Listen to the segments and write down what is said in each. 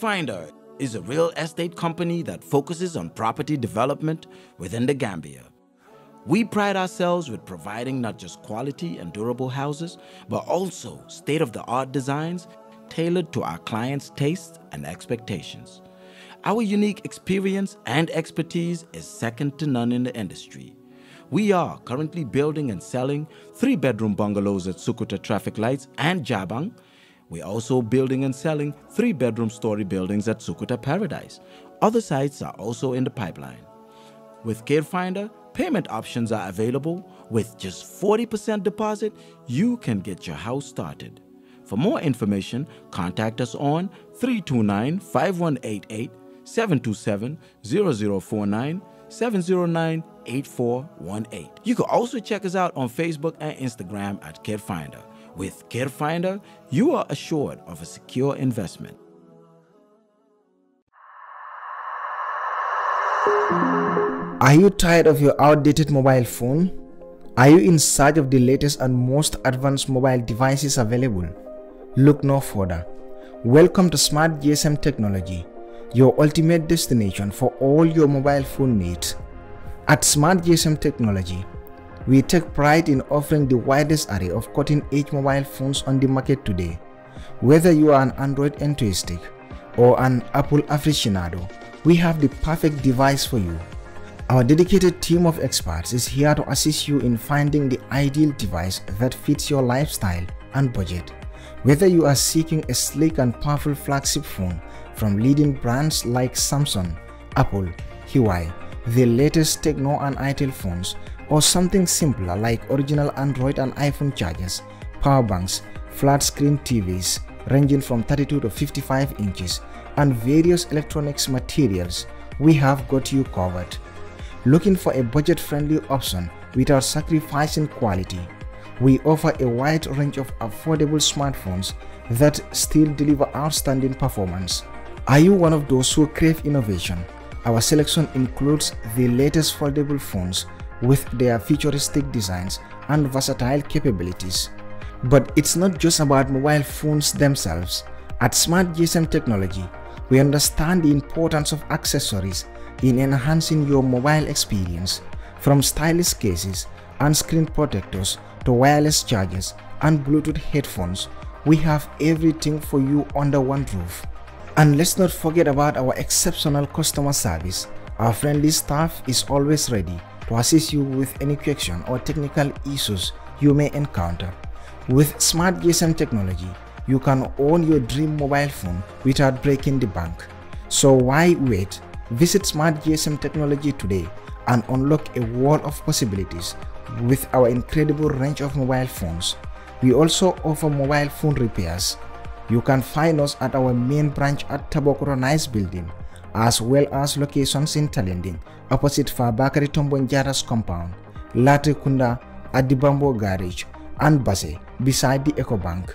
Finder is a real estate company that focuses on property development within the Gambia. We pride ourselves with providing not just quality and durable houses, but also state-of-the-art designs tailored to our clients' tastes and expectations. Our unique experience and expertise is second to none in the industry. We are currently building and selling three-bedroom bungalows at Sukuta Traffic Lights and Jabang, we're also building and selling three bedroom story buildings at Sukuta Paradise. Other sites are also in the pipeline. With CareFinder, payment options are available. With just 40% deposit, you can get your house started. For more information, contact us on 329 5188 727 0049 709 8418. You can also check us out on Facebook and Instagram at CareFinder. With CareFinder, you are assured of a secure investment. Are you tired of your outdated mobile phone? Are you in search of the latest and most advanced mobile devices available? Look no further. Welcome to Smart GSM Technology, your ultimate destination for all your mobile phone needs. At Smart GSM Technology, we take pride in offering the widest array of cutting-edge mobile phones on the market today. Whether you are an Android enthusiast or an Apple aficionado, we have the perfect device for you. Our dedicated team of experts is here to assist you in finding the ideal device that fits your lifestyle and budget. Whether you are seeking a sleek and powerful flagship phone from leading brands like Samsung, Apple, Huawei, the latest Techno and ITIL phones or something simpler like original Android and iPhone chargers, power banks, flat screen TVs ranging from 32 to 55 inches and various electronics materials, we have got you covered. Looking for a budget-friendly option without sacrificing quality, we offer a wide range of affordable smartphones that still deliver outstanding performance. Are you one of those who crave innovation? Our selection includes the latest foldable phones with their futuristic designs and versatile capabilities. But it's not just about mobile phones themselves. At Smart GSM Technology, we understand the importance of accessories in enhancing your mobile experience, from stylish cases and screen protectors to wireless chargers and Bluetooth headphones, we have everything for you under one roof. And let's not forget about our exceptional customer service. Our friendly staff is always ready to assist you with any question or technical issues you may encounter. With smart GSM technology, you can own your dream mobile phone without breaking the bank. So why wait? Visit Smart GSM Technology today and unlock a world of possibilities with our incredible range of mobile phones. We also offer mobile phone repairs. You can find us at our main branch at Tabokoro Nice Building as well as locations in Talending, opposite Fabakari Tombonjara's compound, Late Kunda at the Bamboo Garage, and Base beside the EcoBank.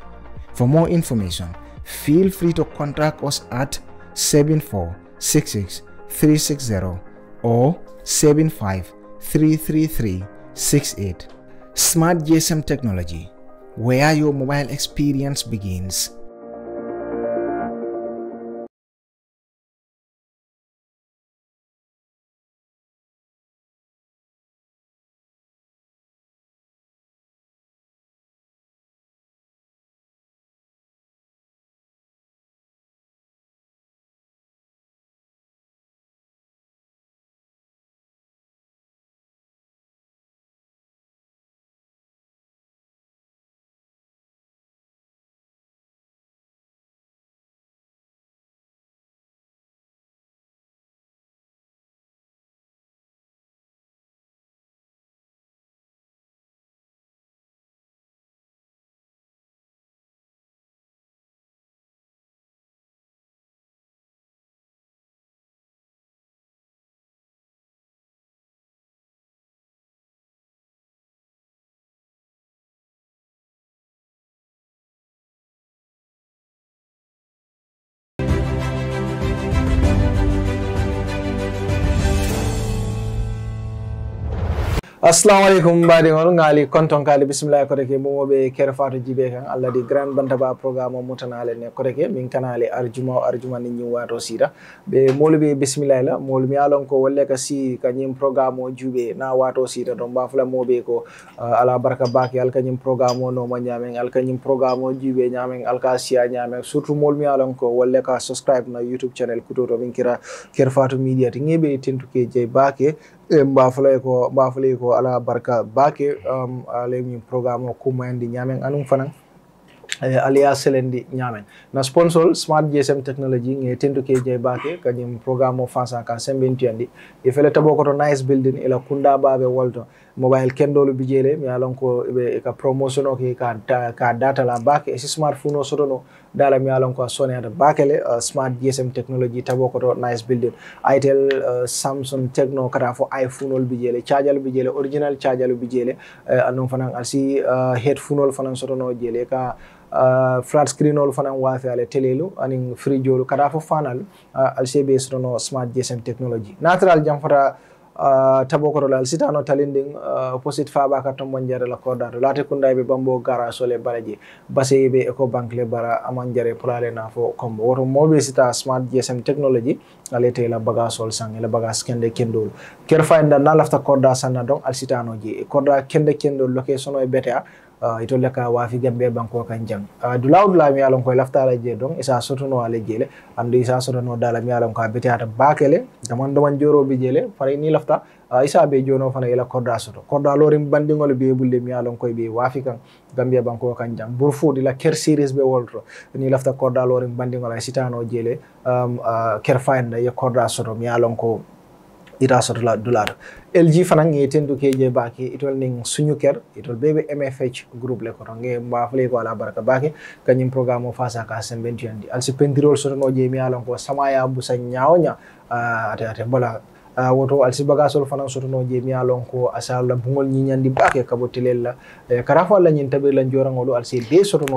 For more information, feel free to contact us at 7466360 or 7533368. Smart GSM technology, where your mobile experience begins. assalamu aleykum mbadiŋol ŋaali konton kaali bisimillahi koteke momoɓe kere fatu jibe kan allah di grand bantaba programme mutanale ne koteke min kanali arjuma o arjuma ni ñin wato sida ɓe molumi ɓe bisimillahi la molu alon ko wolle ka si kañin programme o juuɓe na wato sida don bafula moɓe ko uh, ala barka baki alkañin programme o noma ñamen alkañin programme o juuɓe ñamen alka siya ñamen surtout molu mi alon ko wolle ka subscribe na youtube channel kutoto min kira kere fatu media ti ŋeɓe tentuke jeyi bake Eh, mbafalay ko mbafalay ko ala barka bake um, alaymi programme o kummayandi ñamen anum fanan eh, e aliya selendi ñamen na sponsor smart gsm technology nge tentuke jey bake kañum programme o fansa ka sembentiyandi e fele tabo koto nice building ila kunda baɓe walto mobile kendolu bijele mi alon ko ɓe ka promotion o ke ka, ka data la bake e si smartphone o sotono dala mi alon ko soneda bakele uh, smart gsm technology tabo ko nice building itel uh, samsung techno kata fo iphone ol bijele charger bijele original charger bijele uh, eh, anon fanan alsi uh, headphone ol fanan sotono jele ka Uh, flat screen olu fana waafe ale telelu anin frigo olu kada fo fanal uh, alsebe sotono smart gsm technology natural jam fota Ah, tabokoro lal sitano talindin ah, opposite fabaka to monjare la kordado late kunday be bambo gara sole balaji base be eco bank le bara amon jare pulale na fo kombo woto mobe sita smart gsm technology alete la baga sol sang la baga kende kendo ker fayda na lafta korda sanna don al sitano ji korda kende kendo location e beta Uh, ah, itol ah, le ka waafi gambe banko kan jang uh, dulaw dula mi alon koy laftala je don isa sotono ale jele andu isa sotono dala mi alon ka betiata bakele daman daman joro bi jele fara ni lafta uh, isa be jono fana ila korda soto korda lorim bandingol be bulle mi alon koy be waafi kan gambe banko kan jang bur fudi la ker series be wolto ni lafta korda lorim bandingol sitano jele um, uh, ker fayda ye korda soto mi alon ko ita sotola dulado lg fanan e tendukeje baake itol nin suñuker itol ɓeɓe mfh groupe le koto ge mbafale ko ala baraka baake kañum programme o fasa ka sembentuyandi alsi pentirol sotonoje mi alon ko samaya busa ñawoña uh, ate ate bola Uh, woto alsi bagasol fanan sotono je mi alon ko asala bungol ñiñandi baake kabo telel e, la eh, kara fo alla ñin tabir la njorangolu alsi de sotono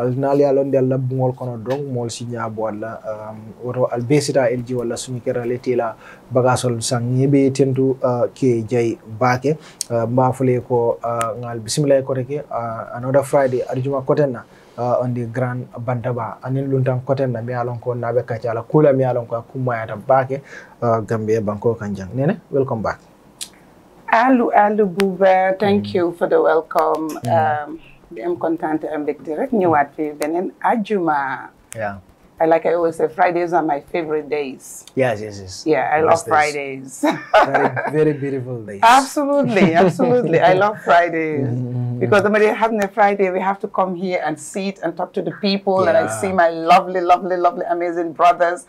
alnali alonde allah bugol kono donc mol siñaabo walla um, woto al albesita en ji walla suñikerale tela bagasol san ñeɓe tentu uh, ke jayi baake uh, mbafule ko uh, ngal bisimilay kote ke anoda friday arjuma kotenna uh, on the grand bantaba anin luntan koten na mi alon ko naɓe kacci kula mi alon ko a kummayata baake uh, gambe banko kan nene welcome back alu alu bouba thank mm. you for the welcome mm. um, i am content. i am mbégte New at fii beneen ajuma. yeah. I like I always say Fridays are my favorite days. Yes, yes, yes. Yeah, I love Fridays. very, very beautiful days. Absolutely, absolutely. I love Fridays. Mm -hmm. Because the Monday having a Friday, we have to come here and sit and talk to the people yeah. and I see my lovely, lovely, lovely, amazing brothers.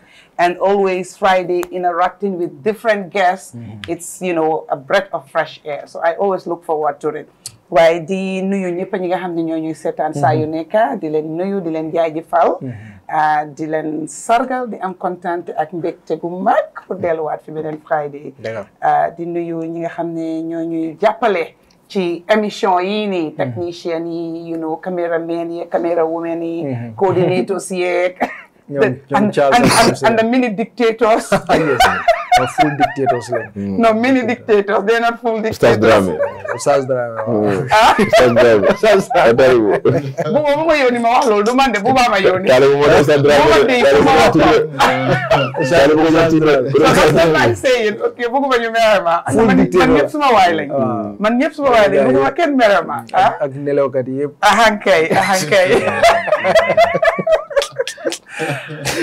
And always Friday interacting with different guests. Mm -hmm. It's, you know, a breath of fresh air. So I always look forward to it. waaye di nuyu ñëpp ñi nga xam ne ñoo ñuy seetaan saa yu mhm. nekka di leen nuyu di leen jaajëfal mhm. ah, di leen sargal di am kontaan ak mbégte gu mag pour mhm. delluwaat fi beneen Friday ah, di nuyu ñi nga xam ne ñoo ñuy jàppale ci émission yii nii technicien yi you know cameraman yi camera woman coordinators yeeg ñoom ñoom Charles and the mini dictators. Ah, yes no ah, full dictators lañ. Hmm. no mini dictators they are not full dictators. Ustaz Dramé. Ustaz Dramé waaw. Hmm. ah Ustaz Dramé. Ustaz Dramé. bu boobu ma yónni ma wax loolu du man de bu baax ma yónni. Kaale bu ma doon Ustaz Dramé bu ma wax Kaale bu ma tuddee. Ustaz Dramé maa ngi seeyeen ok bëgguma ñu mere ma. full dictators ah. man ñëpp suma waay lañ. man ñëpp suma waay lañ bëgguma kenn mere ma. ak nelawkat yëpp. ahankay ahankay.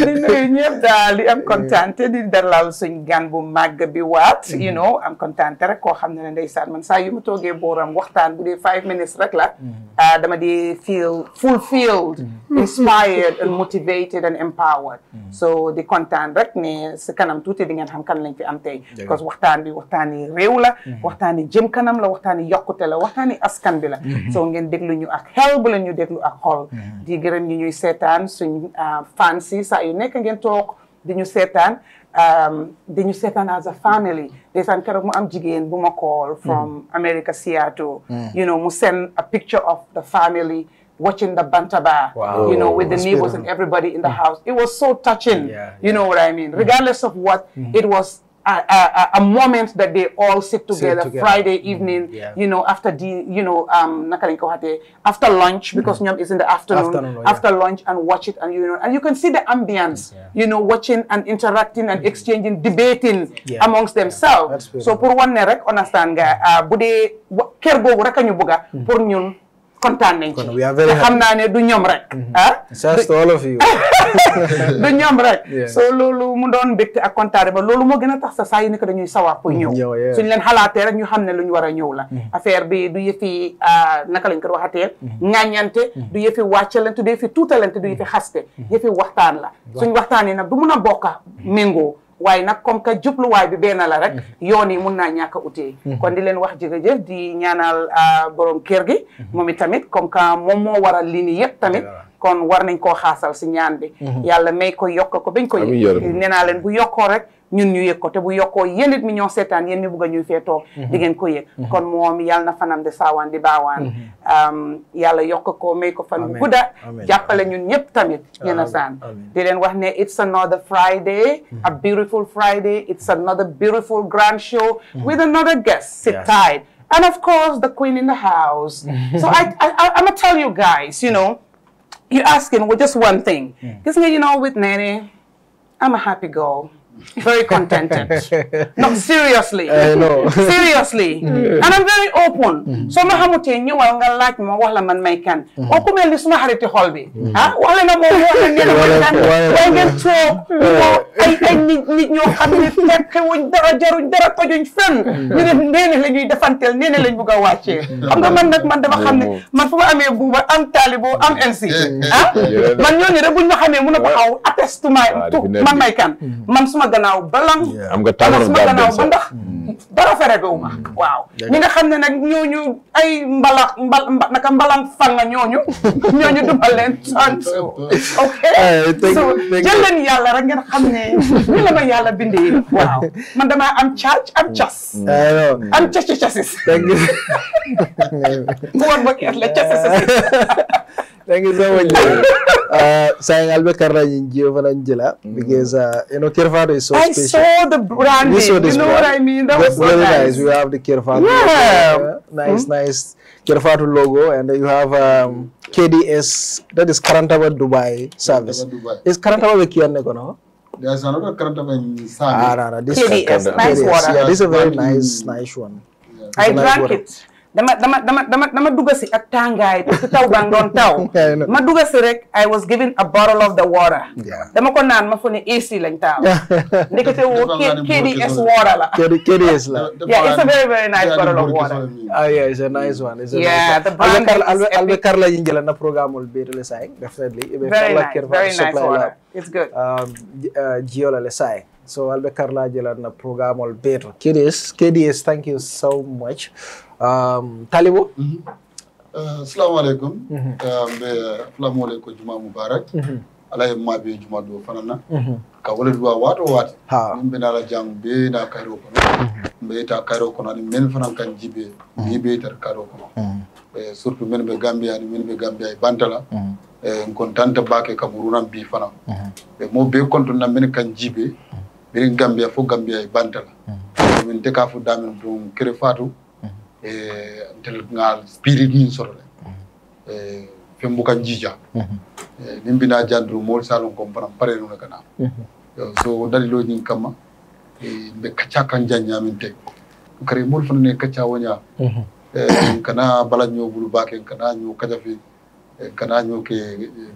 di nuyu ñëpp daal di am contente di dalal suñ gan bu màgg bi waat mm-hmm. you know am contente rek koo xam ne ne ndeysaan man saa yu ma toogee booram waxtaan bu dee five minutes rek la mm-hmm. ah, dama di feel fulfilled mm-hmm. inspired and motivated and empowered so di kontaan rek ne si kanam tuuti di ngeen xam kan lañ fi am tey because waxtaan bi waxtaan yi réew la waxtaan yi jëm kanam la waxtaan yi yokkute la waxtaan yi askan bi la so ngeen déglu ñu ak xel bu la ñu déglu ak xol di gërëm ñu ñuy seetaan suñ ah, fans so you yu again talk then you ñu seetaan um, di ñu seetaan as a family ndeysaan keroog i am jigéen Boom! A call from mm. America Seattle mm. you know mu send a picture of the family watching the bantaba wow. you know with the neighbors and everybody in the mm. house it was so touching you know what I mean regardless of what it was a, a, a, moment that they all sit together, sit together. Friday mm-hmm. evening, mm, yeah. you know, after the, you know, um, after lunch, mm-hmm. because mm is in the afternoon, afternoon after yeah. lunch and watch it and, you know, and you can see the ambience, yeah. you know, watching and interacting and mm exchanging, debating amongst themselves. So, for one, understand, uh, bude, kergo, raka nyubuga, for nyun, kontaan nañ ci te xam naa ne du ñoom rek mm-hmm. ah du ñoom rek soo loolu mu doon mbégte ak kontaane ba loolu moo gën a tax sa saa yu nekk dañuy sawar pour ñëw suñ leen xalaatee rek ñu xam ne lu ñu war a ñëw la mm-hmm. affaire bi du yëfi ah, naka lañ ko waxatee mm-hmm. ŋàññante du yëfi wàccalante du yëfi tuutalante du yëfi xaste yëfi waxtaan la suñ waxtaanee nag du mun a bokka méngoo waaye nag comme que jubluwaay bi benn la rek mhm. yoon yi mun naa ñàkk a mhm. kon di leen wax jërëjëf di ñaanal ah, borom kër gi mhm. moom it tamit comme que moom moo waral lii nii yëpp tamit kon war nañ koo xaasal si ñaan bi yàlla may ko yokk ko bañ ko yëg nee naa leen bu yokkoo rek ñun ñu yëg ko te bu yoko yéen it mi ñoo seetaan yéen ñu bugg a ñuy fee toog mhm. di ngeen ko yëg mhm. kon moom yàlla na fanam di saawaan di baawaan mhm. yàlla yokk ko may ko fan jàppale ñun ñëpp tamit yéen a di wax ne it's another Friday a beautiful Friday it's another beautiful grand show with another guest sit tight and of course the queen in the house so I, I, I'm gonna tell you guys you know you're asking with just one thing gis nga you know with Nene I'm a happy girl very contented. no, seriously. I know. seriously. and I'm very open. Mm-hmm. so ma xamutee ñëwal nga laaj ma wax la man may kan. Mm-hmm. oo ku mel ni suma xariti xol bi. Mm-hmm. ah wax la na moom wax la ne ma kan. waaye ngeen toog. ay ay nit nit ñoo xam ne fekke wuñ dara jaruñ dara tojuñ fenn. ñu ne nee na la ñuy defanteel nee na lañ bugg a wàccee. xam nga man nag man dama xam ne man fu ma amee buuba am taalibo am NC. ah man ñooñu rek buñ ma xamee mun a taxaw attestement ah, man may kan man suma sama gannaaw ba lan am nga tàmmoon sama gannaaw ba ndax dara feregowu ma mm. waaw ñi nga xam ne nag ñooñu ay mbalax mbal naka mbalam fanga ñooñu ñooñu duma leen sant ok so jël leen yàlla rek ngeen xam ne ni la ma yàlla bindee waaw man damaa am caaj am cas mm. Mm. am caci casis mu war ba keet la casis thank you so much uh, sayang albe karla njio fana njila hmm. because uh, you know Kirfado is so I special. I saw the branding. You, you know brand. what I mean? That That's was so nice. nice. We have the Kirfado. Yeah. Logo. Nice, mm -hmm. nice Kirfado logo, and you have um, KDS. That is current Karantaba Dubai service. Dubai. Is current Karantaba Kiane No. There's another current in service. Ah, no, no. This KDS, KDS. nice KDS. water. Yeah, this is a very nice, nice one. Yeah. I drank nice it. dama dama dama dama dama duga si ak tàngaay parce que taw baa ngi taw ma dugg si rek I was given a bottle of the water dama ko naan ma fu ne AC lañ taal ndekete woo KDS water la KDS la yeah it's a very very nice bottle of water ah yeah it's a nice one it's a yeah the brand albe karla yi njëla na programme ul biir le saay definitely Very nice, very nice water it's good jiola um, uh, le saay so albe karla jëla na programme ul biir KDS KDS thank you so much Talibo. salaamaaleykum. mbe ko juma mubarak. ala ye maa bɛ juma don fana mm-hmm. na. ka wale duwa waati o waati. Mm-hmm. n bɛ na la jan bɛ na kayiro kɔnɔ. n bɛ taa kayiro kɔnɔ ani mɛni fana ka be mm-hmm. eh, bɛ ni bɛ taa kayiro kɔnɔ. surtout mɛni bɛ gambiya ani mɛni bɛ gambiya i e ta la. n kontan tɛ b'a kɛ kameruna bi fana. mɔɔ bɛ kɔntɔn na mɛni ka ji bɛ. mɛni gambiya fo gambiya e bantala eh, ta la. Eh, min e tɛ k'a fɔ daminɛ don kere faatu. ngal spirit min sotole fembu kan jija min bina jandru mol salon compran pare no kana so dalilo nyin kama be kacha kan janya min te kare mol fon ne kacha wanya kana bala nyo bulu baken kana nyo kaja fi kana nyo ke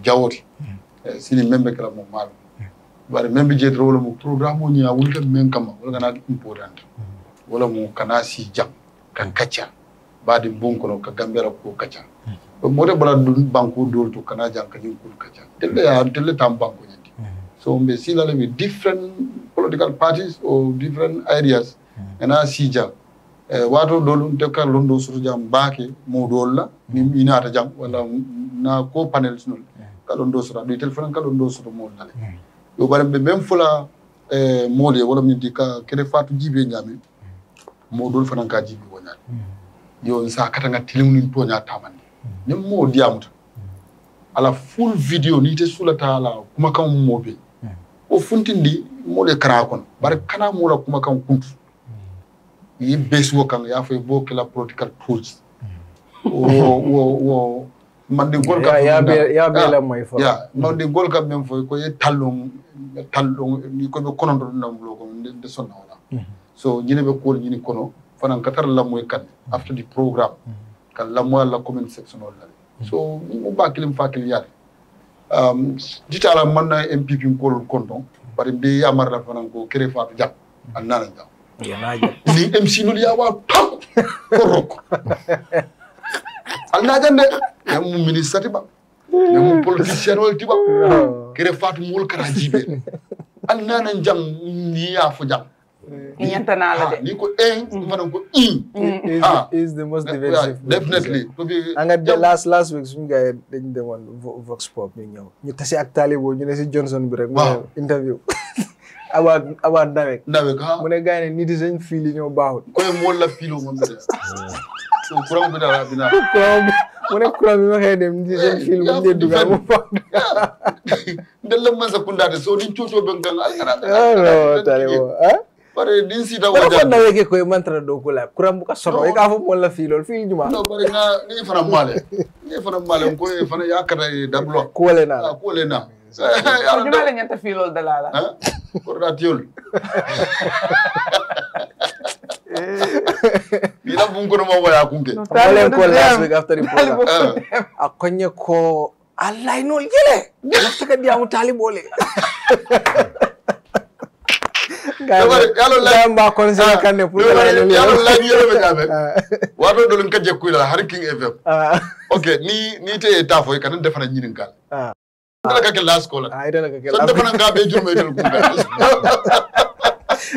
jawoti sini membe kala mo mal bare membe je drolo mo programme ni a wulta men kama wala kana important wala mo kana si jam kan ka ca baadi bon kɔnɔ ka ganbiyara ko ka ca o de bɔra banko kana jan ka ɲin kulu ka tele ya tele tan banko ɲɛ so mbe silale with different political parties or different areas ana hmm. sija eh, wato dolum te ka londo suru jam baake mo dolla hmm. ni inata jam wala na ko panel sunul hmm. ka londo sura do telephone ka londo suru mo dale yo bare be même fula eh mole wala min di ka kere fatu jibe nyami mo dol fanan ka jibe yo yo sa katanga tilimu nin toñaade tamande nin mo diyamuta ala full video ni te ta ala kumakan mo be o funtindi mole kara kono bare kana kuma kumakan kuntu yi besuwo kan ya fay bo kila political tools wo hmm. wo wo man de gol kam ya be ya ah, be la moy fo ya non de gol kam même fo ko ye tallon tallon ni ko be kono do nam lo ko de sonna wala hmm. so ñine be ko ñini kono fana katar lamoy kan after the program, kan lamoy la commune section ol so mo bakilim fakil yare um, jitala manna mpp ko kon don bari ya yamar la fana ko kere fatu jam an nana jam ni mc nul ya wa tok ko rok al najan ya mu ministre ya mu politicien wal ba kere fatu mul kara jibe an nana jam ni ya fu jam ñeent naa la de ni ko in mm-hmm. fana ko in mm-hmm. ah. is the most divisive definitely anga de last last week suñu gars yi dañ demoon vox pop ñu ñëw ñu tasi ak Talibou ñu ne Johnson bi rek mu interview about about Dawek Dawek ha mu ne gars yi ne nit yi seen fili ñoo baaxut koy mool la filo moom bi de kuran bi dara bi mu ne kuran mu dee dugal mu fa ndel la man sa kundaate soo ni coocoo bengal alkara Talibou ah, ah. pare din sita ko jam na wege ko mantra do ko la kuram ka soto e ka fo mo la fi lol fi juma no pare nga ni fana male ni fana male ko e fana yakata e dablo ko le na ko le na juma le nyanta fi lol dalala ko da tiol ila bunkono ma waya kunke malen ko last week after report a konye ko allah inol yele lafta ka diamu talibole gamba conseil kanne pour yalo laaji yeɓe ñaamen wato dolon kajje kuyla har king fm ah. ok ni ni te tafoy kanan defana ñininkal ndala ah. ka kel las kola ah, so defana nga ɓe jurmetel gumbe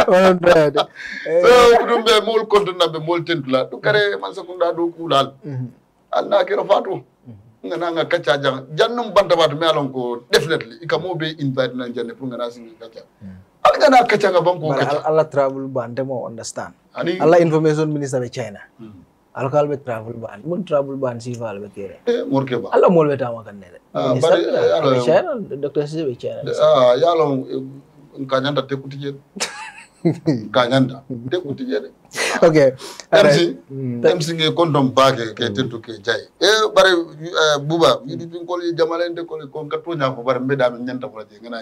onon doyade so ko ɗum ɓe mowol kontonnaɓe mowol tentula ɗum kare mm-hmm. man sakunda ɗo kuulal mm-hmm. ke fatu ngana mm-hmm. nga kacha jang jannum banta watu me alon ko definitely ikamo be invite na janne pour ngana singi kacha mm al kana kacha ga banko kacha allah travel ban demo understand Ani... allah information minister be china mm -hmm. alkal be travel ban mun travel ban si fal be kere eh ba allah mol be tama kan ne ah bari allah china doctor sise be china ah yalon eh, kan nyanda te kutije kañanta nde kuttijede ok tamsi tamsi mm. nge kontom baake ke mm. tentu ke jaye e bare eh, bouba yiɗi ɗum kol jamana en de kol kon kattoñako bare mbeɗami ñanta folaje gana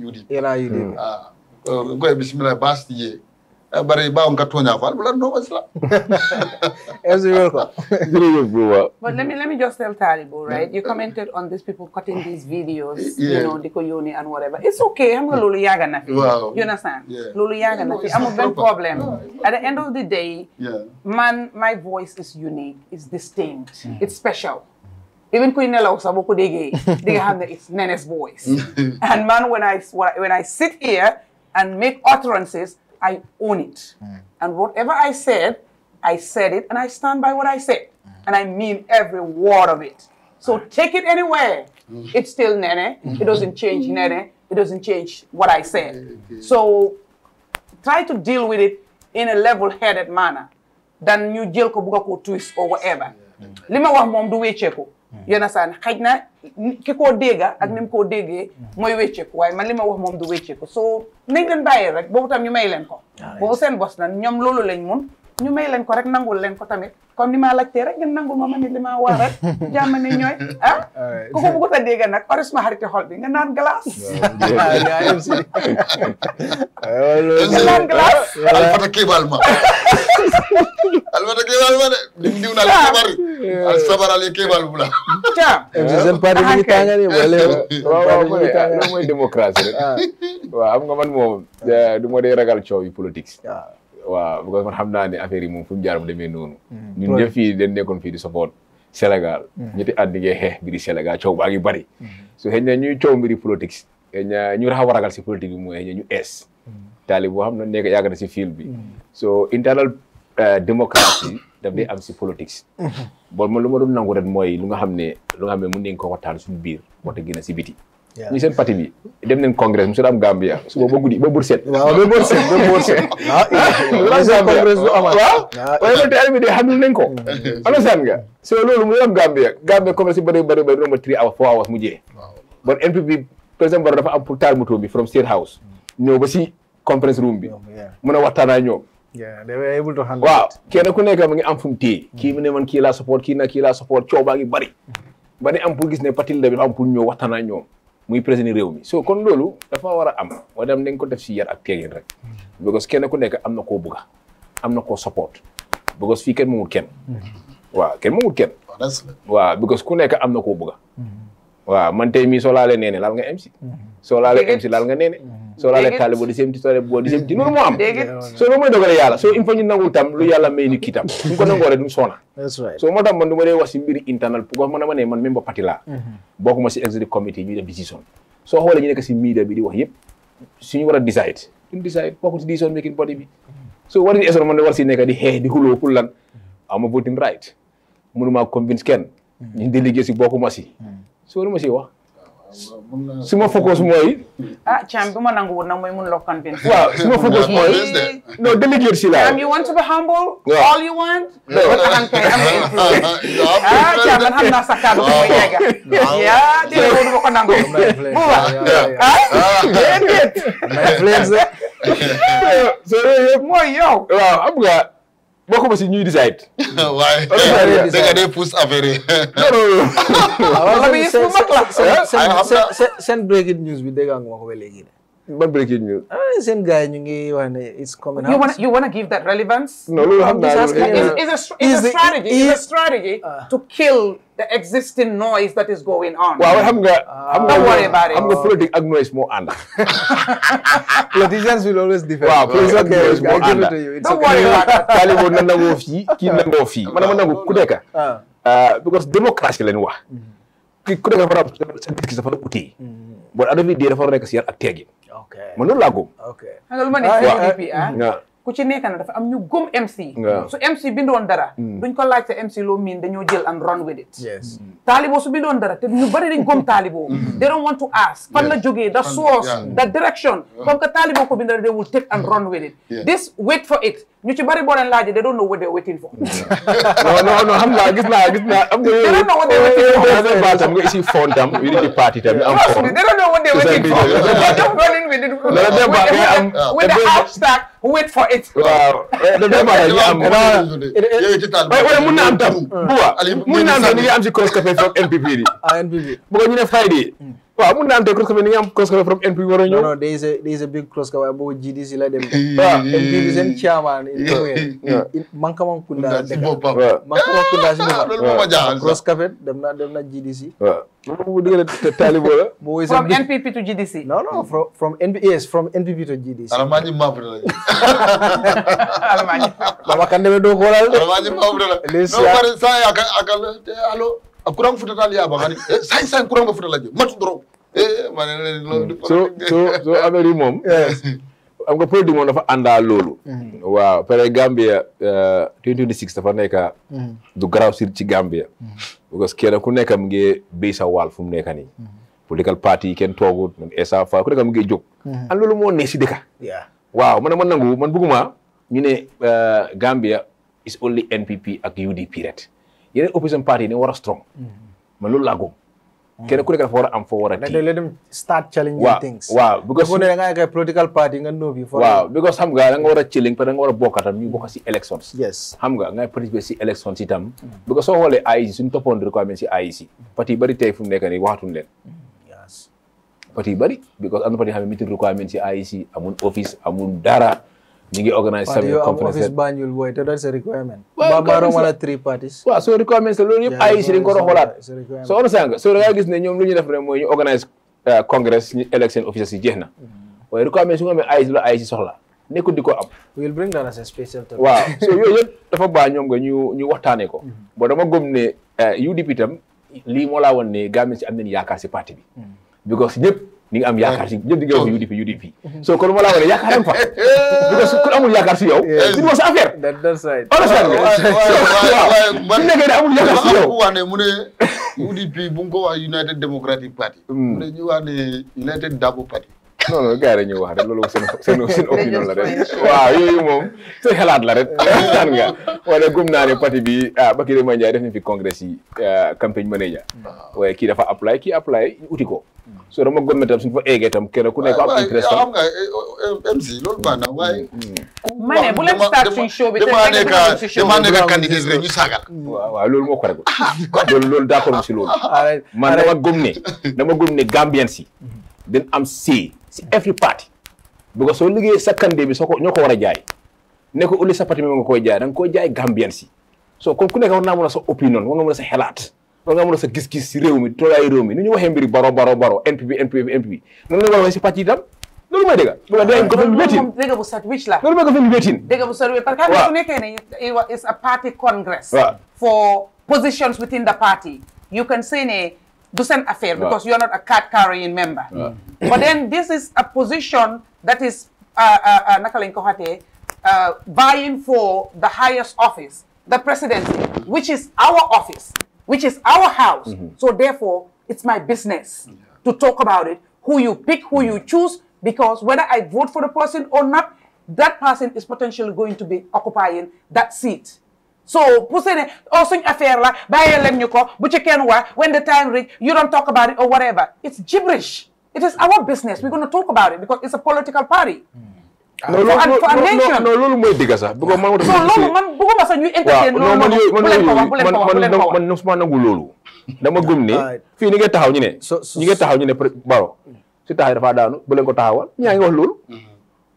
yuɗi yana yuɗi koye ah. eh, bisimilla bastije as you welcome but let me let me just tell talibu right you commented on these people cutting these videos yeah. you know the koyoni and whatever it's okay i'm gonna lulu yaga na you understand lulu yaga i'm a big problem at the end of the day yeah. man my voice is unique it's distinct mm. it's special even Queen Nella was about they have the, it's Nene's voice. and man, when I when I sit here and make utterances, I own it. Mm. And whatever I said, I said it and I stand by what I said. Mm. And I mean every word of it. So take it anywhere. Mm. It's still Nene. It doesn't change Nene. It doesn't change what I said. Okay. So try to deal with it in a level-headed manner than you deal with twist or whatever. Lima mom do yenn saa ne xëj na ki koo dégga ak ni mu koo déggee mooy wécceeku waaye man li ma wax moom du wécceeku soo nañ leen bàyyee rek boobu tam ñu may leen ko ah, boobu seen bos na ñoom loolu lañ mun ñu may leen ko rek nangul leen ko tamit comme ni ma laajtee rek ngeen nangul ma ma nit li ma war rek jàmm ne ñooy ah ku ko bëggut a dégg nak paris ma xariti xol bi nga naan glace ah, nga naan glace alfata kiibal ma alfata kiibal ma de lim diw naa la ah. al sabar al kiibal bu la caam seen parti bi tànga de wala waaw waaw mooy démocratie rek ah. waaw am nga man moom euh, du ma dee ragal coow yi politique wa because man xamna ni affaire yi moom fu mu jaar mu demee ñun ñëpp fii dañ nekkon fi di support Sénégal. ñetti add di xex bi di Sénégal ciow baa bari. su xëy na ñuy ciow mbiri politique ñu raxaw ragal ci politique bi mooy ñu ees. talib bo xamna nekk na si fiil bi. so internal eh, démocratie da bi am si politics. Hmm. bo mo luma dum nangu ren moy lu nga xam lu nga mu ko suñu biir si biti. ñi seen parti bi dem nañ congrès mu su am Gambia suba ba guddi ba bur set waaw ba bur set ba bur set waaw congrès du amaat ah, waaw waaye ba tey bi de xam nañ ko understand mm. nga so loolu mu am Gambia Gambia congrès yi bëri bëri bëri nomba three hours four hours mu jeex bon NPP président Barrow dafa am pour taal moto bi from State House mm. ñëw ba si conference room bi mun a waxtaan ak ñoom waaw kenn ku nekk mu ngi am fu mu téye mm. kii mu ne man kii laa support kii na kii laa support coow baa ngi bëri ba ne am pour gis ne parti la bi am pour ñëw waxtaan ak ñoom muy président réew mi so kon loolu dafa war a am moo dem dañ ko def si yar ak teegin rek because kenn ku nekk am na koo bugga am na koo support because fii kenn moomul kenn waaw kenn moomul kenn waaw because ku nekk am na ko bëgga mm-hmm. waaw man tey mi soo laalee nee ne laal nga MC mm-hmm. soo laalee MC laal nga nee mm-hmm. soo laalee taale boo di seemti soo laalee boo di seemti noonu moo am so loolu mooy dogale yàlla so il faut nangul tam lu yàlla may ni tam ñu ko nangoo rek duñ soona so moo tax man du dee wax si mbiri internal pour man dama ne man même ba parti laa mm-hmm. bokkuma si executive committee ñuy def décision soo xoolee ñu nekk si media bi di wax yëpp suñu war a decide duñ decide bokkul si décision making body bi ma si wax su ma focus mooy. ah Thiam bi ma nangu woon nag mooy mun lokkan bi. waaw su ma focus mooy. non délégué si laa. Thiam you want to be humble. all you want. no no ah, ah, ah, ah Thiam man xam naa sa kàddu bi mooy yegga. yaa déedéet boobu ma ko nangu. bu baax ah déedéet. so yooyu yëpp mooy yow. waaw am nga. What si ñuy decide. waaye da nga dee pousse affaire yi. non breaking news bi dégg nga ma ko ba léegi. ban breaking news. ah seen gars yi ñu it's coming you wanna you wanna give that relevance. no loolu xam naa is a strategy is a strategy to kill. the existing noise that is going on. waaw xam nga. xam nga xam nga politique ak noise moo ànd. politicians will always differ. waaw politique ak noise moo ànd. don't worry about na nangoo fii kii nangoo fii man ma nangu ku nekk. Ah. Ah, because démocratie lañ wax. ki ku nekk dafa sa gis-gis dafa doon uti. Mm-hmm. bon adama bi dee dafa nekk ak teegin. ok man laa góob. ku ci nekk na dafa am ñu gëm MC. su MC bindoon dara. Hmm. duñ ko laajte MC loo miin dañoo jël and run with it. yes hmm. Talibo su bindoon dara te ñu bari dañ gëm Talibo. Hmm. they don't want to ask. fan la jógee the source the direction. comme que Talibo ko bindal they will take and run with it. this wait for it. ñu ci bari boo leen laajee da doon know what they waiting for. non non non xam naa gis naa gis naa am na. da doon know what they waiting for. xam naa baal tam nga isi fon tam yu di parti tam am fon. da doon know what they waiting for. just running with it. da doon baax nga am with the hashtag wait for it. waaw da doon baax nga am. wala mun na am tam. bu wa mun na am tam ñu ngi am si cross café foog NPP di. ah NPP. bu ko ñu ne Friday. waaw mun naa am cross cover ni nga am cross cover from NP war a ñëw. non non there is a there is a big cross cover boo GDC la dem. waaw NP bi seen chairman. Mankamang Kunda la dëkk. waaw Mankamang Kunda si boppam. loolu moo ma jaaxal cross cover dem na dem na GDC. waaw loolu bu dëgg la taalibo la. from NPP to GDC. non non from from NP yes from NPP to GDC. alamaaji maaf la la. alamaaji. baba kan demee doo ko waral de. alamaaji maaf la la. les saa non pare saa yi ak ak eh, alo. a ah, courant ko futatali yaabangani eh, sañ sañ courant ɓe futalajo matu doro eh, hmm. so so moom am nga produit moom dafa àndaa loolu hmm. waaw pare Gambia 2026 eh, dafa nekka hmm. du garaaw si ci Gambia because kenn ku nekk mu ngi béy sa wàll fu mu nekk nii political party yi kenn toogut man Essa Faye ku nekk mu ngi jóg an loolu moo ne si dëkk waaw man a man nangu man bëgguma ñu ne Gambia is only NPP ak UDP rek yene opposition party ni wara strong. man lu laa kene kenn ku nekk dafa am fo wara ki let them start challenging things. wow because su ne da political party nga noobi. wow because xam nga da nga wara chilling pa da nga wara bokatam ñu bokka ci elections. yes xam nga nga participer ci elections itam. Hmm. because soo xoolee AIC suñu toppoon requirement si AIC. parti bari tay fu nekk ni waxatuñu len yes parti bari because and na parti yoo meeting requirement si AIC e amun office amun dara. ñu ngi organise sami conférence Banjul boy te that's a requirement ba baaro wala three parties waaw soo requirement loolu yëpp ay si dañ ko doon xoolaat so understand so da nga gis ne ñoom ñu def rek mooy ñu organise uh, congress election officers yi jeex na mm-hmm. waaye requirement su nga amee ay si soxla nekkul di ko am we'll bring a waaw so yooyu yëpp dafa baax ñoom nga ñu waxtaanee ko mm-hmm. bo dama gëm UDP uh, itam lii moo laa woon ne si am nañ yaakaar si parti bi mm-hmm. because ñëpp ni nga am yaakaar si ñëpp di nga wax UDP UDP so kon ma laa wane yaakaaram fa because ku amul yaakaar si yow si moo sa affaire understand nga amul yaakaar si yow wax mu ne UDP bu nga ko wax United Democratic Party hmm. mu ne ñu wax United Dabo Party non non gars yi dañuy wax la rek waaw yooyu moom seen xalaat la rek daan nga wala gëm naa ne bi ah Bakary Mandiaye Ndiaye def fi congrès yi campagne manager waaye kii dafa apply ki apply uti ko so dama gëm na tam suñu fa eggee tam kenn ku nekk am interest am nga MC loolu baax na waaye ma ne bu leen start suñ moo ko rek loolu loolu d'accord si lool man dama gëm ne dama gëm ne Gambien si am see si every party because soo liggéeyee sa kandee bi soo ko ñoo war a jaay ne ko uli sa parti mi nga koy jaay da ko koy jaay Gambian si so kon ku nekk war naa mën a sa opinion war nga mën a sa xelaat war nga mën a sa gis-gis si réew mi tolaayu réew mi ni ñu waxee mbiri baro baro NPP NPP NPP noonu war a waxee si parti itam loolu mooy dëgg bu la dégg government bi wéetin dëgg bu sat wicc la bu sat wicc parce que can say ne do send affair right. because you're not a card carrying member. Right. Mm. but then this is a position that is uh, uh, uh Kohate uh, vying for the highest office, the presidency, which is our office, which is our house. Mm -hmm. So therefore, it's my business to talk about it, who you pick, who you mm-hmm. choose, because whether I vote for the person or not, that person is potentially going to be occupying that seat. So pour sene oh suñ affaire la bàyyi leen ñuko bu ci kenn wa when the time reach you don't talk about it or whatever it's gibberish it is our business we're going to talk about it because it's a political party. Hmm. no lolu moy diga sax. bu ko man ma lolu man bëgguma sax ñuy entertain loolu man man man man suma nangu lolu dama gum ni fi ni nga taxaw ñu ne. ñu nga taxaw ñu ne baro si taxay dafa daanu bu len ko taxawal ñaa ngi wax lolu hmm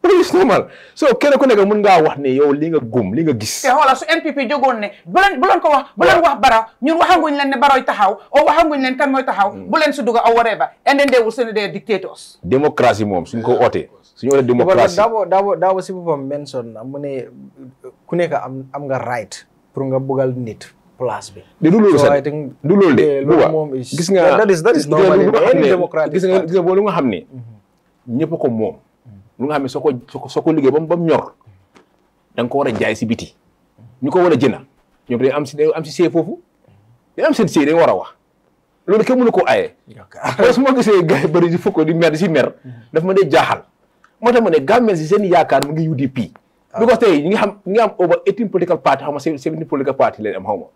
plus normal so kenn ku nekk mun ngaa wax ne yow oh, li nga gum li nga gis. te ya, xoolal su NPP jógoon ne bu leen bu leen ko wax. bu leen ya. wax bara ñun waxanguñ leen ne baroy taxaw o oh, waxanguñ leen kan mooy taxaw. Hmm. bu leen si dugg a oh, whatever and then they will send their dictators. démocratie mom, suñ ko ootee. Ya. suñu ootee démocratie daabo daabo daabo si boppam mention na mu ne ku nekk am am nga right pour nga bugal nit. place bi. de du loolu sax du loolu de. loolu moom gis nga. that is that is normal in any democratic gis nga gis nga boo lu nga xam mm-hmm. ne. ñëpp ko moom. lu nga xam ne soo ko soo ko liggéey ba bam ñor da nga ko war a jaay si biti ñu ko war a jëna ñoom dañu am si am si see foofu dañu am seen see dañu war a wax loolu kenn mënu ko aaye. d'accord su ma gisee gars bëri di fukk di mer di si mer mm-hmm. daf ma dee jaaxal moo tax ma ne si seen yaakaar mu ngi UDP. because they, you have, you have over 18 political party how much seventeen political party let them xaw ma.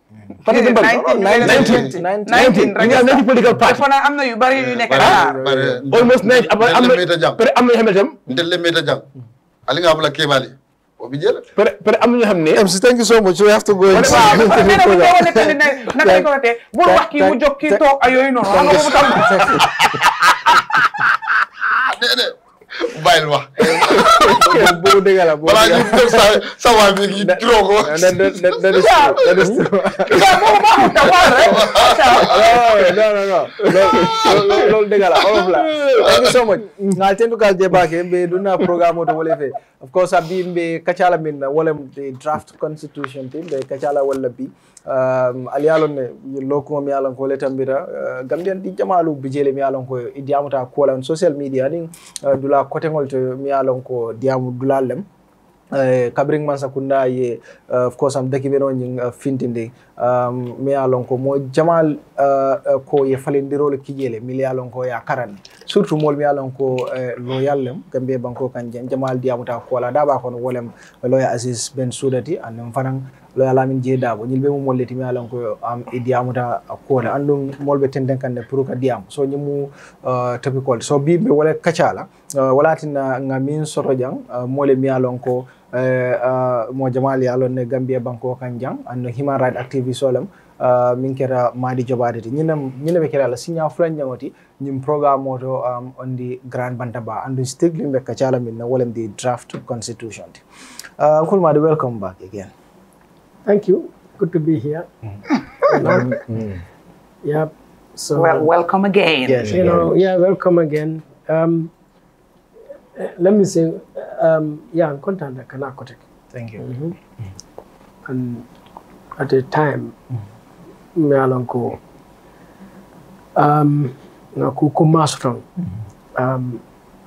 parti 19, 19, 19, nineteen ñu ngi am nineteen political party. dafa am na yu bëri yu nekk ah. almost nineteen am na am na yoo xam ne tam. Meta Jang Ali nga Abula Kebali. MC thank you so much we have to go. waaw bu bàyyil wax. boobu dëgg la boobu dëgg la balaa ñuy waa bi ñu loolu loolu dëgg la olof la. thank you so much. ngaltendu kal jebake ɓe ɗuna programme oto of course a bi ɓe kacala min wolem draft constitution tin ɓe kacala walla bi ali ye ne lokuŋo mi ye a loŋ ko le tambita gambiyan ɗi jamaalu bijele mi ye a loŋ ko i diyamuta social media ni dula kote ngol to mi ye a loŋ ko diyamu dulaalu lem Uh, man sakunda ye of course am deki ñiŋ uh, fintindi mi ye a ko mo jamal ko ye falindiro le kijele mi ye a loŋ ko ye a surtout moolu mi ye a ko loyal lem gambie banko kanjen jamal jamal diyamuta koola daba kono wolem loya aziz ben sudati aniŋ fanaŋ loya lamin jeedaabo ñil ɓe mum wolle timi alan ko am e diyamuta koole ɗum molɓe tenden kanne pour ka diyam so ñimu uh, topicol so bi mbe wala kacala uh, walatina nga min soto jang uh, mole mi alon ko mo jamal yalon ne gambia banko kan jang anno human right activist olam min kera madi jobade ti ñinam ñina be kera signa fulan ñamoti ñim programme oto um, on di grand bantaba and strictly be kacala min na wolem di draft constitution ti uh, welcome back again Thank you. Good to be here. Mm. Mm. mm. yeah. So well, welcome again. Yes, you know, yeah, welcome again. Um, eh, let me say, um, yeah, I'm content I Kanakotek. Thank you. Mm -hmm. mm. And at the time, me along ko, um, na kukuma strong. Mm-hmm. Um,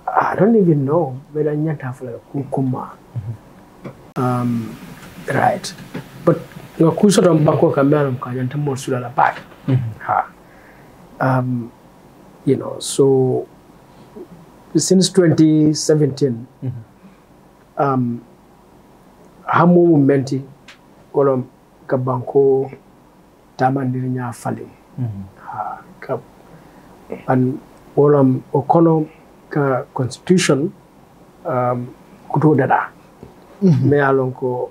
I don't even know whether have fula kukuma. Mm-hmm. Um, right. but nga kusota mbako kamera mkanya ntamo sula la back mm -hmm. ha um you know so since 2017 mm -hmm. um hamo momenti wala ka banko tamandiri nya falim mm -hmm. ha ka an wala okono ka constitution um kuto dada mm-hmm. me alon ko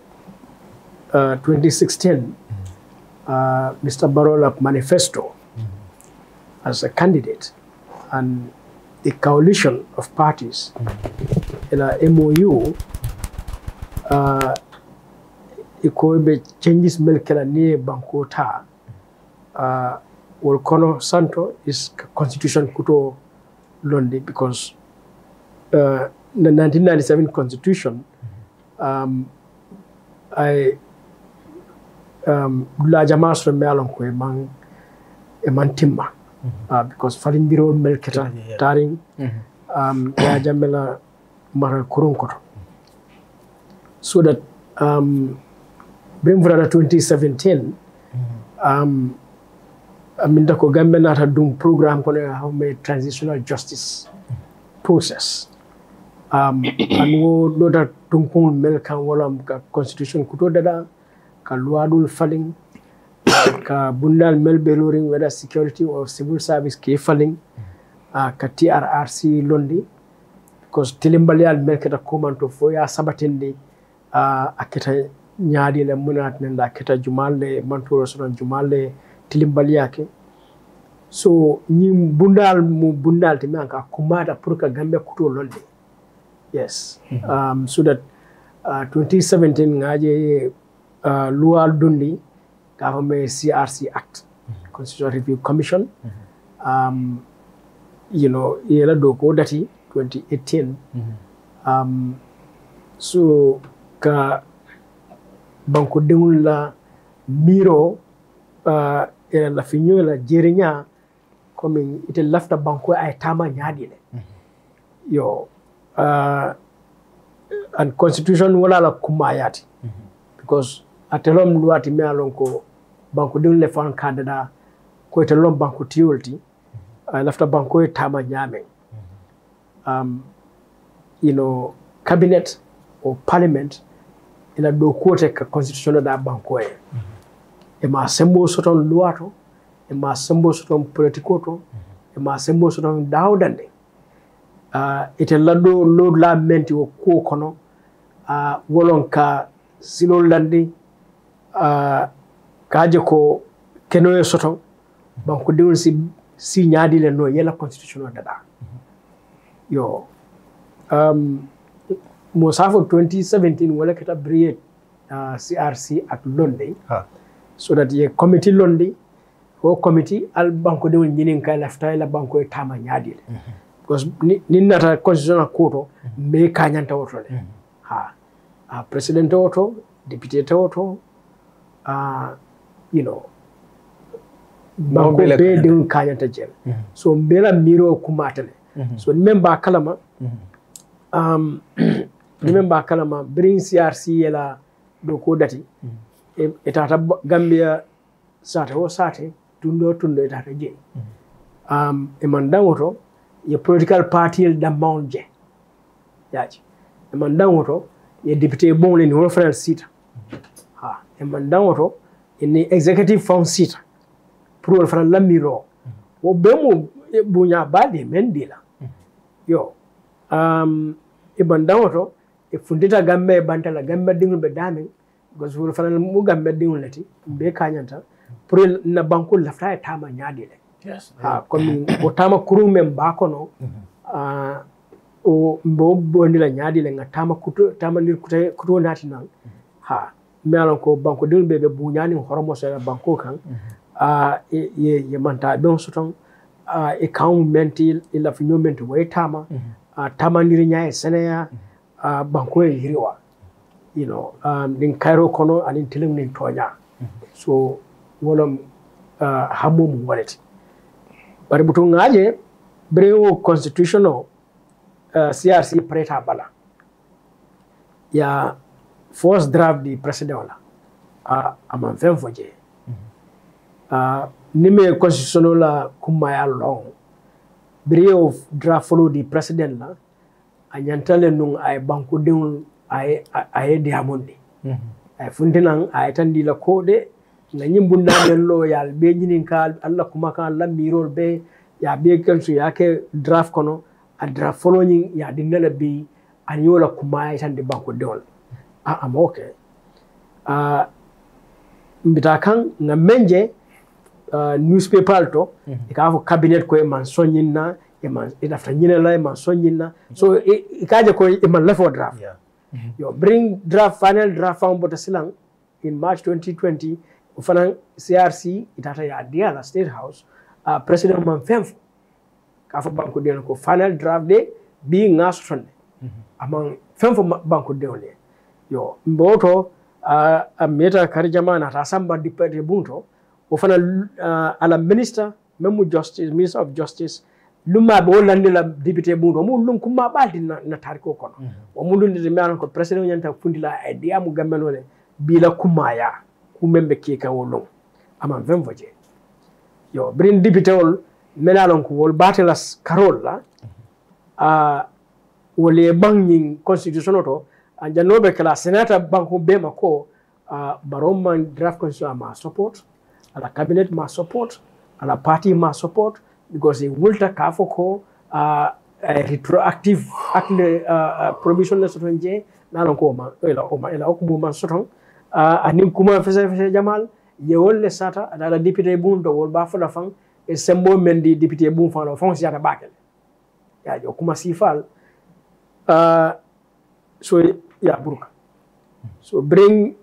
uh, 2016, uh, Mr. Barola manifesto as a candidate and the coalition of parties in a MOU uh, changes melkela ni bankota uh, kono Santo is constitution kuto Londi because uh, the 1997 constitution um, I um, lajama so me ko e man e man timma mm-hmm. uh, because farindirol mel keta yeah. taring mm -hmm. um, lajamela maral so that um, ben vurata 2017 mm -hmm. um, ko gambe nata dum programme kono hawme transitional justice process um, an wo ɗoda tunkuŋol mel kan wala ka constitution kuto dada ka luwaɗol falin ka bundal melbelorin waɗa security or civil service ke falin uh, ka trrc londi because tilimbaliyal mel keta komanto fo ya sabatinde uh, a keta ñaaɗile munat nenda a keta jumalle mantoro sonon jumalle tilimbaliyake so ñin bundal mu bundal temi an ka kummata pour ka gambe kuto londi yes mm-hmm. um, so that uh, 2017 ngaje dundi luwa dundi may CRC Act, mm Constitutional Review Commission. Mm-hmm. Um, you know, yela dati 2018. Mm-hmm. Um, so ka banko dengul la miro uh, ela la finyo la jerinya komi ite lafta banko ay tama nyaadi le. mm Yo uh, and constitution wala la kuma yati. Mm-hmm. Because ate lom luwati me alon ko banko din le fan kadada ko ite lom banko tiolti uh, mhm. eh, lafta banko e tama nyame mhm. um, you know cabinet or parliament ila do kote ka constitution da banko e mm -hmm. e ma sembo soton luato e ma sembo soton politiko to mm -hmm. e ma sembo soton dawdande uh, ite lado lo la menti wo ko kono uh, wolon ka silol landi Ah, kaje ko kenoyo soto banko dewon si si le no yela constitution o daɗa yo um, mo safo 2017 wala kata briyet uh, ah, crc ak londe so that ye committee londe o committee al banko dewon ñinin ka lafta la banko e tama ñaadile le mhm. because ni nata constitutional court mhm. me kañanta woto le mhm. ha a ah, president woto député woto uh, you know mako be din kanyanta jel mm -hmm. so mbela miro kumatale mm -hmm. so nimem mm-hmm. um, mm-hmm. e, ba kalama mm -hmm. um nimem ba kalama bring crc yela do ko dati mm -hmm. e, etata gambia sate o sate tundo tundo etata je mm -hmm. um e man dangoto ye political party el da mount yaji e man dangoto ye député e bon le ni wol frère sita mm -hmm e mandaŋo to eni executive fon pour wol fana lammiro wo be mu e buña baali men di la yo um, e mandaŋo to e fundita gamme e banta la gamme diŋol be daameŋ because wol fana mu gamme diŋol le ti mbe kañanta pour na bankol lafta e taama ñaadi le yes, yeah. comme wo taama kuruŋ meŋ baa kono uh, o mbo bondi la ñaadi le ŋa taama kuto taama ndir kuto naati naŋ ha melan ko banko dil be be buñani horomo se banko kan mm-hmm. a ah, ye ye manta be on soton a ah, e kan menti ila e fi nyomenti way tama mm-hmm. a ah, tamandiri nyaa e senaya mm-hmm. a banko e hiriwa you know um din kairo kono anin tilim nin tonya so wolom uh, hamum wallet bari butu ngaje brewo constitutional uh, crc preta bala ya fausse draft ɗi président mhm. la a aman fen fo jee nime constitution o la kummaya long brie o draft folo ɗi président la a ñantale nun aye bankodiŋol aye diyamonɗi aye funtinan aye tan ɗi la koo de na ñimbunnamen lo yaal ɓe ñininka allah kuma kan allah mirol ɓe ya ɓe kenso yake draft kono a draft folo ñin ya dinnala bi aniyola kumayay tan de bankodiŋol ah, I'm ah, okay. Uh, ah, mbita kan nga menje uh, newspaper alto mm -hmm. cabinet ko man sonyin na e man e after e man sonyin so ikaje ko man left for draft yeah. Mhm. yo bring draft final draft found bota silang in March 2020 ufana CRC itata ya Adiala State House uh, president man femfo kafo banko den ko final draft de bi ngaso tonne mm -hmm. amang femfo banko de yo mboto uh, meta jamana ta samba dipete bunto wofana uh, ala minister memu justice minister of justice luma bo lande la député bunto mu lun kumma baldi na, na tariko kono mm -hmm. o mu lun mi mian ko president nyanta fundila e dia mu gammeno le bila ku membe ke ka wolon ama vem voje yo brin député ol menalon ko wol batelas karol la mhm. a uh, wolé bangin constitution oto jannooɓe kala sénata banque be ma ko uh, baron man draft constitution ma support ala cabinet ma support ala party ma support because e wulta ka fo a uh, eh, retroactive acte uh, provision le soton je nanon ko ma ela eh, la ela eh, ok muman soton anin kuma fese fese jamal yewol le sata aɗa la député bum to wol ba fola fang e sembo men di député bum fan ɗo fon bakel ya yajo kuma sifal so Ya buruk. So bring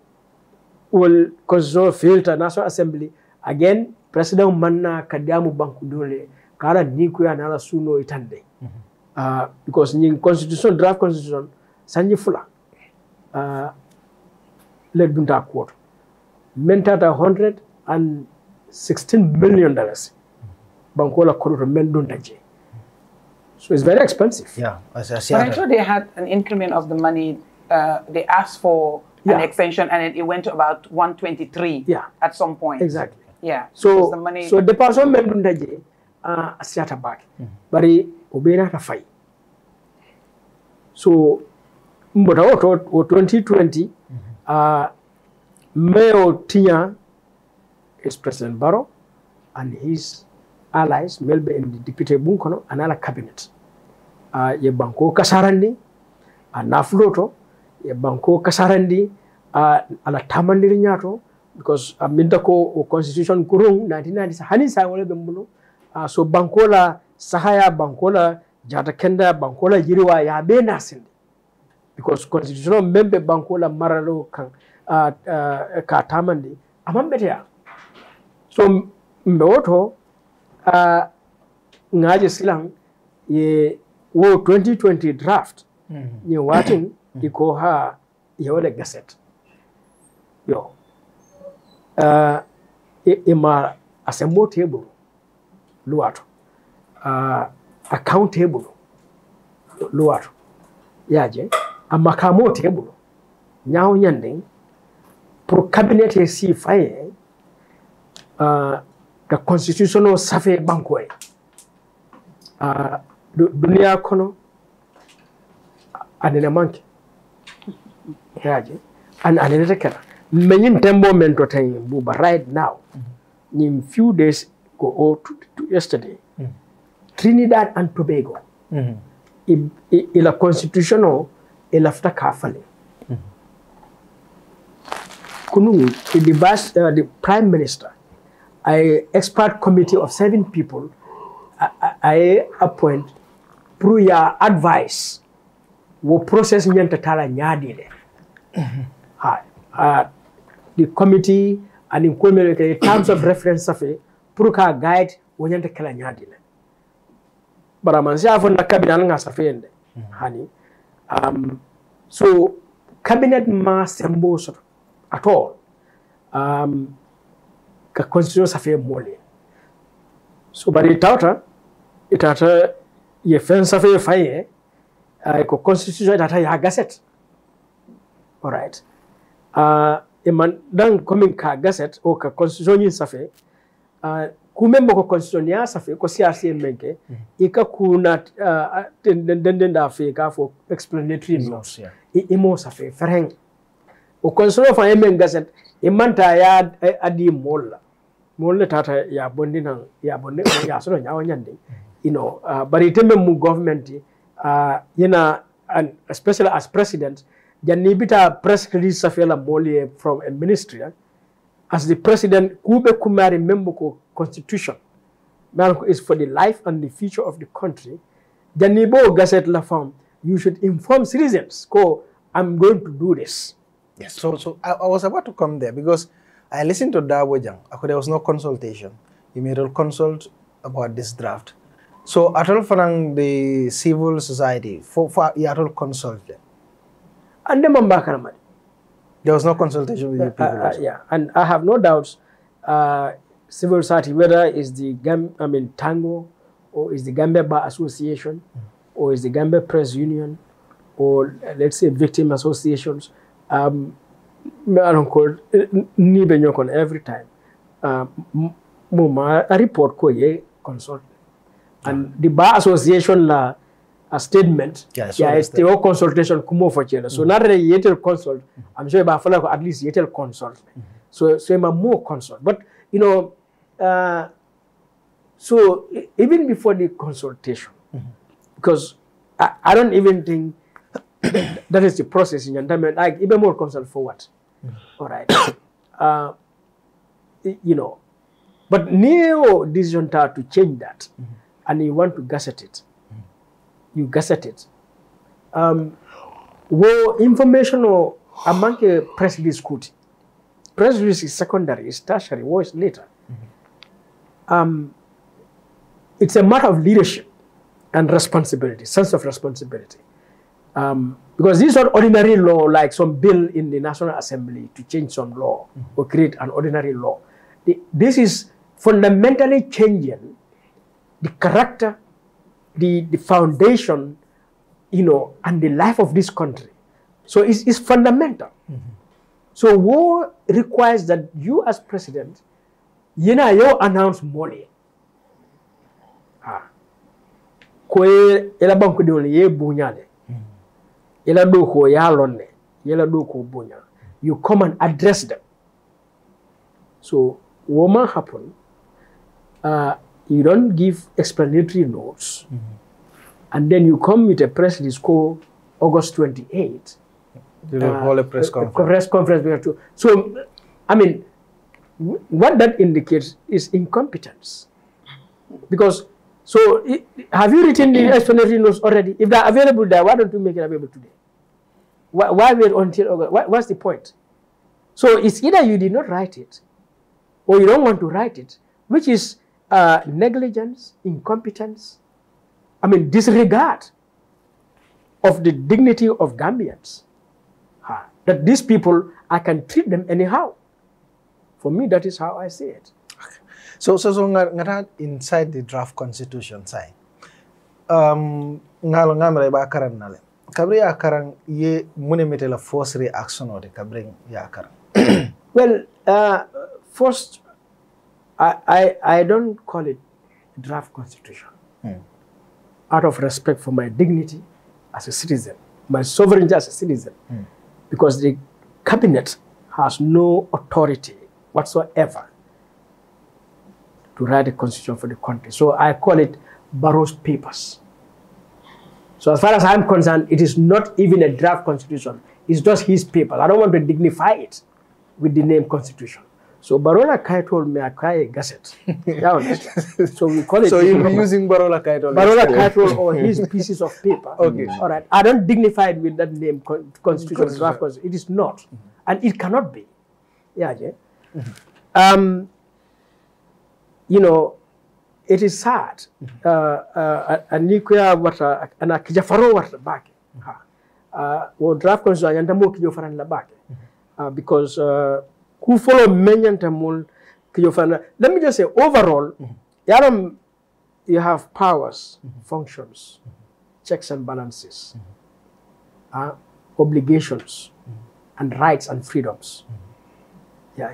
will kozo filter National Assembly again president manna kadamu banku dole kara niku ya nala suno itande. Mm-hmm. uh, because in constitution draft constitution sanji fula uh, le dunta court ta 116 million dollars mm-hmm. bankola kodoto men dunta je. So it's very expensive. Yeah, I, I, see but I'm sure they had an increment of the money uh, they asked for yeah. an extension and it, went to about 123 yeah. at some point. Exactly. Yeah. So the money so the person member ndaje uh, asiata back. Mm mm-hmm. he obeyed obena ta fai. So mbota woto wo 2020 mm -hmm. uh, Mayo Tia is President Barrow and his allies Melbe and Deputy Bunkono and ala cabinet. Uh, ye banko kasarandi a uh, nafuloto e banko kasarandi uh, ala tamandiri ñaato because uh, minta ko o constitution kurung 1990 hani sa wala ɓe mbulo uh, so bankola sahaya banko la jata kenda la yiriwa ya ɓe nasinde because constitution membe banko la maralo kan uh, uh, ka tamandi aman ɓeteya so mbe woto uh, ŋaaje silan ye wo 2020 draft ñin mm-hmm. watin Mm-hmm. iko ha yawale gaset yo uh, ima assemble table luwato uh, account table luwato yaje amakamo table nyawo nyande pour cabinet e si faye uh, ka constitutional safe banko e uh, dunia kono anene manke kiraje an kera meñin tembo mento tay tan buba right now in few days go or oh, to, to yesterday mm. Trinidad and Tobago mm. I, I, ila constitutional ilafuta kafale mm. kunungu the, bas, uh, the prime minister a expert committee of seven people I, I appoint through your advice wo process nyanta tala nyadi le uh, the committee and in kwemele ke terms of reference safi pour ka guide wonyante kala nyadile bara man sha ah, fon na cabinet nga safi ende mm-hmm. hani um so cabinet ma sembo so at all um ka constitution safi mole so bari tawta itata ye fen safi faye ay uh, ko constitution itata uh, ya gazette All right. Uh, man dan komin ka gaset o ka constitution yin safe uh, membo ko constitution ya safe ko siyasi menke mm -hmm. ika kuna uh, denden da fe ka fo explanatory notes yeah. i imo safe fereng o constitution fa yemen gaset imanta ya eh, adi molla molla tata ya bondi nan ya bondi ya so nyawo nyande mm-hmm. you know uh, but tembe mu government uh, yana and especially as president The bita press release safiyala molie from a ministry eh? as the president kuɓe kumari membo ko constitution manko is for the life and the future of the country The bo gazette la femme you should inform citizens ko i'm going to do this yes so so i, I was about to come there because i listened to dawo jang there was no consultation you made a consult about this draft so atol fanang the civil society for for atol consulted and the Mambakara mad. There was no consultation with the uh, uh, people. Uh, uh, yeah, and I have no doubts uh, civil society, whether it's the Gam I mean Tango, or is the Gambia Bar Association, mm. or is the Gambia Press Union, or uh, let's say victim associations, um, I don't call Nibenyokon every time. Um, a report ko ye consult. Hmm. And the Bar Association la a statement yeah, it's the whole consultation kuma for chelo so mm-hmm. not a yetel consult i'm sure follow-up at least yetel consult mm-hmm. So so so so a more consult but you know uh, so even before the consultation mm -hmm. because I, I, don't even think that, that is the process in Yandamian. Like, even more consult for what? Mm-hmm. All right. Uh, you know, but Neo decision to change that, and you want to gazette it you gazette it. Um, information information among the press release could. press release is secondary it's tertiary What is later mm -hmm. um, it's a matter of leadership and responsibility sense of responsibility um, because this is not ordinary law like some bill in the national assembly to change some law mm -hmm. or create an ordinary law the, this is fundamentally changing the character the, the foundation, you know, and the life of this country. So it's, it's fundamental. Mm -hmm. So war requires that you as president, you know, you announce money. Ah. Kwe ye mm-hmm. You come and address them. So what might happen, uh, you don't give explanatory notes, mm -hmm. and then you come with a press release called August twenty eighth. You uh, hold a press conference. A press conference we have to. So, I mean, what that indicates is incompetence, because. So, have you written the explanatory notes already? If they're available there, why don't you make it available today? Why, why wait until August? what's the point? So, it's either you did not write it, or you don't want to write it, which is uh, negligence, incompetence, I mean, disregard of the dignity of Gambians. Huh. That these people, I can treat them anyhow. For me, that is how I see it. So, so, so inside the draft constitution side, um, kabri ya karan ye mune la force reaction ode kabring ya karan well uh, first I, I, I don't call it draft constitution. Mm. Out of respect for my dignity as a citizen, my sovereignty as a citizen, mm. because the cabinet has no authority whatsoever to write a constitution for the country. So I call it Barrow's Papers. So as far as I'm concerned, it is not even a draft constitution. It's just his papers. I don't want to dignify it with the name constitution. So Barola kite will me akai gasset. so we call it. So you'll be using Barola kite Barola kite or his pieces of paper. Okay. All right. I don't dignify it with that name, constitutional draft, because it is not. Mm-hmm. And it cannot be. Yeah, yeah. Mm-hmm. um, you know, it is sad. Mm-hmm. Uh, uh, Anikwea wata, anakijafaro wata baki. Uh, wo draft constitutional, yanda mo kijofaran la Because uh, ku follow menyanta mul kiyo fana let me just say overall mm -hmm. yaram you have powers mm -hmm. functions mm -hmm. checks and balances uh, obligations mm-hmm. and rights and freedoms mm-hmm. yeah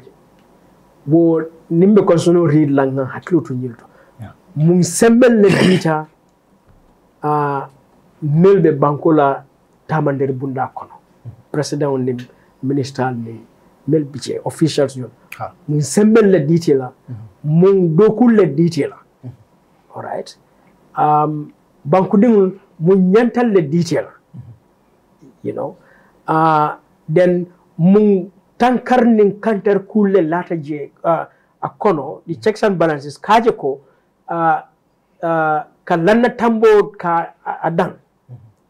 wo nimbe ko sono read langa hatlu to nyilto yeah. mum sembel le bita a ah, melbe bankola tamander bunda kono president ni minister ni melbice officials yon mun semben le ditela mun dokul la ditela mm-hmm. mm-hmm. all right um banku dingul mun nyantal le ditela mm-hmm. you know uh, then mun tankar nin kantar kulle lata je uh, a kono the checks and balances kaje ko uh, uh, ka lanna tambo ka a dan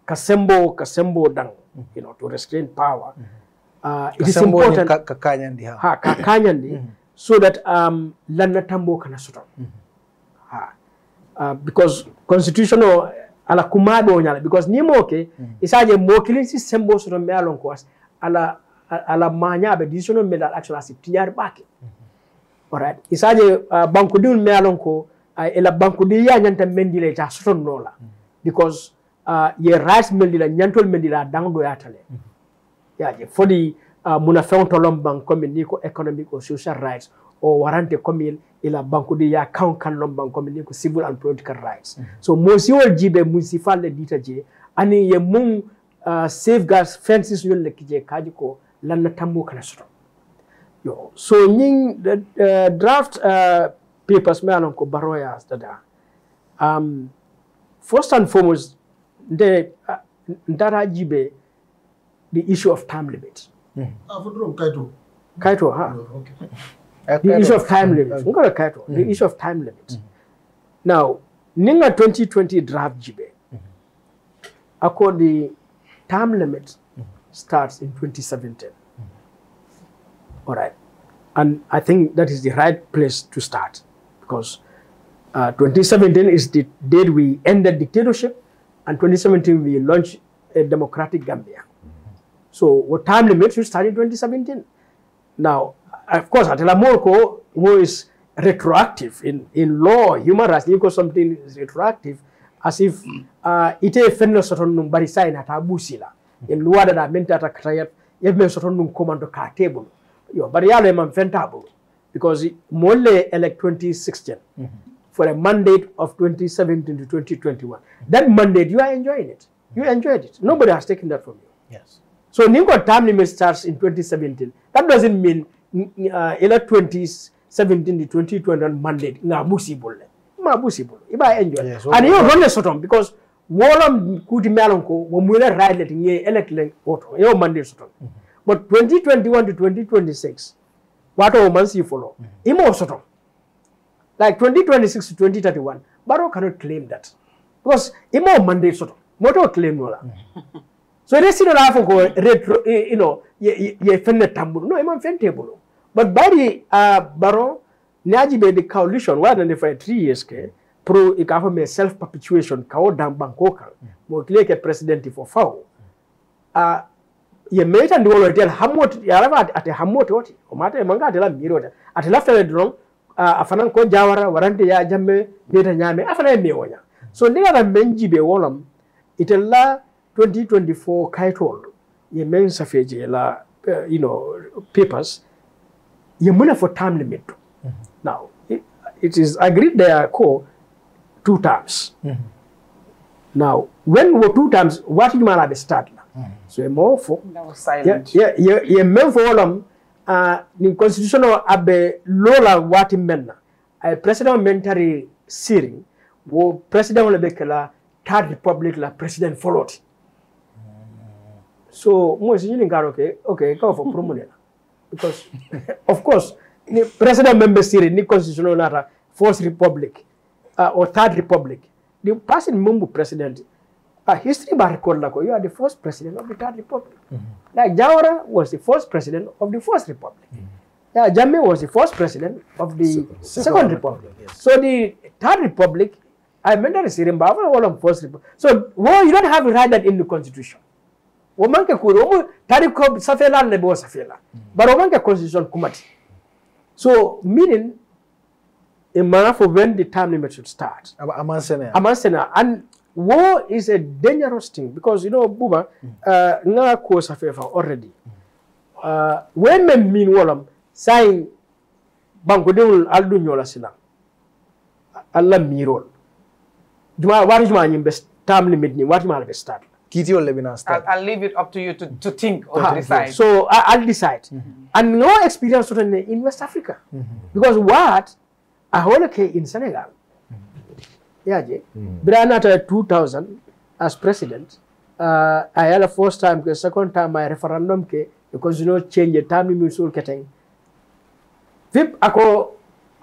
ka sembo ka sembo dan you know to restrain power mm -hmm. uh, it is important kakanyandi ha ha kakanyandi mm -hmm. so that um lanna tambo kana soto mm -hmm. ha uh, because constitutional ala kumado nyala because ni moke mm -hmm. isaje mokilin si sembo soto me alon ko ala ala manyaɓe decisionol mbeɗa action asi tiyari ɓaake mm-hmm. right isaje ah, banku di me alon ko ela banku di ya ñanta mendila ta sotonnola mm-hmm. because ye rice mendila nyantol mendila dangɗo yatale mm -hmm yaje fodi uh, muna fewntolon ban komin ni ko economic or social rights o warante komin ila bankude ya kan kan lon ban komin ni ko civil and political rights mm -hmm. so mosiwol jibe mun sifalle dita je ani ye mum uh, safeguards fences yol le kije kaji ko lanna tambo kana soto yo so nyin uh, draft uh, papers me alon ko baroya dada um, first and foremost nde uh, ndara jibe the issue of time limits. Ah, Kaito. issue oh, uh, mm. the issue of time limits. Mm. Ngora Kaito, the mm. issue of time limits. Mm. Now, ninga 2020 draft jibe. according the time limit starts in 2017. All right. And I think that is the right place to start because uh, 2017 is the date we ended dictatorship and 2017 we launched a democratic Gambia. So what time limit should start in 2017. Now, of course, Atela Morko, who is retroactive in, in law, human rights, because something is retroactive, as if uh, ite fenno soton num barisa in ata busila. In luada na mente ata katayat, yevme soton num komando ka table. Yo, bariyalo eman fentable. Because mole elect 2016 mm -hmm. for a mandate of 2017 to 2021. That mandate, you are enjoying it. You enjoyed it. Nobody has taken that from you. Yes. So Ningo term limit starts in 2017. That doesn't mean uh, ila 2017 to 2021 mandate ngabusi bolle. Mabusi bolle. Iba enjoy. Yes, and you run the sotom because wolam kuti we wamule ride let nge elect le auto. Yo mandate sotom. Mm-hmm. But 2021 to 2026 what months you follow. Mm -hmm. sotom. Like 2026 to 2031 Baro cannot claim that. Because imo mandate sotom. Moto claim wala. Mm -hmm. so resiɗo la fo ko retro you know ye fenne tambuɗo non eman fente bolo but bari uh, baro neaji ɓeyde coalition waɗande fo e three years ke pro e ka fo mais self perpetuation kawo dan ɓanko kan mo kile ke président fo fawo uh, ye meytandi wolwotel hammote yarafa ate hammote oti o mata e manga atela mirote ate laftale donon uh, ah, a fanan ko jawara warante ya jamme meta ñaame a fana e mewoña so ndigata men jibe wolom itella 2024 kaitol uh, eh, you know papers you muna for time limit mm -hmm. now it, it is agreed they are two terms mm -hmm. now when were two terms what you man have start mm -hmm. so more for yeah. yeah yeah ye uh, ni constitutional abe lola wati menna ay president mentary searing wo president le bekela third republic la president followed so most Ningaro, okay, okay, go for promotion, Because, of course, the president member state, the constitutional letter, first republic uh, or third republic, the person Mumbu president, a uh, history by record, like, you are the first president of the third republic. Mm -hmm. Like Jawara was the first president of the first republic. Mm -hmm. Yeah, was the first president of the second, second, second republic. republic yes. So the third republic, I mean that is Sirimba, all of first republic. So well, you don't have to write that in the constitution. wo manke kuuri omo tari ko safeelal ne be wo safeela bari wo manke constitution kumati so meaning a manner for when the time limit should start amansena amansena and war is a dangerous thing because you know buba mm. uh, nga ko safefa already uh, when men mean walam sai banko dewul aldu nyola sila alla mirol juma wari juma nyimbe time limit ni wari be start TT or Levinas. I'll, I'll leave it up to you to, to think or to ah, decide. So I, i'll decide. Mm -hmm. And no experience certainly in West Africa. Mm -hmm. Because what? I hold in Senegal. mm -hmm. Yeah, Jay. Mm. at 2000 as president, uh, I had a first time, the second time my referendum ke, because you know change the time limit so getting. Fip ako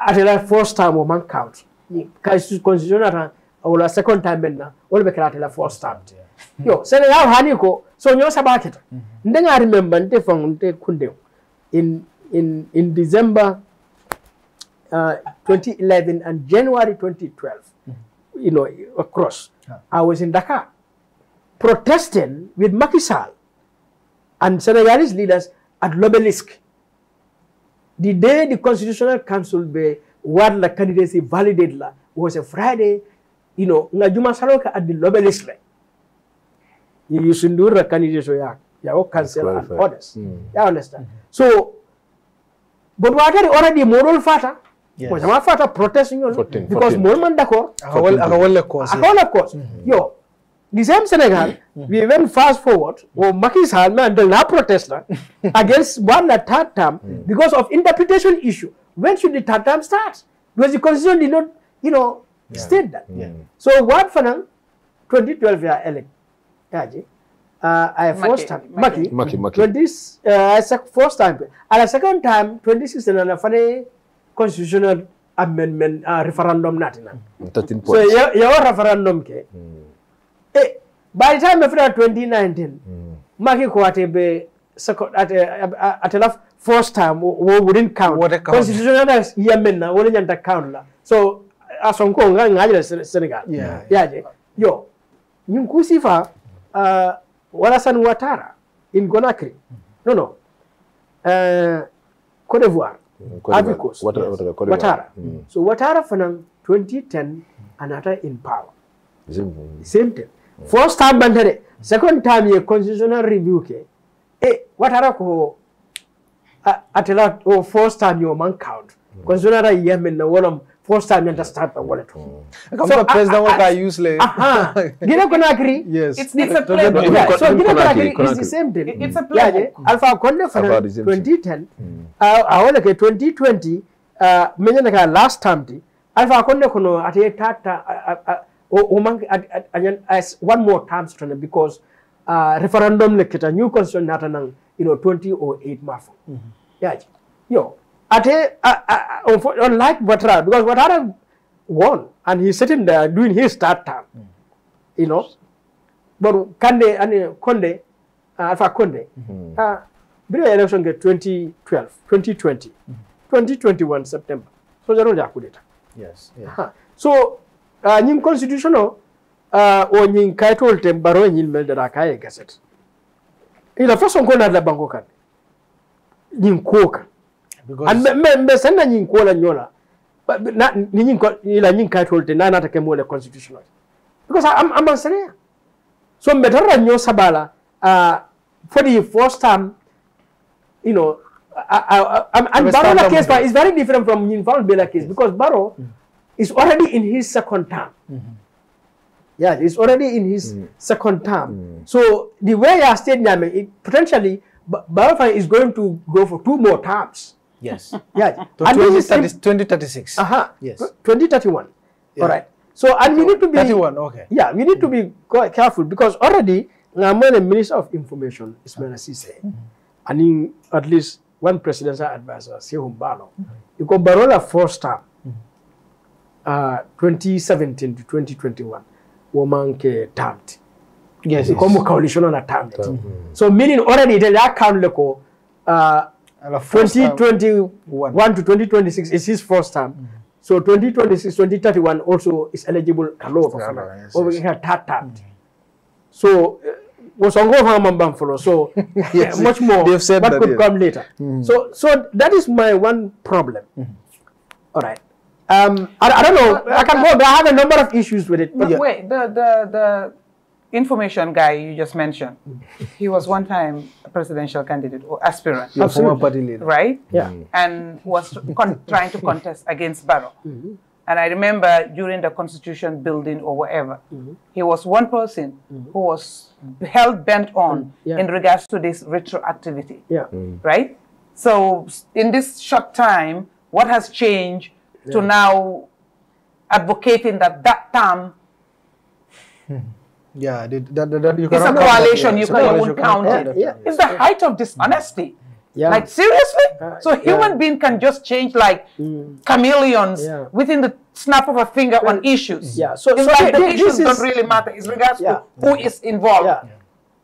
at the first time woman count. Because constitution at a second time, all the first time. yeah. yo sénégal hani ko so ñoo saɓaketa remember nte fong nte kundeo in in in december uh, 2011 and january 2012 you know across i was in dakar protesting with Macky Sall and Senegalese leaders at Lobelisk. The day the Constitutional Council be what the candidacy validated was a Friday, you know, Ngajuma Saroka at the Lobelisk. You, you should do recognition yeah, ya cancel and others. Mm. You understand? Mm So, but we are already moral fata. Yes. Well, my protesting you 14, because 14. more man d'accord. Akawala cause. Akawala Yo, the same Senegal, mm-hmm. we went fast forward, mm-hmm. or Maki's Halme and the protester against one the third term mm. because of interpretation issue. When should the third term start? Because the constitution did not, you know, yeah. state that. Yeah. Mm. So what for now, 2012 we are elected. kaje uh, I first time Maki, Maki, Maki. 20, mm-hmm. uh, first time and a second time 2016 funny constitutional amendment uh, referendum natina mm, so yeah referendum ke mm. eh, by the time after 2019 mm. Maki ko atebe second at, uh, at, at first time we wouldn't count what constitutional yamena wo nyanta count la so asonko nga ngajira Senegal yeah, yeah. yeah. yo nyinkusifa uh, san Ouattara in Conakry. No, no. Uh, Côte d'Ivoire. Ivory Coast. Ouattara. So Ouattara fanan 2010 anata in power. Same, Same thing. Mm. First time bantare. Second time ye constitutional review ke. Eh, Ouattara ko atela oh, first time yo man count. Mm. Constitutional yemen na wolom first time mm. you understand the Bangladesh. Uh-huh. Mm. So, so President Walker useless. Aha. Guinea Conakry. Yes. It's, it's a playbook. Yeah. yeah. So Guinea Conakry is the same thing. Mm. It's a playbook. Yeah, Alpha Conde for 2010. I want to 2020. Mene ka last time di. Alpha Conde kono ati tata. Umang as one more time strand because uh, referendum le new constitution nata nang you know 2008 mafu. Mm -hmm. Yeah. Yo. at a, a, a, unlike Watara because Watara won and he's sitting there doing his start time, mm. you know. But Kande and uh, Konde, uh, Alpha Konde, mm-hmm. uh, bila election get 2012, 2020, mm-hmm. 2021 September. So they don't coup d'etat. Yes. Yeah. Uh-huh. So uh, nyim constitutional uh, o nyin kaitol tembaro nyin mel da kaye gazette. Ila façon qu'on a de la banque nyin koka mbe sanna ñin kuwola ñola ni ñin ila ñin kayitol te nanata ke muwole constitutional because I'm aman seneya so mbe tarra ño sabala uh, for the first time you know I, I, I, and Barola case is very different from Nyinval Bela case yes. because Baro mm. Mm-hmm. is already in his second term. Mm -hmm. Yeah, he's already in his mm. second term. Mm. So the way I state Nyame, it potentially Barofa is going to go for two more terms. Mm. Yes. yeah. and 2036. Uh-huh. Yes. 2031. Yeah. All right. So, and we need to be. 31, okay. Yeah, we need mm to be mm-hmm. quite careful because already the Minister of Information, Ismail mm-hmm. Assise, mm and in at least one presidential advisor, Sehum Balo, mm -hmm. Barola first term, mm uh, 2017 to 2021, woman ke termed. Yes. You yes. mu coalition on a termed. Mm. So, meaning already, the are counting uh, 2021 to 2026 is his first term. Mm -hmm. So 2026, 2031 also is eligible for Yes, yes. Mm-hmm. So was on go for So yes, much more they've said but that, could come later. Mm -hmm. So so that is my one problem. Mm-hmm. All right. Um, I, I don't know. But, but, I can go. I have a number of issues with it. But, yeah. wait, the the the information guy you just mentioned, he was one time a presidential candidate or aspirant. Your former party leader. Right? Yeah. And was trying to contest against Barrow. Mm -hmm. And I remember during the constitution building or whatever, mm -hmm. he was one person mm -hmm. who was hell bent on mm, yeah. in regards to this retroactivity. Yeah. Mm. Right? So in this short time, what has changed yeah. to now advocating that that term Yeah, the, the, the, the, you it's a coalition. you, it's not you count it. Yeah, It's the height of dishonesty. Yeah. Like seriously? Uh, so human yeah. being can just change like mm. chameleons yeah. within the snap of a finger on issues. Yeah. So, it's so like the issues is, don't really matter. It's regards yeah. to who is involved. Yeah.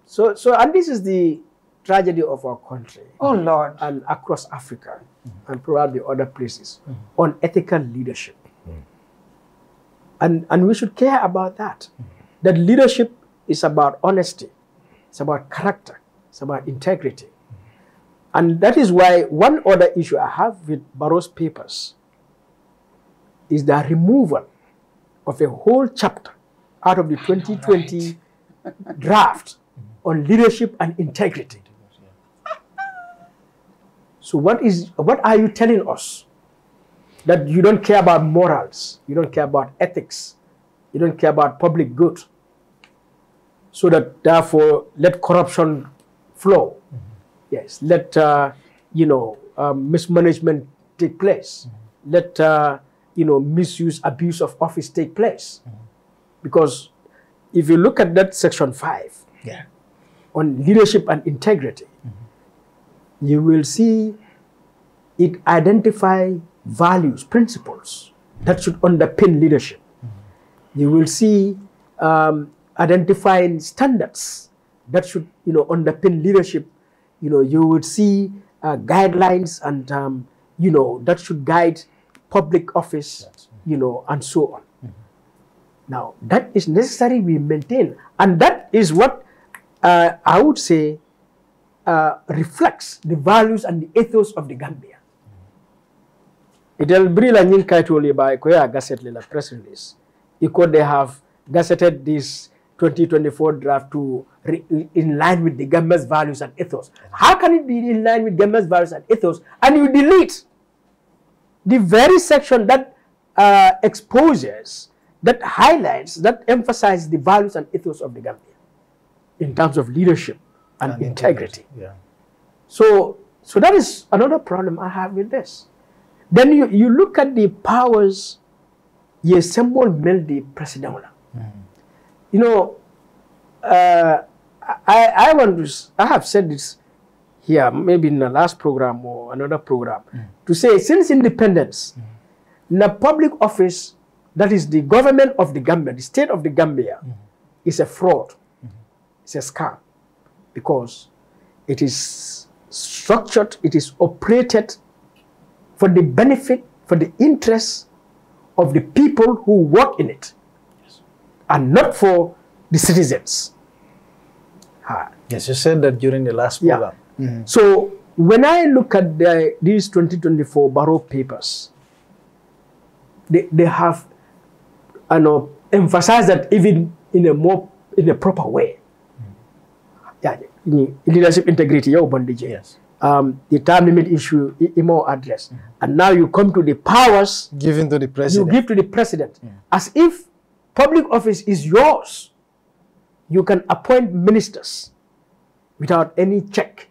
So so and this is the tragedy of our country. Oh Lord. And across Africa mm. and probably other places mm. on ethical leadership. Mm. And and we should care about that. Mm that leadership is about honesty, it's about character, it's about integrity. And that is why one other issue I have with Barrow's papers is the removal of a whole chapter out of the 2020 right. draft on leadership and integrity. So what is what are you telling us? That you don't care about morals, you don't care about ethics, you don't care about public good, so that therefore let corruption flow. Mm -hmm. Yes, let uh, you know um, mismanagement take place. Mm -hmm. Let uh, you know misuse, abuse of office take place. Mm -hmm. Because if you look at that section five yeah. on leadership and integrity, you will see it identify values, principles that should underpin leadership. You will see um, identifying standards that should you know underpin leadership you know you would see uh, guidelines and um, you know that should guide public office you know and so on mm -hmm. now that is necessary we maintain and that is what uh, i would say uh, reflects the values and the ethos of the gambia itel brila ñin kaytol ba ko ya la press release iko they have gazetted this 2024 draft to in line with the government's values and ethos. How can it be in line with government's values and ethos and you delete the very section that uh, exposes, that highlights, that emphasizes the values and ethos of the Gambia in terms of leadership and, and integrity. integrity. Yeah. So, so that is another problem I have with this. Then you, you look at the powers you assemble Meldi President. Mm. You know, uh, I, I want to, I have said this here, maybe in the last program or another program, mm. to say since independence, mm. the public office, that is the government of the Gambia, the state of the Gambia, mm. is a fraud. Mm. It's a scam because it is structured, it is operated for the benefit, for the interest of the people who work in it and not for the citizens. yes, you said that during the last program. Yeah. Mm-hmm. Mm -hmm. So when I look at the, these 2024 Barrow papers, they, they have I know, emphasized that even in a more in a proper way. Mm. Yeah, leadership integrity, your bondage. Yes. Um, the time limit issue, more address, mm. and now you come to the powers given to the president. You give to the president mm. as if Public office is yours. You can appoint ministers without any check,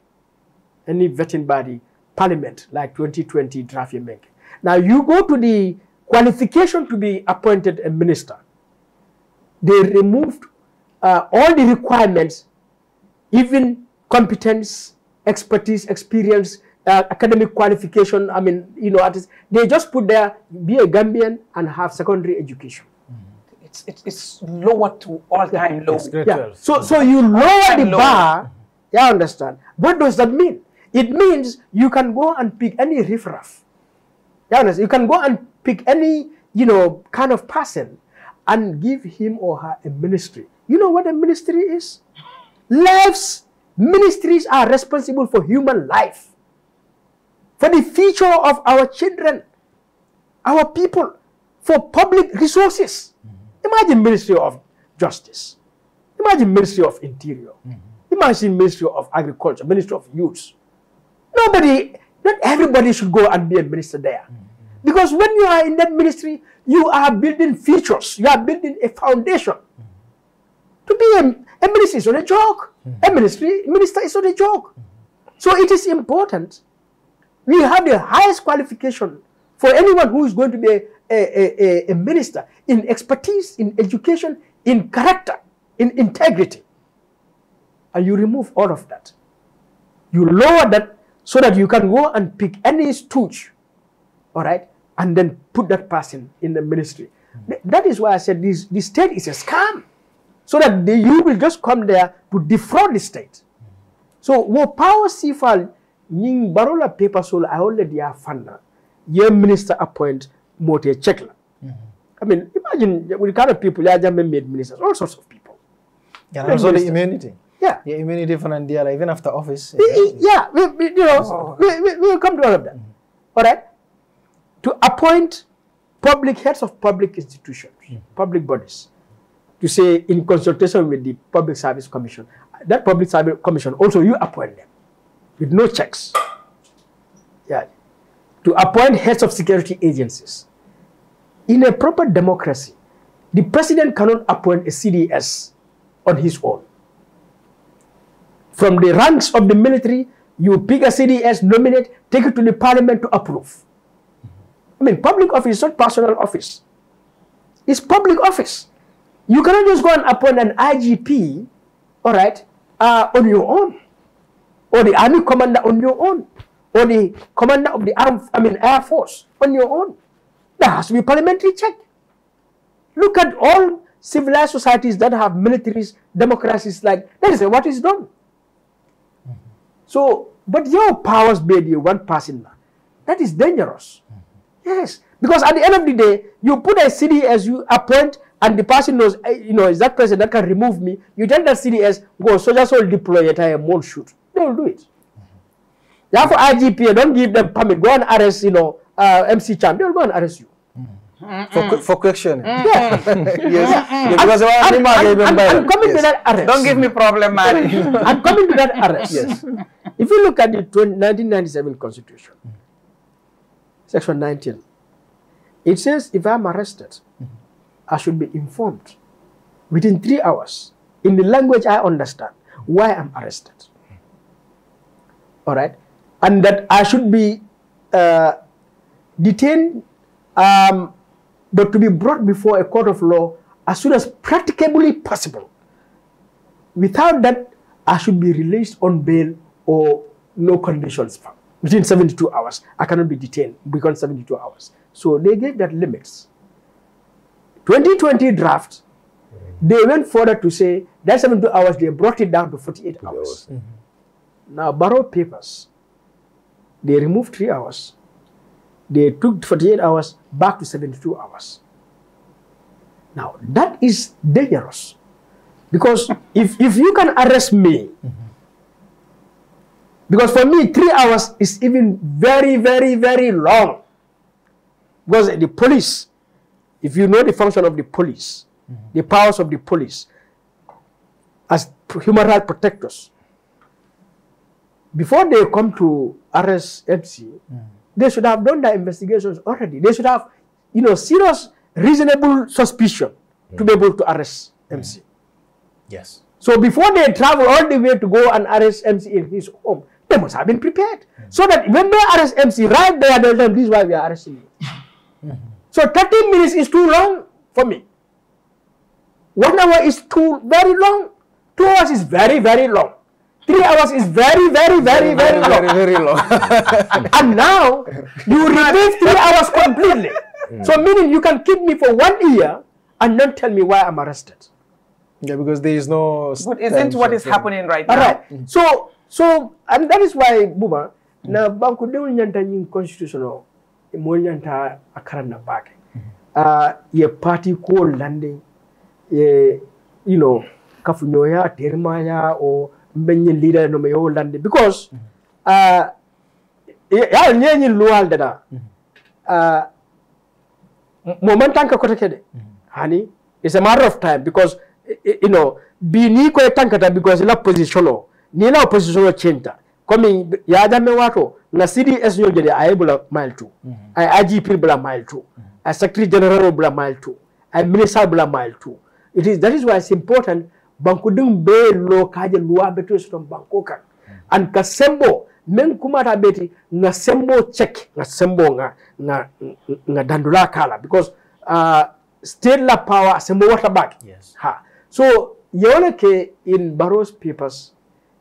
any vetting body, parliament, like 2020 draft make. Now you go to the qualification to be appointed a minister. They removed uh, all the requirements, even competence, expertise, experience, uh, academic qualification, I mean, you know, artists, they just put there, be a Gambian and have secondary education it's, it's, it's lower to all-time low. Yeah. So, so you lower the bar, yeah, I understand. What does that mean? It means you can go and pick any riffraff. Yeah, understand. You can go and pick any, you know, kind of person and give him or her a ministry. You know what a ministry is? Lives, ministries are responsible for human life, for the future of our children, our people, for public resources. Mm -hmm. Imagine Ministry of Justice. Imagine Ministry of Interior. Mm -hmm. Imagine Ministry of Agriculture, Ministry of Youth. Nobody, not everybody should go and be a minister there. Mm -hmm. Because when you are in that ministry, you are building features. You are building a foundation. Mm -hmm. To be a, a, minister is not a joke. Mm-hmm. A ministry minister is not a joke. Mm-hmm. So it is important we have the highest qualification for anyone who is going to be a a, a, a minister in expertise, in education, in character, in integrity. And you remove all of that. You lower that so that you can go and pick any stooge, all right, and then put that person in the ministry. that is why I said this, this state is a scam. So that the, you will just come there to defraud the state. So what power sifal nying barola paper soul I already have fund. Your minister appoint mote check. Mm-hmm. I mean, imagine the kind of people Yajame made ministers, all sorts of people. Yeah, and also the immunity. Yeah. The immunity for Nandiyala, even after office. We, yeah, we, we, you know, oh. we, we, will come to all of that. Mm -hmm. All right? To appoint public heads of public institutions, mm -hmm. public bodies, to say in consultation with the Public Service Commission, that Public Service Commission, also you appoint them with no checks. Yeah to appoint heads of security agencies. In a proper democracy, the president cannot appoint a CDS on his own. From the ranks of the military, you pick a CDS, nominate, take it to the parliament to approve. I mean, public office is not personal office. It's public office. You cannot just go and appoint an IGP, all right, uh, on your own, or the army commander on your own or the commander of the armed, I mean, air force on your own. There has to be parliamentary check. Look at all civilized societies that have militaries, democracies, like that is what is done. Mm-hmm. So, but your powers made you one person. That is dangerous. Mm-hmm. Yes, because at the end of the day, you put a CDS, you appoint, and the person knows, eh, you know, is that person that can remove me. You tell that CDS, go, soldiers will deploy it, I am shoot. They will do it. Therefore, IGP, don't give them permit. Go and arrest, you know, uh, MC Chan. They'll go and arrest you. -mm. for, for question. Mm yeah. Mm-hmm. yes. Yeah, because I'm, I'm, I'm, I'm coming yes. to that arrest. Don't give me problem, man. I'm coming to that arrest. yes. If you look at the 20, 1997 Constitution, mm. Section 19, it says if I'm arrested, I should be informed within three hours in the language I understand why I'm arrested. Mm. All right? and that I should be uh, detained um, but to be brought before a court of law as soon as practicably possible. Without that, I should be released on bail or no conditions Between Within 72 hours, I cannot be detained beyond 72 hours. So they gave that limits. 2020 draft, they went further to say that 72 hours, they brought it down to 48 hours. Mm -hmm. Now, borrow papers they removed three hours. They took 48 hours back to 72 hours. Now, that is dangerous. Because if, if you can arrest me, mm-hmm. because for me, three hours is even very, very, very long. Because the police, if you know the function of the police, mm -hmm. the powers of the police, as human rights protectors, before they come to arrest mm. they should have done their investigations already. They should have, you know, serious, reasonable suspicion mm. to be able to arrest MC. Mm. Yes. So before they travel all the way to go and arrest MC in his home, they must have been prepared. Mm. So that when they arrest MC, right there, they'll tell them, this is why we are arresting you. Mm-hmm. So 30 minutes is too long for me. One hour is too very long. Two hours is very, very long. Three hours is very, very, very, very, long. Very, very long. and now you remove three hours completely. Hmm. So meaning you can keep me for one year and not tell me why I'm arrested. Yeah, because there is no. But isn't what is happening right now? All right. Hmm. So so and that is why Buba na hmm. banku de nyanta nyin constitutional mo nyanta akaran na bake. Uh, ye party ko landing ye you know kafunoya, termaya or menyin leader no me because uh, ya nyenyi luwalde mm-hmm. uh, tanka koto kede mm-hmm. hani it's a matter of time because you know bi ni ko tankata because la position o ni la position o chenta komi ya dame wato na cds yo jede ay bula mile 2 ay igp bula mile 2 ay mm-hmm. secretary general bula mile 2 ay minister bula mile 2 it is that is why it's important banko ɗum be lokaje luwa from ton and kan an ka sembo min kumata beti nga sembo cek nga sembo nga, nga dandula kala because uh, state la power sembo water back. yes. ha so yewole ke in barrows papers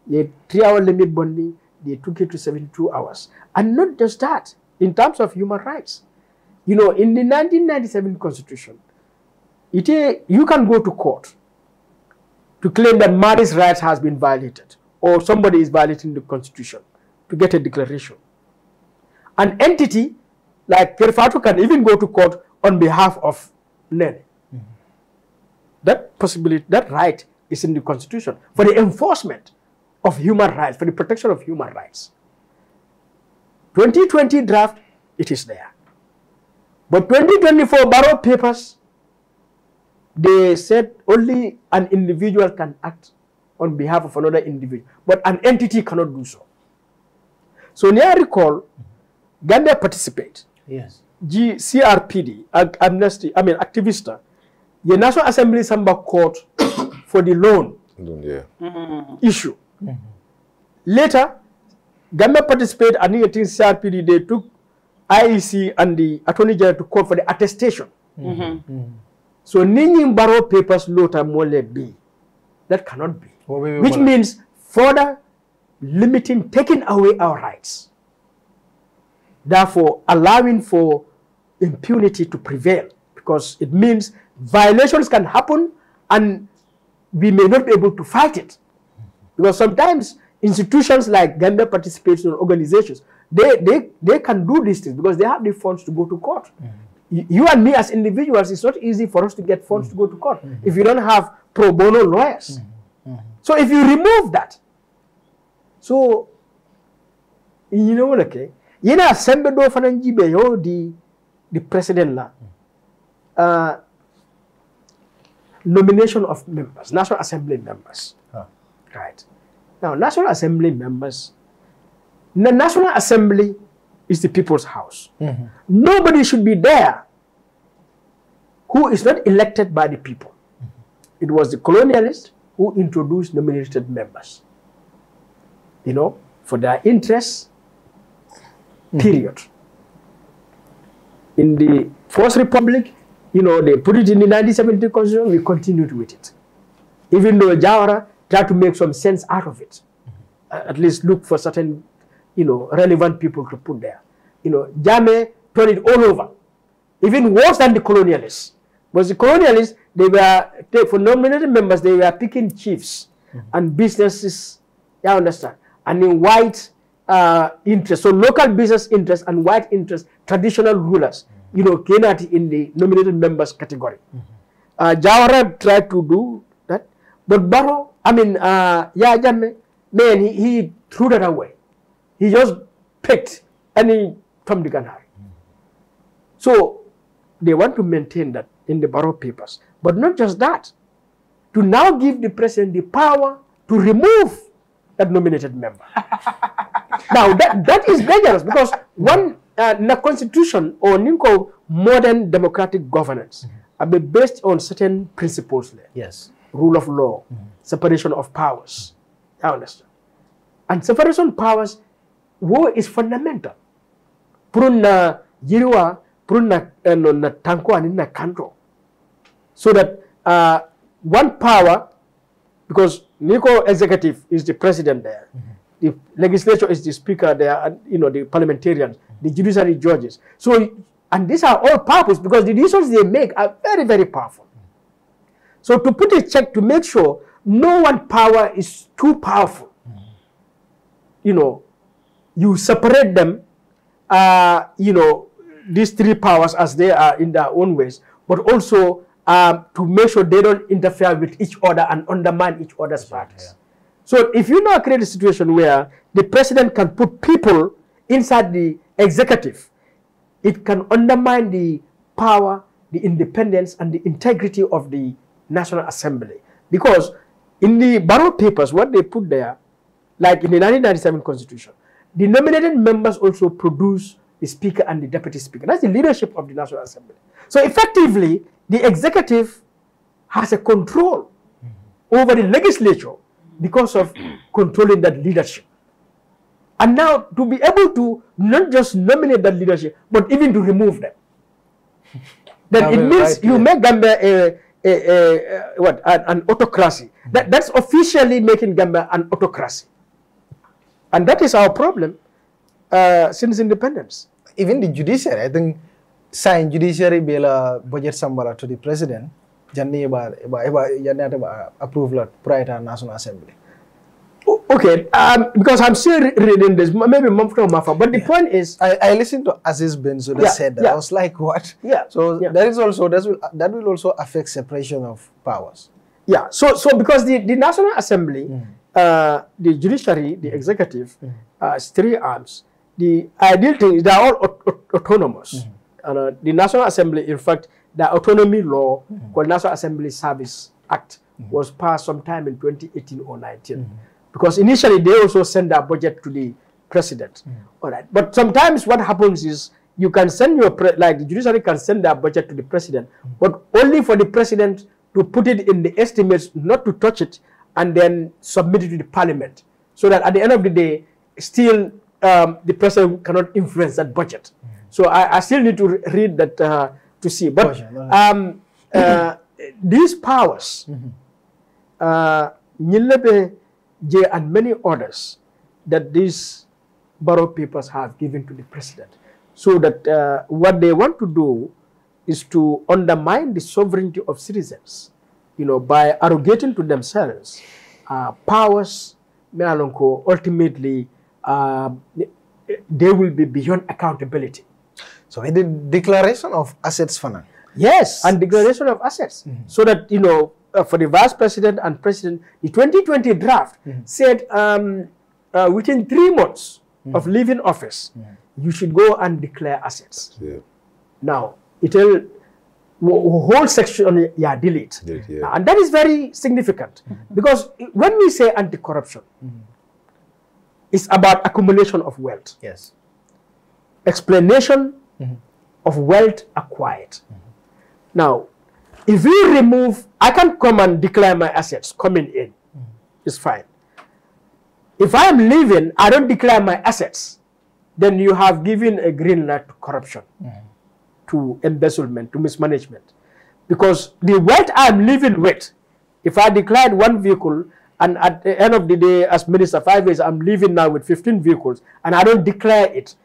ye three hour limit bondi they took it to 72 hours and not just that in terms of human rights you know in the 1997 constitution it, you can go to court to claim that marriage rights has been violated or somebody is violating the constitution to get a declaration. An entity like Kerfatu can even go to court on behalf of Nene. Mm -hmm. That possibility, that right is in the constitution for the enforcement of human rights, for the protection of human rights. 2020 draft, it is there. But 2024 Barrow papers they said only an individual can act on behalf of another individual, but an entity cannot do so. So near recall, Gambia participate. Yes. G CRPD, Ag Amnesty, I mean Activista, the National Assembly Samba Court for the loan yeah. Mm-hmm. issue. Mm -hmm. Later, Gambia participated and the CRPD, they took IEC and the Attorney General to court for the attestation. Mm -hmm. Mm -hmm. So Ninyin borrow papers lota mole be. That cannot be. Oh, Which means further limiting, taking away our rights. Therefore, allowing for impunity to prevail because it means violations can happen and we may not be able to fight it. Because sometimes institutions like Gambia participation organizations, they, they, they can do these things because they have the funds to go to court. Mm -hmm you and me as individuals, it's not easy for us to get funds mm to go to court mm -hmm. if you don't have pro bono lawyers. Mm -hmm. So if you remove that, so you know what okay, yena assembly, do fananji be the president la mm-hmm. uh, nomination of members, National Assembly members, huh. right? Now National Assembly members, the National Assembly is the people's house. Mm -hmm. Nobody should be there who is not elected by the people. Mm -hmm. It was the colonialists who introduced nominated members, you know, for their interests, mm-hmm. period. Mm -hmm. In the First Republic, you know, they put it in the 1970 Constitution, we continued with it. Even though Jawara tried to make some sense out of it, mm-hmm. at least look for certain you know, relevant people to put there. You know, Jame turned it all over, even worse than the colonialists. Because the colonialists, they were, they, for nominated members, they were picking chiefs mm -hmm. and businesses, you understand, and in white uh, interests, so local business interests and white interests, traditional rulers, mm -hmm. you know, came out in the nominated members category. Mm -hmm. Uh, Jawara tried to do that, but Barrow, I mean, uh, Yajame, man, he, he threw that away. He just picked any Tom Dick and Harry. So they want to maintain that in the borough Papers. But not just that, to now give the president the power to remove that nominated member. now that, that is dangerous because one uh, constitution or ninko modern democratic governance are mm -hmm. based on certain principles. Yes. Rule of law, mm -hmm. separation of powers. I understand. And separation of powers wo is fundamental purun na yirwa purun eh, na tanko ani na so that uh, one power because Nico executive is the president there mm -hmm. the legislature is the speaker there and, you know the parliamentarians mm -hmm. the judiciary judges so and these are all powerful because the decisions they make are very very powerful mm -hmm. so to put a check to make sure no one power is too powerful mm-hmm. you know you separate them, uh, you know, these three powers as they are in their own ways, but also um, to make sure they don't interfere with each other and undermine each other's parties. Yeah. So if you now create a situation where the president can put people inside the executive, it can undermine the power, the independence, and the integrity of the National Assembly. Because in the Barrow Papers, what they put there, like in the 1997 Constitution, the nominated members also produce the Speaker and the Deputy Speaker. That's the leadership of the National Assembly. So effectively, the executive has a control over the legislature because of controlling that leadership. And now to be able to not just nominate that leadership, but even to remove them. Then it means right, you yeah. make Gambia a, a, a, a what an, an autocracy. Mm -hmm. That, that's officially making Gambia an autocracy. And that is our problem uh, since independence. Even the judiciary, I think, sign judiciary bill budget sambara to the president, janni eba approve prior to national assembly. Okay, um, because I'm still reading this, maybe Mumfra Mafa, but the yeah. point is... I, I listened to Aziz Benzo that yeah, said that. Yeah. I was like, what? Yeah. So that is also, that will, that will also affect separation of powers. Yeah, so, so because the, the National Assembly mm. Uh, the judiciary, the mm. executive, mm. uh, three arms. The ideal thing is they are all autonomous. Mm. And, uh, the National Assembly, in fact, the autonomy law mm. called National Assembly Service Act mm. was passed sometime in 2018 or 19. Mm. Because initially they also send their budget to the president. All right. But sometimes what happens is you can send your, like the judiciary can send their budget to the president, but only for the president to put it in the estimates, not to touch it, and then submit it to the parliament so that at the end of the day, still um, the president cannot influence that budget. Mm. So I, I, still need to read that uh, to see. But um, uh, these powers, Nyilebe mm-hmm. uh, and many others that these borough papers have given to the president, so that uh, what they want to do is to undermine the sovereignty of citizens you know, by arrogating to themselves uh, powers, ultimately, uh, they will be beyond accountability. So in the declaration of assets funnel. Yes, and declaration of assets. Mm -hmm. So that, you know, uh, for the vice president and president, the 2020 draft mm -hmm. said um, uh, within three months mm -hmm. of leaving office, you should go and declare assets. Yeah. Now, it'll whole section, yeah, delete. yeah. And that is very significant mm-hmm. because when we say anti-corruption, mm-hmm. it's about accumulation of wealth. Yes. Explanation mm-hmm. of wealth acquired. Now, if we remove, I can come and declare my assets coming in. It's fine. If I am leaving, I don't declare my assets, then you have given a green light to corruption. Mm -hmm to embezzlement, to mismanagement. Because the wealth I'm living with, if I declare one vehicle, and at the end of the day, as minister, five years, I'm living now with 15 vehicles, and I don't declare it,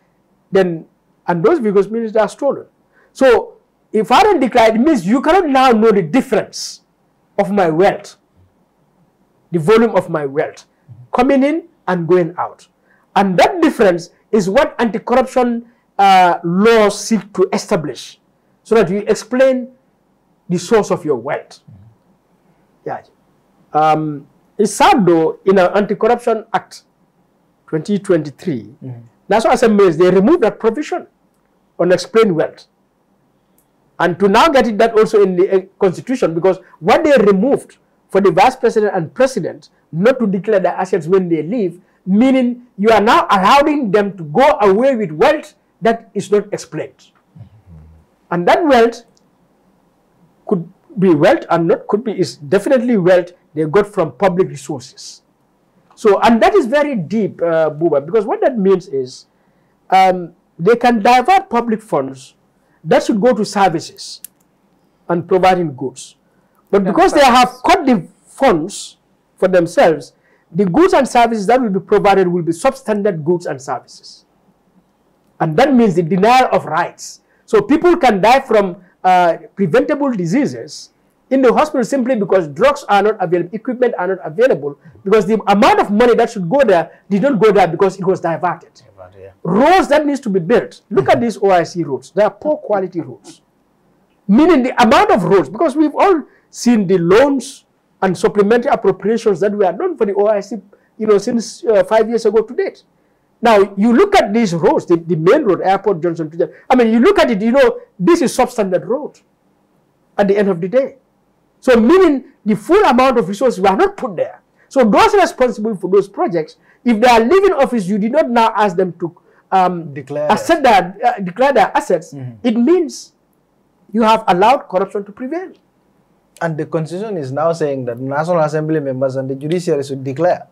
then, and those vehicles, minister, are stolen. So, if I don't declare, it means you cannot now know the difference of my wealth, the volume of my wealth, coming in and going out. And that difference is what anti-corruption uh, laws seek to establish so that you explain the source of your wealth. Mm-hmm. Yeah. Um, it's sad though, in an anti-corruption act 2023, mm-hmm. National Assembly, they removed that provision on explained wealth. And to now get it that also in the uh, constitution, because what they removed for the vice president and president not to declare their assets when they leave, meaning you are now allowing them to go away with wealth that is not explained. And that wealth could be wealth and not could be is definitely wealth they got from public resources. So, and that is very deep, uh, Buba, because what that means is um, they can divert public funds that should go to services and providing goods. But because they have cut the funds for themselves, the goods and services that will be provided will be substandard goods and services. And that means the denial of rights. So people can die from uh, preventable diseases in the hospital simply because drugs are not available, equipment are not available, because the amount of money that should go there did not go there because it was diverted. diverted yeah. Roads that needs to be built. Look at these OIC roads. They are poor quality roads. Meaning the amount of roads, because we've all seen the loans and supplementary appropriations that were done for the OIC, you know, since uh, five years ago to date. Now, you look at these roads, the, the main road, Airport, Johnson, I mean, you look at it, you know, this is substandard road at the end of the day. So meaning the full amount of resources were not put there. So those responsible for those projects, if they are leaving office, you did not now ask them to um, declare. their, uh, declare their assets. Mm -hmm. It means you have allowed corruption to prevail. And the constitution is now saying that National Assembly members and the judiciary should declare.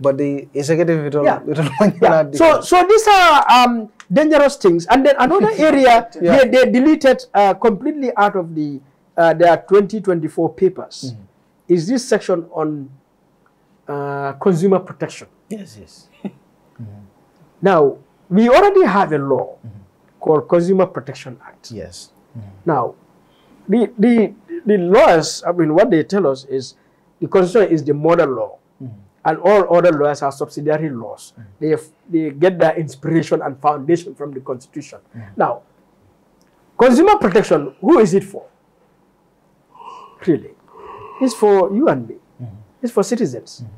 But the executive, you do yeah. yeah. So, so these are um, dangerous things. And then another area, yeah. they, they deleted uh, completely out of the uh, their 2024 papers mm -hmm. is this section on uh, consumer protection. Yes, yes. mm -hmm. Now, we already have a law mm -hmm. called Consumer Protection Act. Yes. Mm-hmm. Now, the, the, the laws, I mean, what they tell us is the Constitution is the model law and all other laws are subsidiary laws. Mm. They, they get their inspiration and foundation from the Constitution. Mm. Now, consumer protection, who is it for? Really? It's for you and me. Mm. It's for citizens. Mm.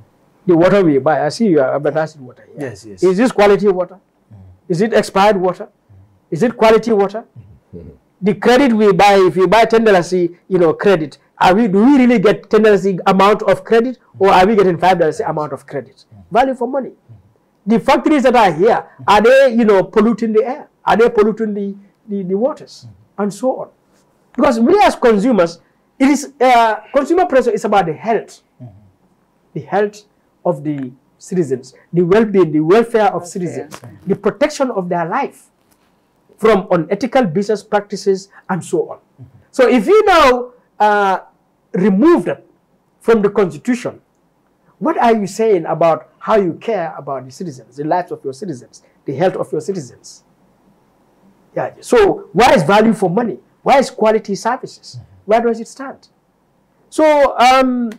The water we buy, I see you are advertising water Yes, yes. Is this quality water? Mm. Is it expired water? Mm. Is it quality water? The credit we buy, if you buy $10, you know, credit, are we, do we really get $10 amount of credit or are we getting $5 amount of credit? Value for money. The factories that are here, are they, you know, polluting the air? Are they polluting the, the, the waters? And so on. Because we as consumers, it is, uh, consumer pressure is about the health. The health of the citizens, the well-being, the welfare of citizens, the protection of their life from unethical business practices and so on. So if you now uh, removed from the constitution, what are you saying about how you care about the citizens, the lives of your citizens, the health of your citizens? Yeah. So why is value for money? Why is quality services? Mm-hmm. Where does it stand? So um,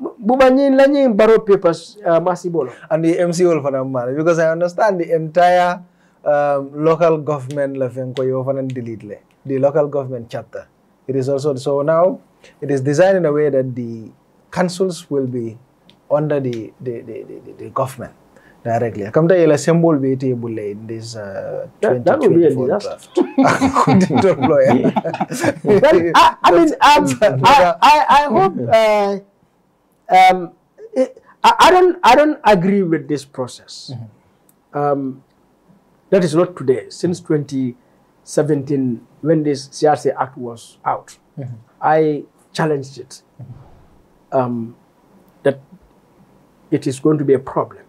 papers uh, and the MC will for matter because I understand the entire um, local government the local government chapter. It is also so now it is designed in a way that the councils will be under the, the, the, the, the government directly. Akamta yela symbol be iti in this uh, 20, that, that would be a disaster. well, I, I mean, um, I, I, I hope. Uh, um, it, eh, I, I don't. I don't agree with this process. Mm -hmm. um, that is not today. Since 2017, when this CRC Act was out, mm I challenged it um, that it is going to be a problem.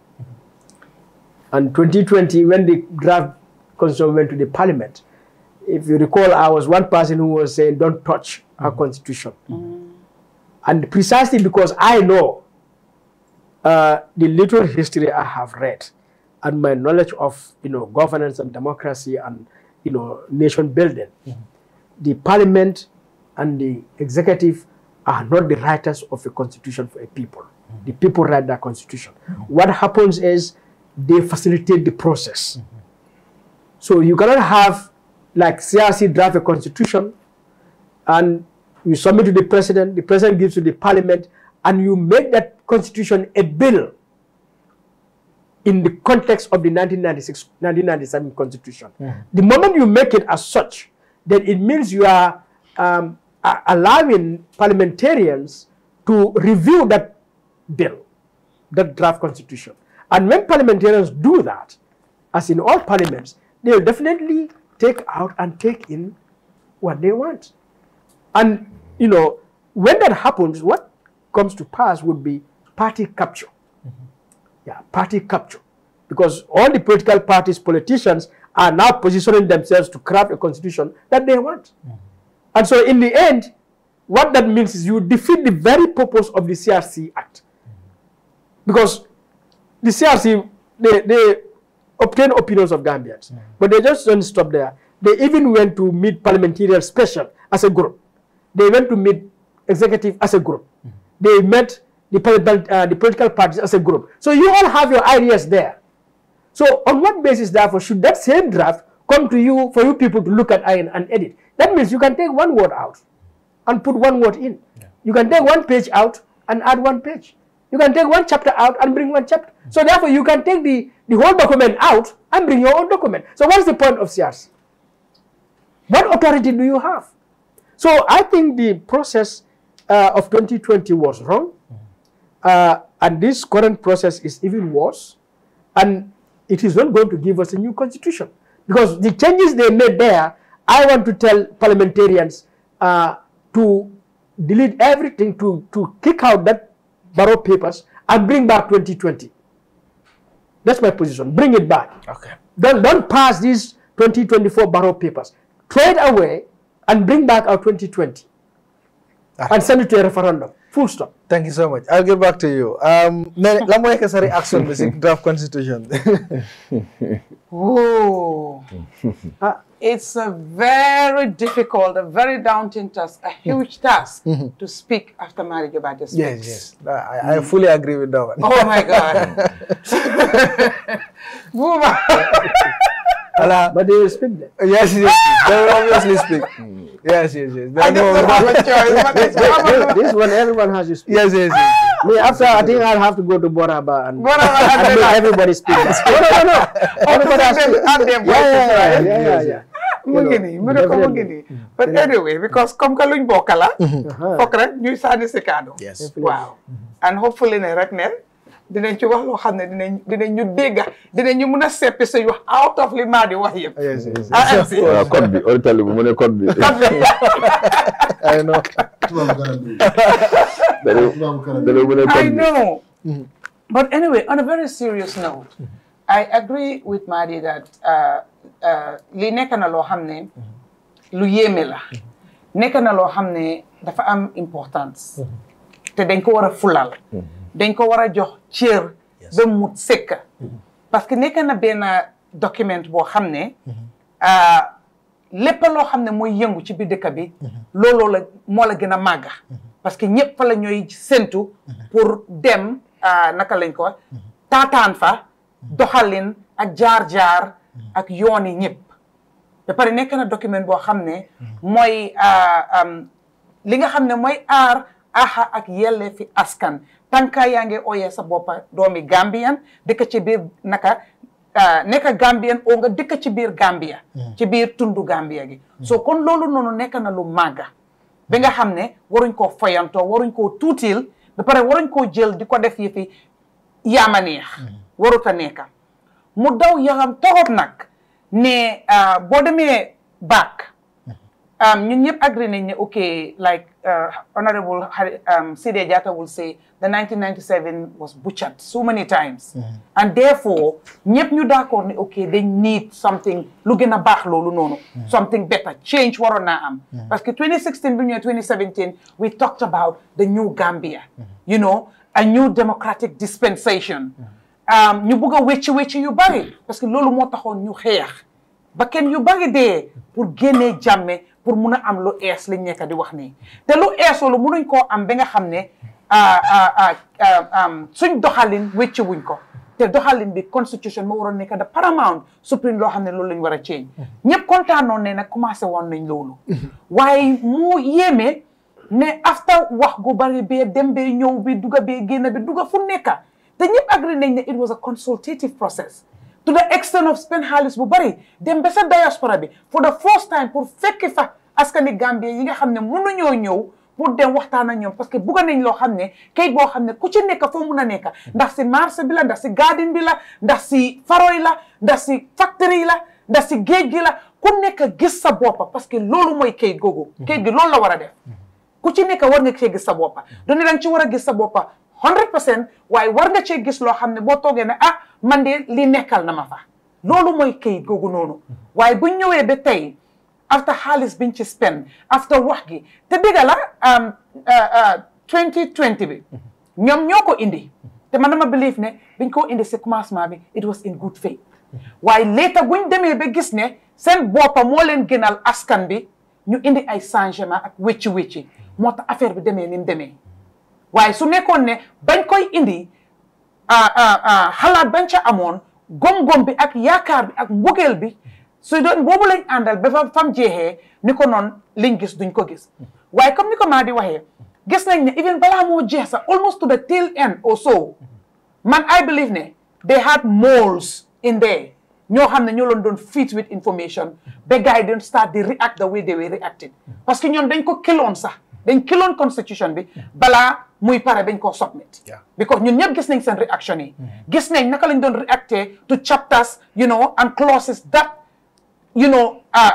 And 2020, when the draft constitution went to the parliament, if you recall, I was one person who was saying, don't touch our mm. constitution. Mm. And precisely because I know uh, the little history I have read and my knowledge of you know governance and democracy and you know nation building, mm -hmm. the parliament and the executive are not the writers of a constitution for a people. Mm -hmm. The people write that constitution. Mm -hmm. What happens is they facilitate the process. Mm -hmm. So you cannot have like CRC draft a constitution and you submit to the president, the president gives to the parliament, and you make that constitution a bill in the context of the 1996 1997 constitution. Mm-hmm. The moment you make it as such, then it means you are um, allowing parliamentarians to review that bill, that draft constitution. And when parliamentarians do that, as in all parliaments, they'll definitely take out and take in what they want. And, you know, when that happens, what comes to pass would be party capture. Mm -hmm. Yeah, party capture. Because all the political parties, politicians, are now positioning themselves to craft a constitution that they want. Mm -hmm. And so in the end, what that means is you defeat the very purpose of the CRC Act. Because the CRC, they, they obtain opinions of Gambians, mm. but they just don't stop there. They even went to meet parliamentarian special as a group. They went to meet executive as a group. Mm. They met the, uh, the political parties as a group. So you all have your ideas there. So on what basis, therefore, should that same draft come to you for you people to look at and, and edit? That means you can take one word out and put one word in. Yeah. You can take one page out and add one page. You can take one chapter out and bring one chapter. So therefore, you can take the, the whole document out and bring your own document. So what is the point of CRC? What authority do you have? So I think the process uh, of 2020 was wrong. Mm. uh, and this current process is even worse. And it is not going to give us a new constitution. Because the changes they made there I want to tell parliamentarians uh, to delete everything, to, to kick out that Barrow papers and bring back 2020. That's my position. Bring it back. Okay. Don't, don't pass these 2024 Barrow papers. Throw it away and bring back our 2020 okay. Ah. and send it to a referendum. Full stop. Thank you so much. I'll get back to you. Um, Lamoyekasari action basic draft constitution. Whoa. Hmm. uh, it's a very difficult, a very daunting task, a hmm. huge task mm -hmm. to speak after marriage about this. Yes, yes. Uh, I, I fully agree with that one. Oh my God. but they will speak. Yes, yes. They will obviously speak. Hmm. Yes, yes, yes. this, this everyone has to speak. Yes, yes, yes. Me, after, I think I'll have to go to Boraba and, Boraba and make everybody speak. Everybody has to ah, mu ngi mu ne mu ngi but anyway because comme que luñ bokk la. Ah, uh-huh. rek ñuy sànni si kaddu. waaw mm-hmm. and hopefully ne rek ne. dinañ ci wax loo xam ne dinañ dinañ ñu dégga dinañ ñu mun a seppi suñu wax out of li maa di wax yëpp. ah si ah, waaw code bi hôtel bi mu ne code bi. ay non. I know. Mm-hmm. But anyway, on a very serious note, mm-hmm. I agree with Madi that uh, uh, li nekk na loo xam ne mm-hmm. lu yéeme la nekk na loo xam ne dafa am importance te dañ ko war a fulal dañ ko war a jox cër ba mu sëkk mm-hmm. parce que nekk na benn document boo xam ne mm-hmm. euh, lépp loo xam ne mooy yëngu ci biir dëkk bi mm-hmm. looloo la moo la gën a màgg parce que ñëpp fa la ñooy séntu pour dem euh, naka lañ ko taataan fa doxalin ak jaar-jaar ak yoon yi ñëpp ba pare nekk na document boo xam ne mooy euh, li nga xam ne mooy aar aha ak yelle fi askan tànka yaa ngi ooyee sa boppa doomi Gambian dëkk ci biir naka nekk Gambian oo nga dëkk ci biir Gambia hmm. ci biir tundu Gambia gi so kon loolu noonu nekk na lu màgga bi nga xam ne waruñ koo fayantoo waruñ koo tuutil ba pare waruñ koo jël di ko def yi fi yaama neex hmm. warut a nekka mu daw yaram torop nag ne boo demee baak Um, ñun ñëpp agree nañ ok like uh, honorable um, Sidia Jatta will say the 1997 was butchered so many times mm-hmm. and therefore ñëpp ñu d'accord ok they need something lu gën a baax loolu noonu mm-hmm. something better change waroon na am mm-hmm. parce que 2016 bi ñu 2017 we talked about the new Gambia you know a new democratic dispensation Um, you a wécci wécci yu bari parce que loolu moo taxoon ñu xeex ba kenn yu bari dee pour gene jàmme pour mun a am lu ees li nekk di wax nii te lu ees lu munuñ koo am ba nga xam ne ah, ah, ah, suñ doxalin wécci wuñ ko te doxalin bi constitution moo waroon nekk da paramount supreme loo xam ne loolu lañ war a change ñëpp kontaanoon ne nag commencé woon nañ loolu waaye mu yéeme ne after wax gu bari bee dem be ñëw bi duga bee génn bi duga fu nekka te ñëpp agri nañ ne it was a consultative process to the extent of spend xaalis bu bari dem ba sa diaspora bi for the first time pour fekki fa askani Gambie yi nga xam ne mënuñoo ñëw pour dem waxtaan ak ñoom parce que bugg nañ loo xam ne kayit boo xam ne ku ci nekk foo mun a nekk ndax si marché bi la ndax si garden bi la ndax si faroy la ndax si factory yi la ndax si géej gi la ku nekk gis sa boppa parce que loolu mooy kayit googu mhm. kayit gi loolu la war a def mhm. ku ci nekk war nga cee gis sa boppa mhm. doni danga ci war a gis sa boppa hundred percent waaye war nga cee gis loo xam ne boo toogee ne ah man de li nekkal na ma fa loolu mooy kayit googu noonu waaye buñ ñëwee ba tey after xaalis biñ ci spend after wax gi te dëgga la 2020 um, uh, uh, bi ñoom ñoo ko indi te man dama believe ne biñ ko indi si commencement bi it was in good faith waaye later buñ demee ba gis ne seen boppa moo leen askan bi ñu indi ay changement ak wécci wécci moo tax affaire bi demee ni demee waaye su nekkoon ne bañ koy indi xalaat bañ ca amoon gom-gom bi ak yaakaar bi ak mbugeel bi su doon boobu lañ àndal ba fa fam jehe, ni ko noonu liñ gis duñ ko gis waaye comme ni ko maa di waxee gis nañ ne even balaa moo jeex sax almost to the tail end or so man I believe ne they had moles in there ñoo xam ne London fit with information ba gars yi start di react the way they were reacting parce que ñoom dañ ko kiloon sax dañ Kilon constitution bi bala muy pare bañ submit because ñun ñëpp gis nañ seen réaction yi mm-hmm. gis nañ naka lañ doon reacté to chapters you know and clauses that you know uh,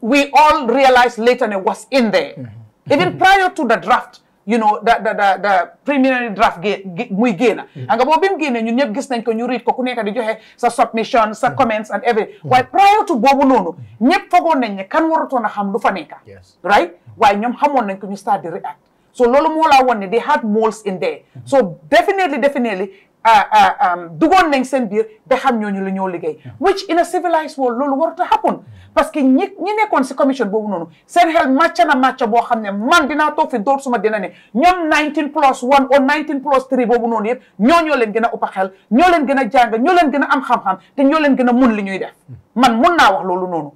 we all realized later ne was in there mm-hmm. even prior to the draft you know da da da da preliminary draft muy génna mm. nga boobu bi mu génne ñëpp gis nañ ko ñu read ko ku nekk di joxe sa submission sa mm. comments and everything mm. waaye prior to boobu noonu ñëpp foogoon nañ ne kan waratoon a xam lu fa nekka right waaye ñoom xamoon nañ ko ñu start di react So lolo mola one, they had moles in there. Mm -hmm. So definitely, definitely, uh, uh, um, dugoon nañ seen biir ba xam ñooñu la ñoo liggéey which in a civilized world loolu warut a happen parce que ñi ñi nekkoon si commission boobu noonu seen xel màcca na màcca boo xam ne man dinaa toog fi door suma dina ne ñoom 19 plus 1 or 19 plus 3 boobu noonu yëpp ñoo ñoo leen gën a uppa xel ñoo leen gën a jàng ñoo leen gën a am xam-xam te ñoo leen gën a mun li ñuy def man mun naa wax loolu noonu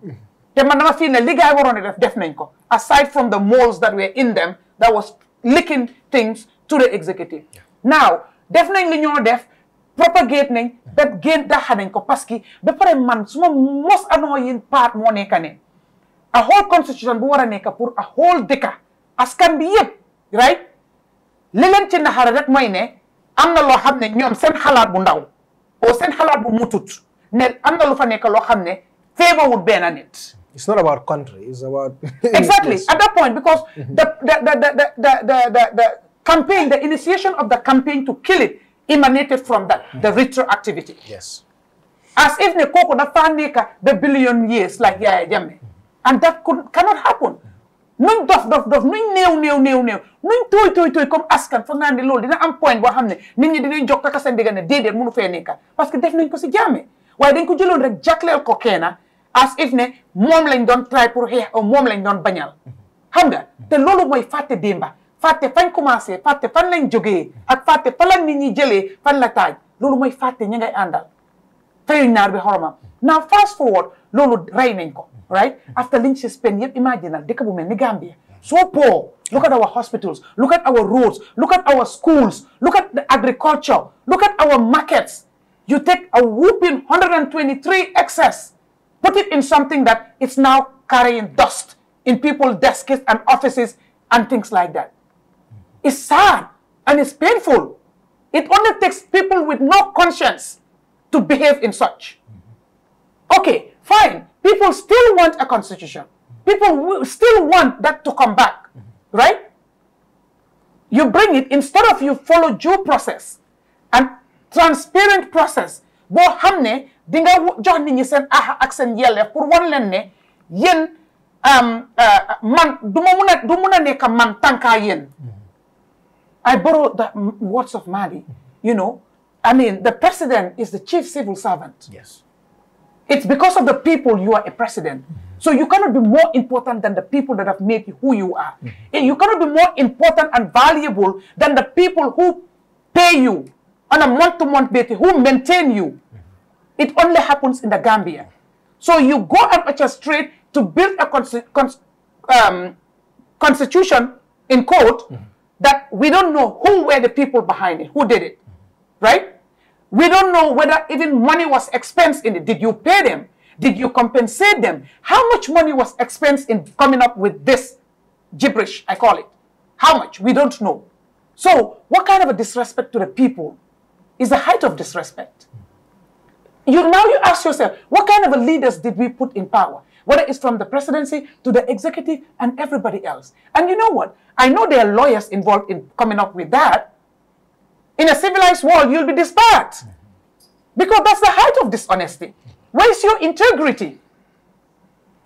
te man dama fii ne liggéey waroon def def nañ ko aside from the moles that leaking things to the executive. Now, def nañ li ñoo def propagate nañ that gain daxa nañ ko parce que ba pare man suma most annoying part moo nekka ne a whole constitution bu war a nekka pour a whole dëkka askan bi yëpp right li leen ci naxara rek mooy ne am na loo xam ne ñoom seen xalaat bu ndaw o seen xalaat bu mutut ne am na lu fa nekk loo xam ne feebawul benn nit It's not about country, it's about... exactly, at that point, because mm -hmm. the, the, the, the, the, the, the, campaign, the initiation of the campaign to kill it emanated from that, mm -hmm. the mm-hmm. retroactivity. Yes. As if the Koko, the Fanika, the billion years, like Yaya Jame. Mm-hmm. And that could, cannot happen. Mm-hmm. nuñ dof dof dof nuñ néew néew néew néew nuñ tooy tooy tooy comme askan foog naa ne loolu dina am point boo xam ne nit ñi dinañ jokk kaka seen ne déedéet munu fee nekkat parce que def nañ ko si jaame waaye dañ ko jëloon rek jagleel ko keena as if ne moom lañ doon try pour xeex o moom lañ doon bañal xam nga te loolu mooy fàtte démba fàtte fañ commencé fàtte fan lañ jógee ak fàtte fa la nit ñi jëlee fan la taaj loolu mooy fàtte ñi ngay àndal fayuñ naar bi xoromam now fast forward loolu rey nañ ko right after liñ si spend yëpp imaginal dëkk bu mel ni Gambia so poor look at our hospitals look at our roads look at our schools look at the agriculture look at our markets you take a whooping 123 excess put it in something that it's now carrying dust in people's desks and offices and things like that. It's sad and it's painful. It only takes people with no conscience to behave in such. Okay, fine. People still want a constitution. People still want that to come back, right? You bring it instead of you follow due process and transparent process. Bo hamne Dinga jox nit ñi seen axa ak seen yelleef pour wan ne yéen euh, euh, man du ma mun a du mun man yéen I borrow the words of Mali you know I mean the president is the chief civil servant yes it's because of the people you are a president so you cannot be more important than the people that have made you who you are you cannot be more important and valuable than the people who pay you on a month to month basis who maintain you it only happens in the Gambia. So you go and purchase street to build a cons cons um, constitution in court mm -hmm. that we don't know who were the people behind it, who did it, mm-hmm. right? We don't know whether even money was expensed in it. Did you pay them? Did you compensate them? How much money was expensed in coming up with this gibberish, I call it? How much? We don't know. So what kind of a disrespect to the people is the height of disrespect. Mm-hmm you now you ask yourself, what kind of leaders did we put in power? Whether it's from the presidency to the executive and everybody else. And you know what? I know there are lawyers involved in coming up with that. In a civilized world, you'll be disbarred. Because that's the height of dishonesty. Where's your integrity?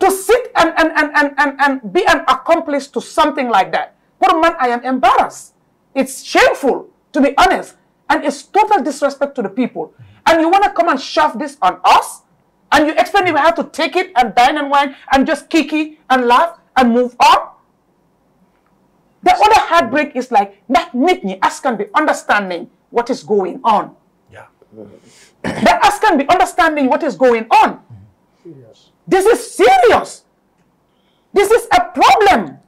To sit and, and, and, and, and, and be an accomplice to something like that. Poor man, I am embarrassed. It's shameful, to be honest. And it's total disrespect to the people. And you want to come and shove this on us? And you explain we have to take it and dine and wine and just kiki and laugh and move on? The other heartbreak is like, not make me ask and be understanding what is going on. Yeah. that ask and be understanding what is going on. Serious. This is serious. This is a problem.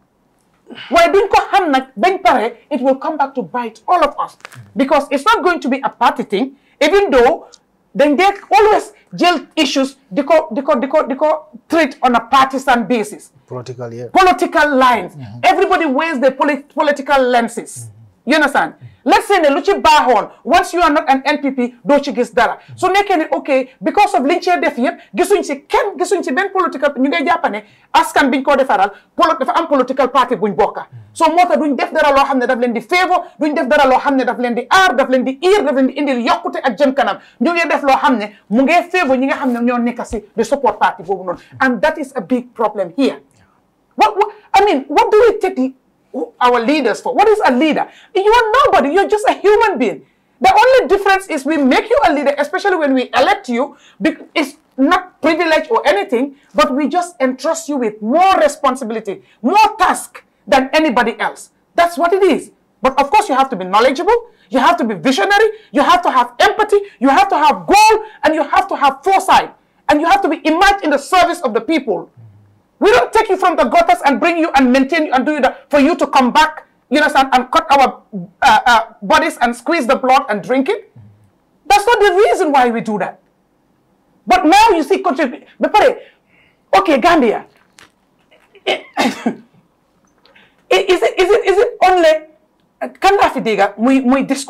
Why being hamnak, being pare, it will come back to bite all of us. Because it's not going to be a party thing. Even though then they always jail issues they call, they call, they call, they call treat on a partisan basis. Political, yeah. Political lines. Mm -hmm. Everybody wears their polit political lenses. Mm -hmm. you understand let's say ne lu ci baaxoon once you are not an NPP doo ci gis dara su nekkee ne ok because of liñ cee def yëpp gisuñ ci kenn gisuñ political ko defaral polo dafa am political party buñ bokka so moo duñ def dara loo xam ne daf leen di favor duñ def dara loo xam ne daf leen di aar daf leen di iir daf leen di indil yokkute ak jëm ñu ngi def loo xam ne mu ngee favor ñi nga xam ne ñoo nekk si di support party boobu noonu and that is a big problem here I mean what do we take our leaders for. What is a leader? You are nobody. You're just a human being. The only difference is we make you a leader, especially when we elect you. It's not privilege or anything, but we just entrust you with more responsibility, more task than anybody else. That's what it is. But of course, you have to be knowledgeable. You have to be visionary. You have to have empathy. You have to have goal, and you have to have foresight. And you have to be immersed in the service of the people. We don't take you from the gutters and bring you and maintain you and do that for you to come back, you know, and, and cut our uh, uh, bodies and squeeze the blood and drink it. That's not the reason why we do that. But now you see country, okay, Gambia. is, it, is, it, is it only kan laa fi dégga muy this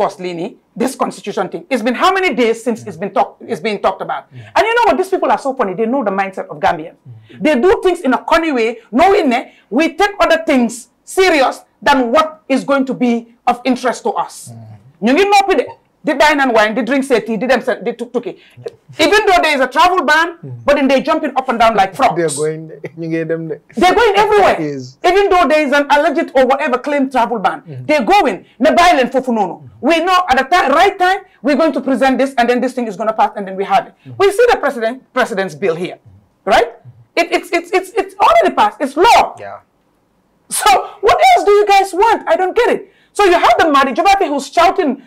constitution thing it's been how many days since it's been talk it's been talked about and you know what these people are so funny they know the mindset of Gambia. Mm. they do things in a corny way knowing that we take other things serious than what is going to be of interest to us ñu mm. They dine and wine, they drink seti, they, them. they took, took it. Even though there is a travel ban, but then they jumping up and down like frogs. they're going, you get them They're going everywhere. Even though there is an alleged or whatever claim travel ban, mm they're going. Nebailen for Funono. We know at the right time, we're going to present this and then this thing is going to pass and then we have it. Mm We see the president, president's bill here, right? It, it's, it's, it's, it's already passed. It's law. Yeah. So what else do you guys want? I don't get it. So you have the Mahdi Jobate who's shouting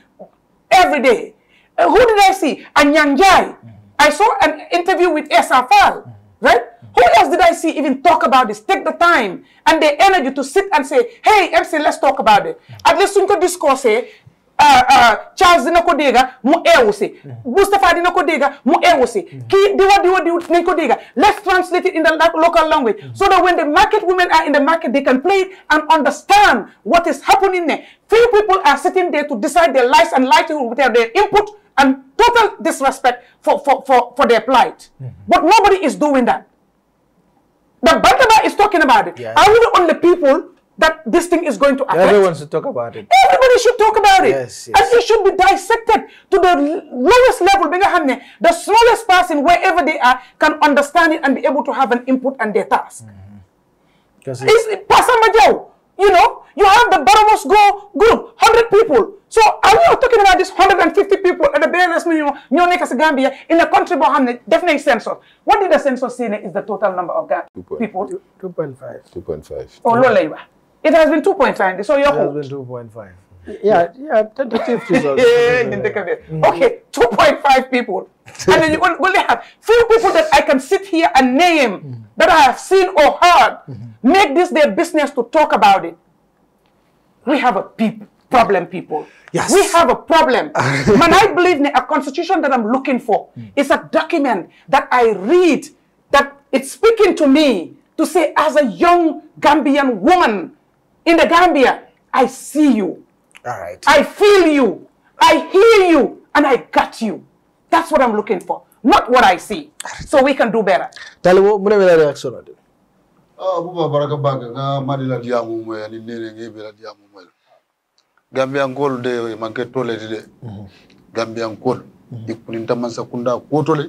every day. Uh, who did I see? Anyangjai. Mm -hmm. I saw an interview with SFL, mm -hmm. right? Who else did I see even talk about this? Take the time and the energy to sit and say, hey, MC, let's talk about it. Mm-hmm. At least Sunko discourse, Ah, ah, Charles dina mu eewu si Moustapha mm. mu eewu mm. Ki diwa diwa diw let let's translate it in the local language mm. so that when the market women are in the market they can play and understand what is happening there few people are sitting there to decide their lives and livelihood with their, input and total disrespect for, for, for, for their plight mm-hmm. but nobody is doing that the Bantaba is talking about it are we the only people that this thing is going to affect. Everyone should talk about it. Everybody should talk about it. Yes, yes. And it should be dissected to the lowest level. The smallest person, wherever they are, can understand it and be able to have an input and their task. Because mm -hmm. it's, you know, you have the Baramos Go group, 100 people. So are we talking about this 150 people at the barest minimum, New Nekas, Gambia, in a country behind definitely census. What did the census say is the total number of people? 2.5. 2.5. Oh, no, it has been 2.5. So your It has been 2.5. Yeah, yeah, tentative yeah, mm. Okay, 2.5 people. and then you only have few people that I can sit here and name mm. that I have seen or heard mm-hmm. make this their business to talk about it. We have a peep, problem, people. Yes. We have a problem. and I believe in a constitution that I'm looking for mm. is a document that I read, that it's speaking to me to say as a young Gambian woman, in the Gambia, I see you. All right. I feel you. I hear you. And I got you. That's what I'm looking for. Not what I see. So we can do better. Tell me, what reaction na dito? Ah, baraka baga nga madila diamu mo ya ni nene ngi bila diamu de manke tole de. Mm-hmm. Gambia mm-hmm. Ikuninta mansa kunda kotole.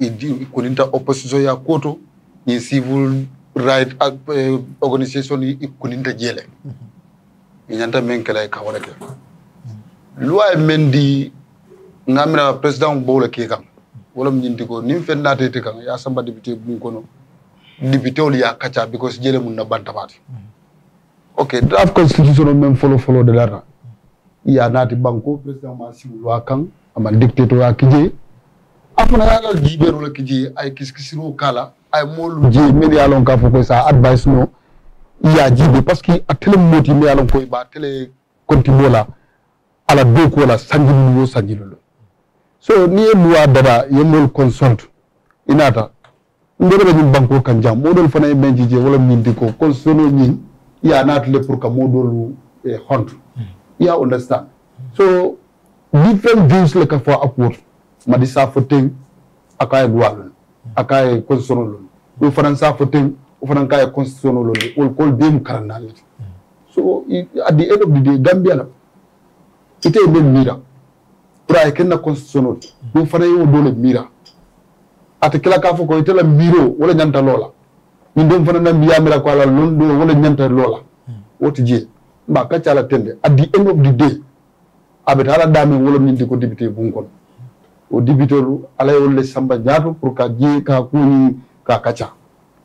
Mm-hmm. Ikuninta opposition ya koto. Ni civil right uh, eh, organisation i kuninta jele mm ñanta men kala ka wala ke loi men di ngamira president bowla ke kan wala min ko nim fen na te kan ya samba député bu ko no député ol ya kacha because jele mun na banta bati mhm. ok draft constitution men follow follow de lara ya nati banko president ma si loi kan amal dictateur akije afuna ya la jibero la kije ay kiskisiro kala aymoolu je miɗo ye alon ka fof koye sa advice no iya jiibe par ce que a télé mooti mi alon koye ba télé contibola ala dow kola sanjilulu yo sanjilulu so ni ye luwa dada ye mool consonte inata ndoro ɓe ñin banko kan jam moɗol fana e men jije wala minde ko consono ñin iya natale pour que moɗol e eh, honto iya hmm. understand so different juice le ka fo akour madi sa fo tew akaye luwalun a k'a ye constitutionnel lolu olu fana s'a fɔ ten o fana k'a ye constitutionnel lolu olu k'olu bɛɛ kalan naani de so at the end of the day Gambia la i tɛ bɛ miira pour a ye kɛ na constitutionnel n'o fana y'o don de miira a tɛ kila k'a fɔ ko i tɛ la miiri o wala ɲanta lɔ la nin don fana na miya mira ko a lɔn don wala ɲanta lɔ la o tɛ jɛ nka a ka ca la ten dɛ at the end of the day a bɛ taa ala d'a mɛ wolo min di ko dibite bun kɔnɔ auditeur ala le samba jatu pour ka je ka kuni ka kacha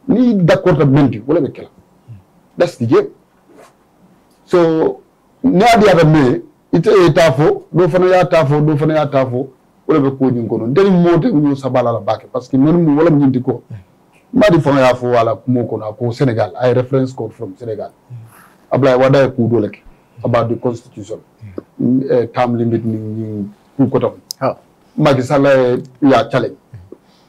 ni d'accord ta menti wala be kela das the game so ne adi ada me ite e tafo do fana ya tafo do fana ya tafo wala be ko nyin kono ndeni mote nyu sabala la baké parce que non mu wala mu nyindi ko di fana ya fo wala mo na ko senegal ay reference code from senegal ablay wada ko do lek about the constitution hmm. eh, time limit ni ko ko tam Macky Sall ya challenge.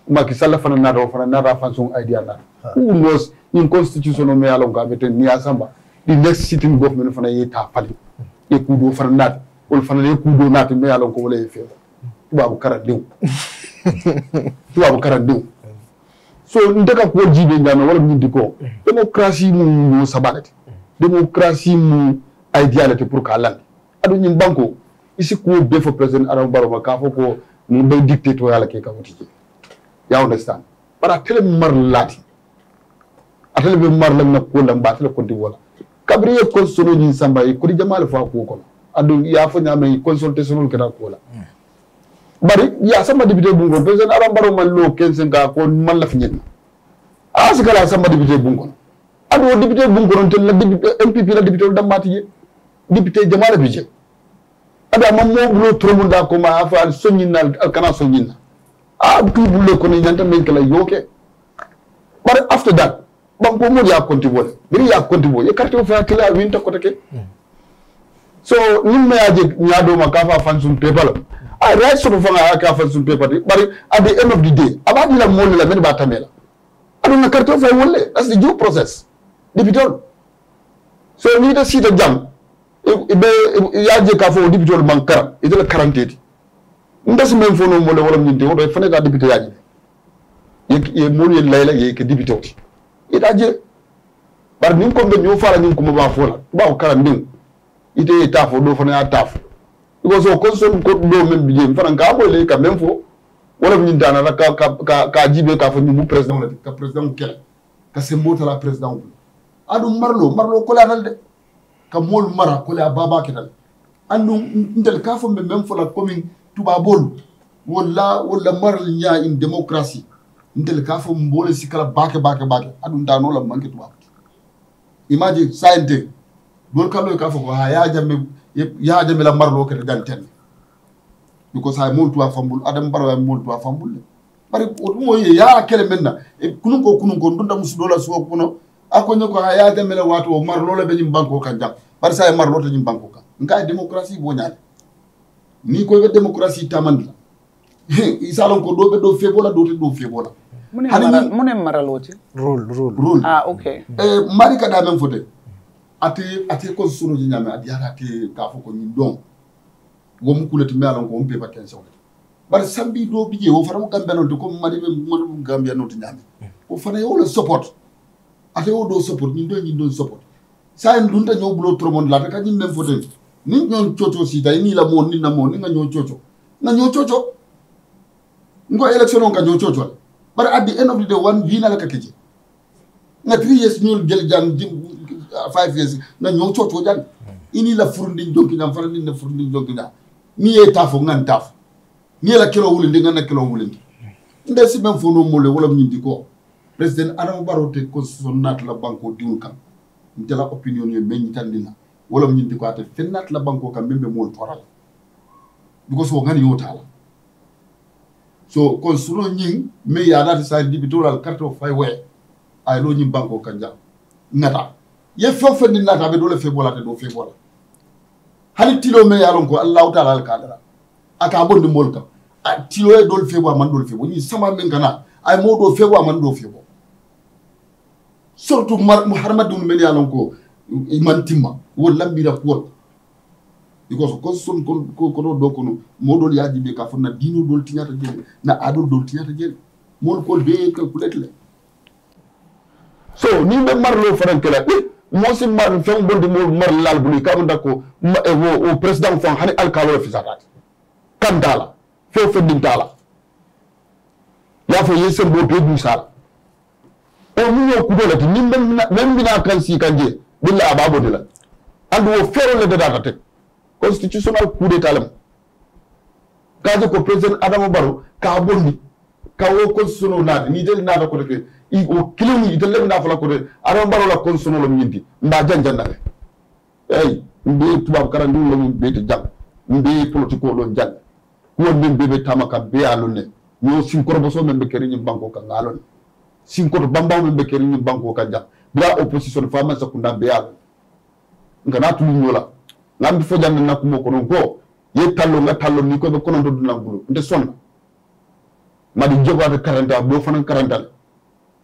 Macky Sall fana nara fana nara fansun idea na. Who knows in constitution me along ga bete ni asamba. The next sitting government fana ye ta fali. Ye kudo fana nat. Ol fana ye kudo nat me along ko wala ye fe. Tubabu karadenw. Tubabu karadenw. So n tɛ ka ko ji de ɲaamɛ wala min di ko démocratie mun y'o saba le tɛ démocratie mun idea le tɛ pour k'a lamɛn. Adu ɲin banko i si k'o bɛɛ fɔ président Adama Barrow ma k'a fɔ ko Nubai dictatorial ya ka wuti ya understand bara tele mar lati atele be mar lam na ko lam ba tele ko di wala kabri ko solo ni samba e ko di jamal fa ko ko adu ya fa nya mai consultation ko da ko la hmm. bari ya sama député bungo president aram baro man lo kensen ka ko man la fi nyen asikala sama député bungo adu député bungo non tel la député mpp la député dambati je député jamal bi je adama mobulu toromu da koma afa soñinna alkana soñinna a tubule kono ñanta min kala yoke bare after that banko moɗi ya contribuole biri ya contribuo ye quartier o fa kila winta kota ke hmm. so nim mayaje ñaadoma ka fa fan sum pepala a ray soto fanga ka fan sum pepati bari ade end of the day aɓa ɗila molle la mene ba tamela aɗona quartier o fa wolle that's the due process député on so ni ta siita jam Ibe, eh, eh, eh, yaje ka fwo, dipit yon bank karam, ite lè karante ti. Mpese men fwo nou mwole wole mwen di, fwene yon dipite yaje. Ye mwole yon lè yon, ye yon dipite yon ti. Ite aje. Pari mwen konbe mwen yon fwa la mwen konbe mwen fwo la. Mwa wakarambin. Ite yon taf wote, fwene yon taf. Ikon se wakonsen mwen kote mwen mwen bjèm. Mwen fwa nan kwa mwole yon kwa men fwo, wole mwen di anan la ka jibè kwa fwen mwen mwen prezdan wale. Ka prezdan wale. Ka se mwote la prez ka moolu mara ko le a baabaa ketal andu ntel ka fo me meme fola commin tubaaboolu walla walla maral ña in démocratie ntel ka fo mboole si kala baake baake baake aɗum daanoo la manque tubaabu imaji sayente doolu kalloy ka fo ko ha yaajamme yaajamme la marloo kete danten because hay moolu tuwa fambul adam mbaro hay moolu tuwa fambul le bari o ye yaa kele men na e kunun ko kunun ko ndunda musuɗola suwo kuno a ko ha yaajamme la waatu o marloo la ɓe ñim kan jam parisa mar marlota ñim banko ka nka démocratie bo ñaade ni koy be démocratie tamandi salon ko do be do febola do te do febola mune maraloti rule rule rule ah okay euh mari ka da même fote ati ati ko sunu ji ñame ati ara ati ka fo ko ñin don wo mu kulati me ko on be tension sawle bar sambi do bije wo faram gambe non to ko mari be mo gambe non to nyame o fana yo le support ati wo do support ñin do ñin do support sayen dunta ñowɓulo tromon laata kañum nden foten nin ñon coco si tawi ni la moon ni na moon ni nga ñoo coco nga ñoo coco ngo élection o nga ñoo cocol bara at the end of the day wan na ka keje nga three years ñol gel jan five years nga ñoo coco jan ini la furundin jonkiñam fana nin na furundin jonkiña ni ye tafo ngan tafo ni ye la kilo wulindi nga na kilo wulindi nde si men fo no mole wala ñindi ko président adama baro te constitution naata la banko diŋol kaŋ ntela opinion ye men ñitandila wala ñindi ko ate fennat la banko kam membe mool toral because wo ngani yotala so kon sulo ñing me ya dati sa dibitoral carte of fay we ay lo ñim banko kan jam ye fo fendi nata be do le fe bola te do fe bola hali tilo me ya ko allah taala al kadara aka bondi mol kam tilo e do fe bo man do fe bo ñi sama men kana ay mo do fe bo man do fe bo surtout hadamadenw bɛ y'a dɔn ko i man ti ma o labira ko because constitution ko kono do kono modol yaaji ɓe ka fonna dino dol tiñata jeeri na aɗo dol tiñata jeeri mon ko be calculetle so ni ɓe marlo fanan kela ɗi mosi mar eh, feŋ bonde mo mar lal bulu ka mun dako eh, o président fon hani alkalola fisatati kan tala fo fendin tala yafo ye sembo be dusala o min yo kudola ti nimbe nan bina kan si kan je billa ababo de la andu wo fero le de data tek constitutional coup d'état lam kaje ko president adama baro ka bonni ka wo constitutional na ni del na ko de i o kilimi i del na fala ko de adama baro la constitutional lam yindi mba janjan na le ey mbi tubab karandu lam be te jang mbi politiko do jang ko be be tamaka be alone yo sin korboso men be keri ni banko ka ngalone sinkoto bambaw min bɛ kɛ ni banko ka jan bila opposition faama sakunda bɛɛ y'a la nka n'a tulu ɲɔ la nka an bɛ fɔ na kuma kɔnɔ ko ye talo n ka n'i ko i bɛ kɔnɔntɔn dunna n bolo na madi jɛgo a bɛ karanta a b'o fana karanta la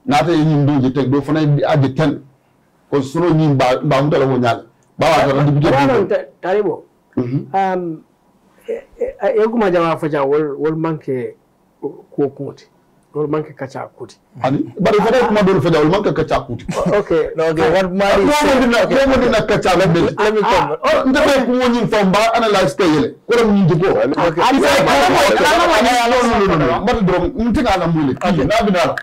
n'a tɛ ye nin don jɛ tɛ fana a jɛ tɛ ko sɔrɔ nin ba n ba n tala ko la ba wa tala dugu jɛ. taribo e kuma jama fɔ ja wol man kɛ ko kun ɗon manque kacakude ani mbaɗa fota ko maɗol fedawol manque kacakude ok ɗomodina kacakuɓele ndeɓe ko woñin fam mba analyse teyele koɗom ñinde goo mbaɗa dorom mtegaala mule naabinaala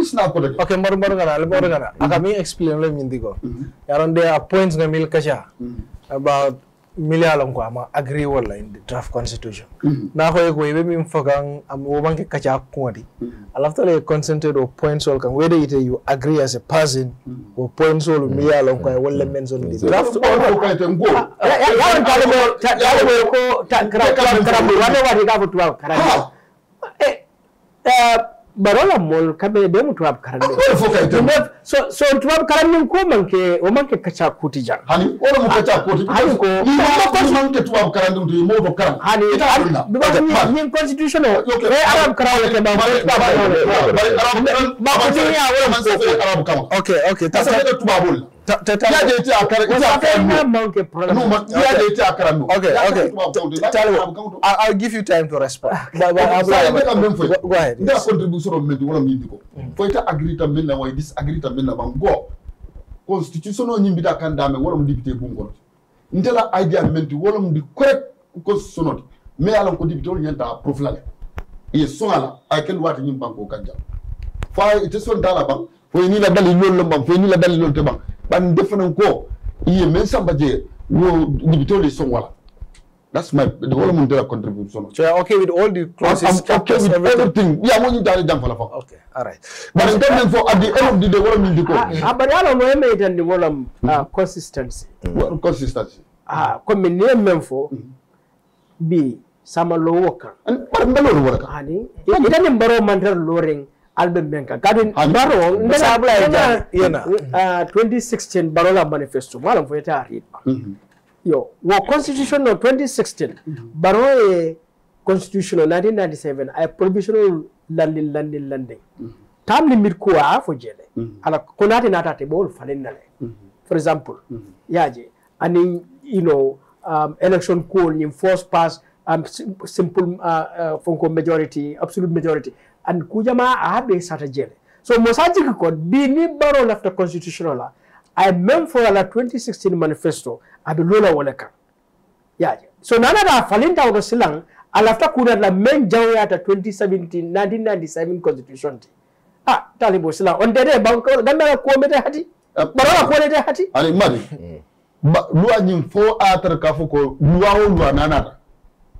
isna kode ok mbaɗo mbaɗo gaɗa mbaɗo gaɗa aka mi explain lem ñindi goo mm-hmm. yaron de a point nga mil kaca mm-hmm. about miliyalon ko ama agree wala in the draft constitution mm -hmm. na ko ko be min fakan am wo banke kacha ko di mm -hmm. alafta le concentrate of points all kan whether it you agree as a person o -hmm. or points all miliyalon ko wala men zone the draft all ko ko ten go ya wan ta le ta le ko ta kra kra kra wala wadi ka futu kra eh barola mol kabe de mu tuwab karande ko fo kay to so so tuwab karande ko manke o manke kacha kuti jang hani o mo kacha kuti hani ko ni ma ko manke tuwab karande to mo do karam hani ita arna ni ni constitution o re arab karawle ke ba ba ba arab ba ko ni ya wala man so arab kam okay okay ta sa tuwabul i will give you time to respond. constitution correct constitution i a bande fana ko iye men samba je wo dibitole son wala that's my the whole mun contribution so you're okay with all the clauses I'm, I'm okay with everything, everything. yeah mo ñu dara jam fa la fa okay all right but ngam men fo at the end of the day wala min diko ah but wala mo yeme tan di wala consistency what consistency ah comme ni men fo bi sama lo wokan par mbalo lo wokan ani itani mbaro mandar lo reng albert benka kadi baro ndena bula ya yana 2016 baro la manifesto mala mfuyete ariba mm-hmm. yo wo constitution no 2016 baro e constitution 1997 ay provisional landing landing landing mm-hmm. tam limit kuwa fo jele mm-hmm. ala konate nata te bol falennale for example yaje ani you know um, election call ni force pass um, simple uh, uh, funko majority absolute majority and kujama a habe sata jele so mo sajiki ko ni baro lafta constitutional la ay mem fo la 2016 manifesto abi lola wole Ya. yaje so falinta falintawɗo silan ta kuna la men jawoyata 2017 1997 constitution ti ah bo silan on dede ko komete hati ɓarora kolete hati ani mari hmm. luwa ñin fo atar ka fo ko luwa o luwa nana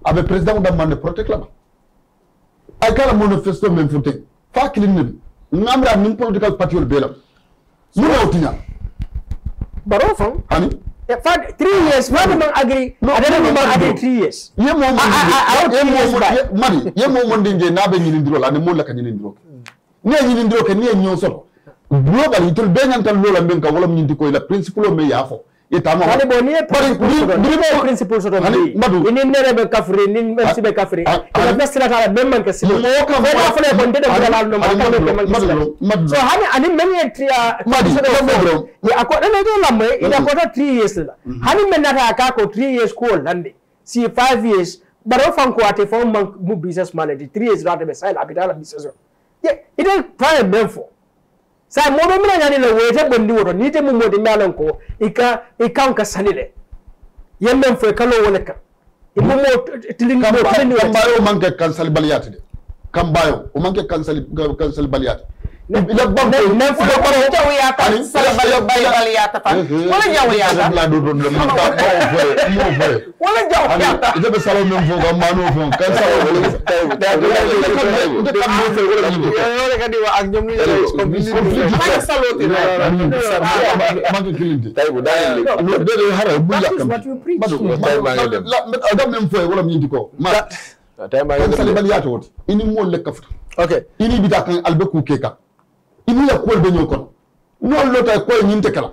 aɓe président o ɗammande protect la aykala manifesto men funte fa kilinne ɓe gamra min political parti ol beelam mu rewtiña baro fam hani fa three years maɗu man agri adana ɗu man agri three years ye momadi ye momonde nge naɓe ñinindiro la ane mo laka ñinindiro ke ni e ñinindiro ke ni e ñoo soto global itol ɓe ñantan lola mben kam wala mo ñindi koye la principe o me yaa fo itamu yani bonnie ndivyo principles zote mbili ni nere be kafiri ni msi be kafiri na best la kala memman ke silo moka moka fule bonde de bala no moka be memman so hani ani menye tria ni ako na ndio la mwe ila kwa 3 years la mhm. hani menata ka ko 3 years ko lande si 5 years baro fanko ate fo man business manager 3 years rate be sai la bitala business ye ida prime memfo sa mo be mina nyani le wete bondi woro ni te mumbo di malan ko ika ika onka sanile yemben fo kalo wala ka ibo mo tilinga mo tan ni kambayo manke kan sal de kambayo bayo o manke kansal sal kan na bokk na na fu ko ko taw ya ta sala bal bal bal ya ta fan wala jaw ya ta la do do le mo ta ko fe mo fe wala jaw ya ta ida be salo mem fo ko ma no fo kan salo wala ta do le ko ko mo fe wala ni ko wala ka di wa ak ñom ni ko ma salo ti ma ko kilinte tay bu daay le do do hara bu yakam ba do ma ngi dem da mem fo wala mi ndi ko ma tay ma ngi dem sala bal ya ta wot ini mo le kafuta ok ini bi ta kan albe ku ke kan ibiya kuwol ɓe ñoo kon noon lota koye ñinte kala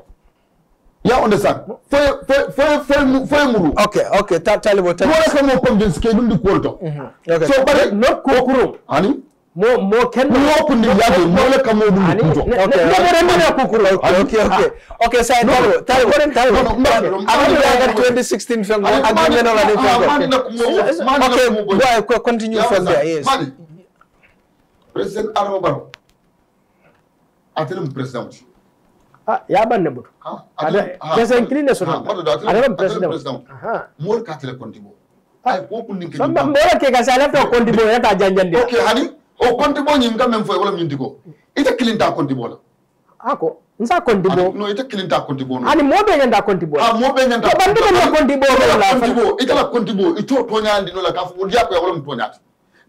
ya understand foye foye foye foye muru ok ok talibo wala ka mo pam jensi key ɗum ndi kuwol to mhm, so bare not kokuro ani mo mo kenno woppudi yaade mole kam mo ɗum kuuto nomore mene kokuro ok ok ok ah. sa talibo talibo talibo aɗaɗagar 2016 felgo aɗumenoɗaɗe felgo ok go ah, continue felgo yes président adama baro atelemu president ah ya banne butu kesa incline katele kontibo ay ko kun ninke samba mbora ke kasa lafta kontibo yata janjande okay hani o wala ite kilinta kontibo la ako nsa kontibo no ite kilinta kontibo no ani mobe nyanda kontibo ah mobe nyanda ko bandu la ite la kontibo ito tonyandi no la kafu ko wala mtonyati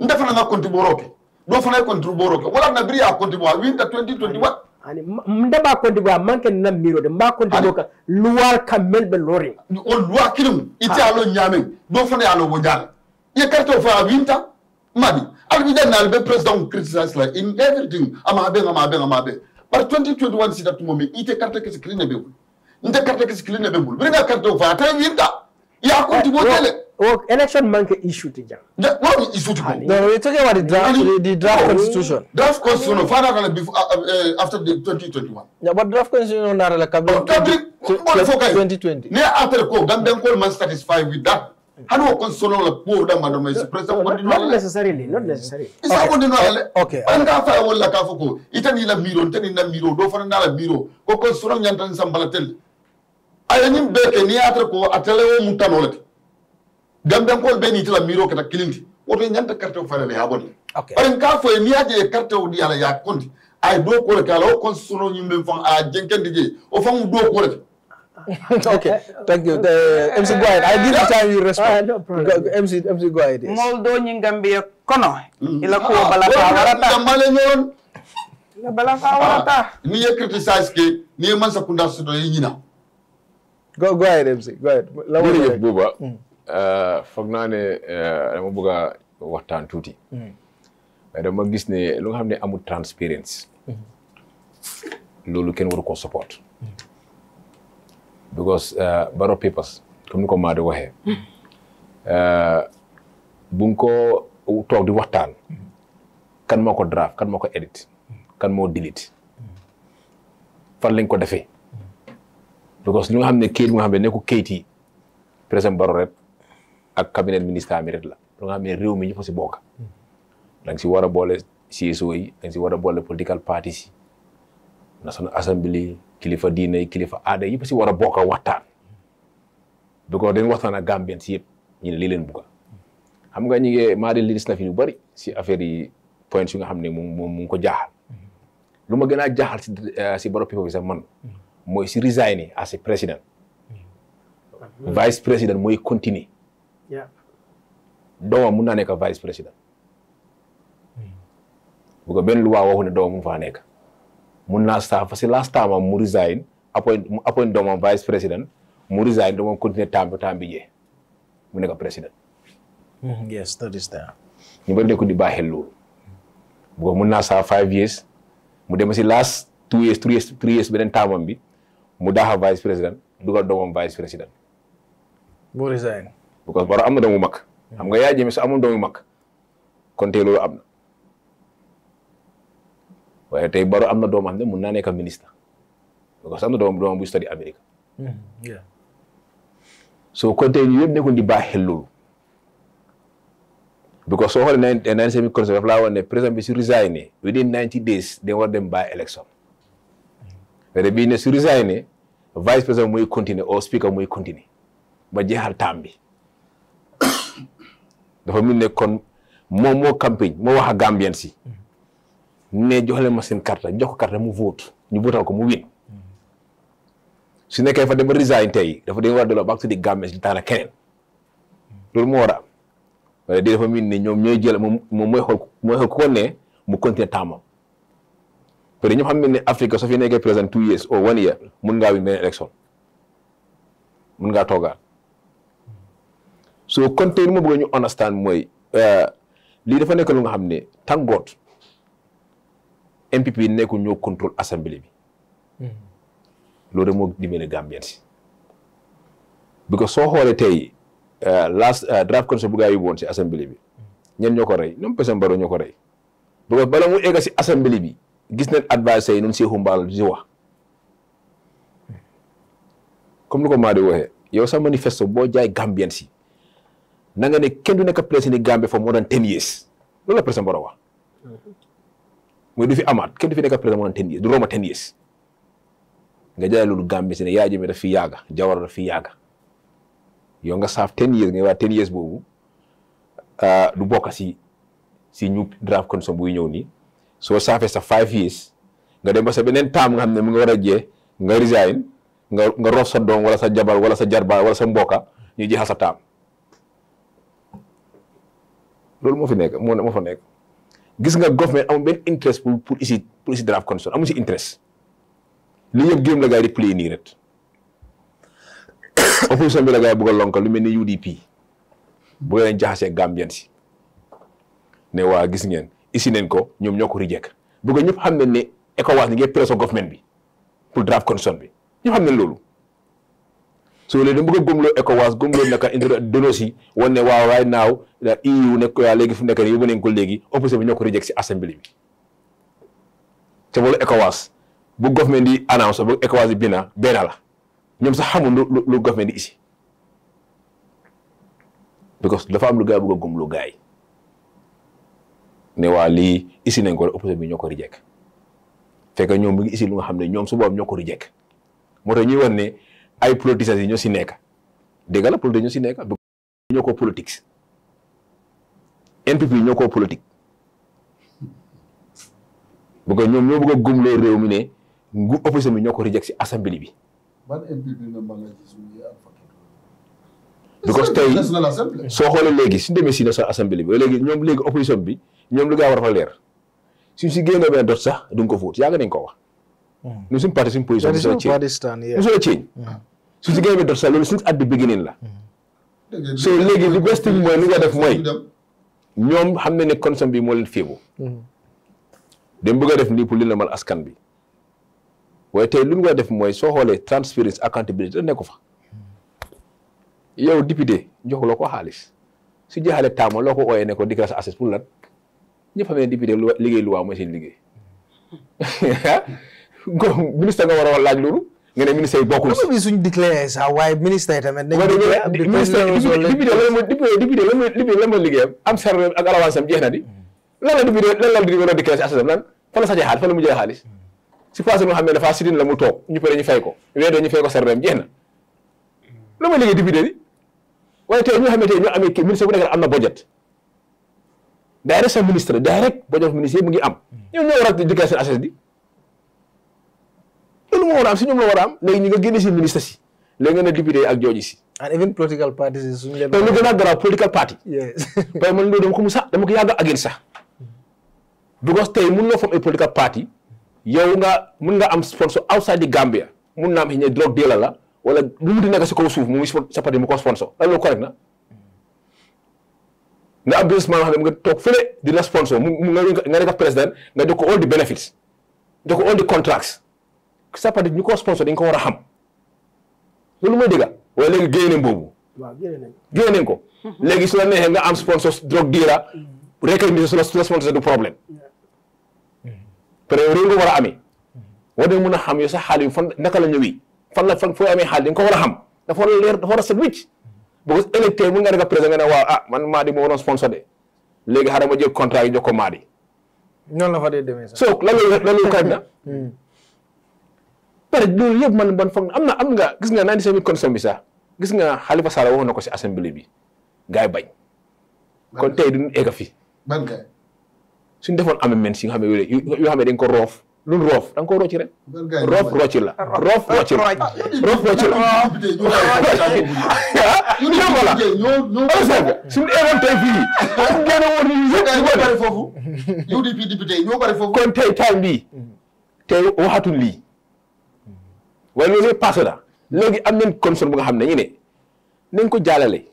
ndafana nga kontibo roke dɔ fana oh, ah. ye contribuer o kɛ wala nabiri y'a contribuer a winta 2021 ani nde b'a contribuer a man kɛ na miiro de n b'a contribuer o kan luwa ka mɛli bɛ lɔri o luwa kilimu i tɛ alo ɲaami dɔ fana y'alo woja la i ye carte fɔ a winta madi hali bi da nali bɛ président criticize la in everything a ma bɛn a ma bɛn a ma bɛn par 2021 sida tuma min i tɛ carte kisi kelen de bɛ n tɛ carte kisi kelen de bɛ n bolo bere n ka carte fɔ a tɛ winta i y'a contribuer o tɛ dɛ Well, election man can issue the jam. Da, yeah, what issue to go? No, we're talking about the draft, the, the draft no, constitution. Draft constitution, no, father can before uh, uh, after the 2021. Yeah, da, but draft constitution na la kabla. Oh, kabla, what for guys? 2020. Ne after ko, Gambian call man satisfied with that. How do constitution la poor da madam is president what not necessarily, not necessarily. Is that what no ale? Okay. An ka fa wala ka foko. Itani la miro, itani na miro, do fa na la miro. Ko constitution nyantan sambalatel. Ayanim beke ni after ko atele o mutanolete. gambenkol ɓe ni tila miro kata kilindi woto ñanta carte o fanane ha bonde aren ka foye ni yaje e e karte carte o ɗi ala ya konti ay do kore kala o constitution suno ñimɓen fan a jenkende jeeyi o fan do korete okay, thank you. The, uh, MC, guy I give you time, you uh, respond. Uh, no go, MC, MC, go ahead. Yes. Moldo nyingambi kono. Mm. Ila kuwa ah, balata warata. le nyon. Ila balata ah, warata. Ni ye criticize ke, ni ye mansa kunda sudo yinina. Go, go ahead, MC. Go ahead. Lawa Buba, mm. Eh, foog naa ne eh, dama bëgg a waxtaan tuuti. Hmm. mais dama gis ne lu nga xam ne amul transparence hmm. loolu kenn waru ko support. Hmm. because eh, baro papers comme ni ko Madi woxe bu ko toog di waxtaan. kan moo ko draft kan moo ko edit. kan moo delete. fan lañ ko defee. because li nga xam ne kayit bi nga xam ne nekkul kayit yi président Barrow rek ak cabinet ministère mi rek la da nga xam ne réew mi ñëpp si bokk da si war a boole CSO yi da si war a boole political parties yi national assembly kilifa diine yi kilifa aada yëpp si war a bokk waxtaan bi ko dañ waxtaan a Gambien si yëpp ñu ne lii leen bugga xam nga ñi ngi maa di liste na fi ñu bëri si affaire yi points yi nga xam ne moom mu ngi ko jaaxal lu ma gën a jaaxal si si euh, borom people bi man mooy si resigné as a président mm. vice président mooy continuer doomam mun na nekk vice président bu ko benn loi waxu doomam mu fa nekk mun naa sa parce que last time am mu resign appoint mu appoint doomam vice président mu resign doomam continuer temps temps bi mu nekk président. Mm-hmm, yes that is there. ñu bëri nekk di baaxee mun naa saa five years mu dem si last two years three years three years beneen taamam bi mu daaxa vice président dugal doomam vice président. mu resign. because Baro am na doomu mag xam nga Yaya Jammeh su amoon doomu mag kon tey am na waaye tey Baro am na doom am ne mun naa nekk ministre because am na doom doomam buy study Amérique mm-hmm. so kon tey ñu yëpp nekkul di baax xel loolu because soo xoolee nine nine semi conseil daf laa wax ne président bi su resigné within ninety days dañ war dem bàyyi élection mais mm-hmm. bii ne su resigné vice président muy continuer au speaker muy continuer ba jeexal temps bi dafa mel ne kon moom moo campagne moo wax ak Gambien si ne jox leen ma seen carte jox ko carte mu vote ñu votal ko mu win su nekkee fa dem ba resign tey dafa dañu war a delloo back to the Gambien si tànn keneen loolu moo war a am waaye di dafa mel ne ñoom ñooy jël moom moom mooy xool mooy xool ku ko ne mu continuer taamam parce que ñoom xam nañ ne Afrique soo fi nekkee président two years or one year mun ngaa win beneen élection mun ngaa toogaat. so kon tey ñu understand mooy euh, lii dafa nekk lu nga xam ne thank God MPP nekkul bi hmm. loolu rek moo dimbale Gambien si because soo xoolee tey euh, last euh, draft constitution bu gaa yi woon si assemblée bi ñen ñoo ko rey ñoom président ko rey bala mu egga si assemblée bi gis nañ advice yi ñun Seexu Mbaal di wax comme ko maa di waxee yow sa manifesto boo jaay Gambien na nga ne kenn du nekk président Gambie for more than ten years loolu la président borowa wax du fi amat kenn du fi nek president more than ten years du roma ten years nga jaay loolu Gambie sene yaaji mi da fi yaga jawar da fi yaga yo nga saaf ten years nga wa ten years euh ah, du bokk si si ñu draft constitution bu ñëw So soo saafee sa five years nga dem ba sa benen tam nga xamne mu nga wara a nga resign nga nga rof sa doom wala sa jabar wala sa jarba wala sa mboka ñu jeexal sa loolu moo fi nekk moo moo fa nekk gis nga government amul benn interest pour pour isi pour isi draft constitution amul si interest li yëpp géem la gars yi di play nii ret opposition bi la gars yi bëgg lonka lu mel ni UDP bëgg leen jaxasee Gambien si ne waa gis ngeen isi neen ko ñoom ñoo ko reject bëgg ñëpp xam ne ne ECOWAS ni ngay preso government bi pour draft constitution bi ñëpp xam ne loolu So le dum bëgg gomlo ECOWAS gomlo naka introduce wonne waaw right now that EU ne ko ya léegi fu nekk nii yóbbu nañ ko léegi opposé bi ñoo ko reject si assembly bi te loolu ECOWAS bu government di announce bu ECOWAS di la ñoom sax xamul lu lu government di ici lu gaa bëgg a gomlo ne waa lii ici nañ ko opposé bi ñoo ko reject fekk ñoom mu ngi ici lu nga xam ne ñoom su boobu ñoo ko reject moo tax ñuy wax ay politiciens yi ñoo si nekk dégg la politique si nekk ñoo ko politique NPP ñoo ko politique bu ko ñoo bëgg a gumloo réew mi ne ngu opposition bi ñoo ko reject si assemblée bi. ban NPP na because tey soo xoolee léegi si demee si national assemblée bi léegi ñoom léegi opposition bi ñoom li nga war fa leer si si génnee benn dot sax du nga ko fóot yàgg nañ ko wax. ñun suñu parti suñu position. suñu la su ci game bi dorsal lolu since at the beginning la so léegi the best thing moy ni nga def moy ñom xam ne ne concern bi mo leen febu dem bëgg def nii pour li la mal askan bi way tay lu nga def moy so xolé transparency accountability ne ko fa yow député la ko xaliss su jeexalee taama loo ko ne ko dikka assess pour lan ñu famé député liggéey loi machine seen liggéey ministre nga wara laaj lolu nga ne ministère yi bokkul si. suñu déclaré sax waaye ministère yi tamit. nañu am di ministère yi député député lan mooy liggéeyam am serre ak alawansam jeex na di. Hmm. lan la député lan la war a déclaré si asasam lan fa la sax xaalis fa la mujjee xaalis. Hmm. si passé loo xam ne dafa sidin la mu toog ñu pare ñu fay ko weedoo ñu fay ko serreem jeex na. Hmm. lan mooy liggéey député bi waaye tey ñoo xam ne tey ñoo amee kii ministère bu nekk am na budget. direct sa ministre direct budget ministère mu ngi am. ñoom ñoo war a déclaré seen asas di loolu mo war a am si ñoom la war am léegi ñu nga génne ministre ci léegi nga député ak jooju ci and even political parties yi suñu leen. tey lu gën political party. bay man loolu dama ko musa dama ko yag agen agil sax. because tay mën na fam ay political party yow nga mën nga am sponsor outside di Gambia mën na am ñe drug dealer la wala lu mu di nek ci ko suuf mu sa parti mu ko sponsor lan lo correct na. na abdus man xam nga tok fele di fële sponsor mu nga nga president nga jox ko all the benefits jox ko all the contracts sa pa être ñu ko sponsor dañ ko xam lolu moy diga way dëgga geyene bobu wa geyene geyene ko mm-hmm. léegi su la nga am sponsor drogue dira mm-hmm. recognition su la la sponsor du problème parce que nga wara amé amee mm-hmm. war nañ xam yow sa xaalis fan naka la ñëwee fan la fan fooy amé xal dañ ko wara xam dafa wara leer dafa wara sa wicc électeur mu nga nga président nga ne ah man Madi mo waroon sponsor dé léegi xaaral ma jël contrat yi jox ko Madi non la fa dé démé sax so lan la lan la pare loolu yëpp man ban foog am na am nga gis nga 97 constitution bi sax gis nga Khalifa Sall waxoon na ko si assemblée bi gars yi bañ. kon tey duñu egg fi. ban kay suñu defoon amendement si nga xam ne yoo dañ ko roof. lu roof da nga koo rocci la. roof rocci la roof rocci la. suñu eewoon tey fii. gën a woon ñu yëpp. lii. waaye loolu yëpp passé na léegi am nañ concern bu nga xam ne ñu ne nañ ko jàllale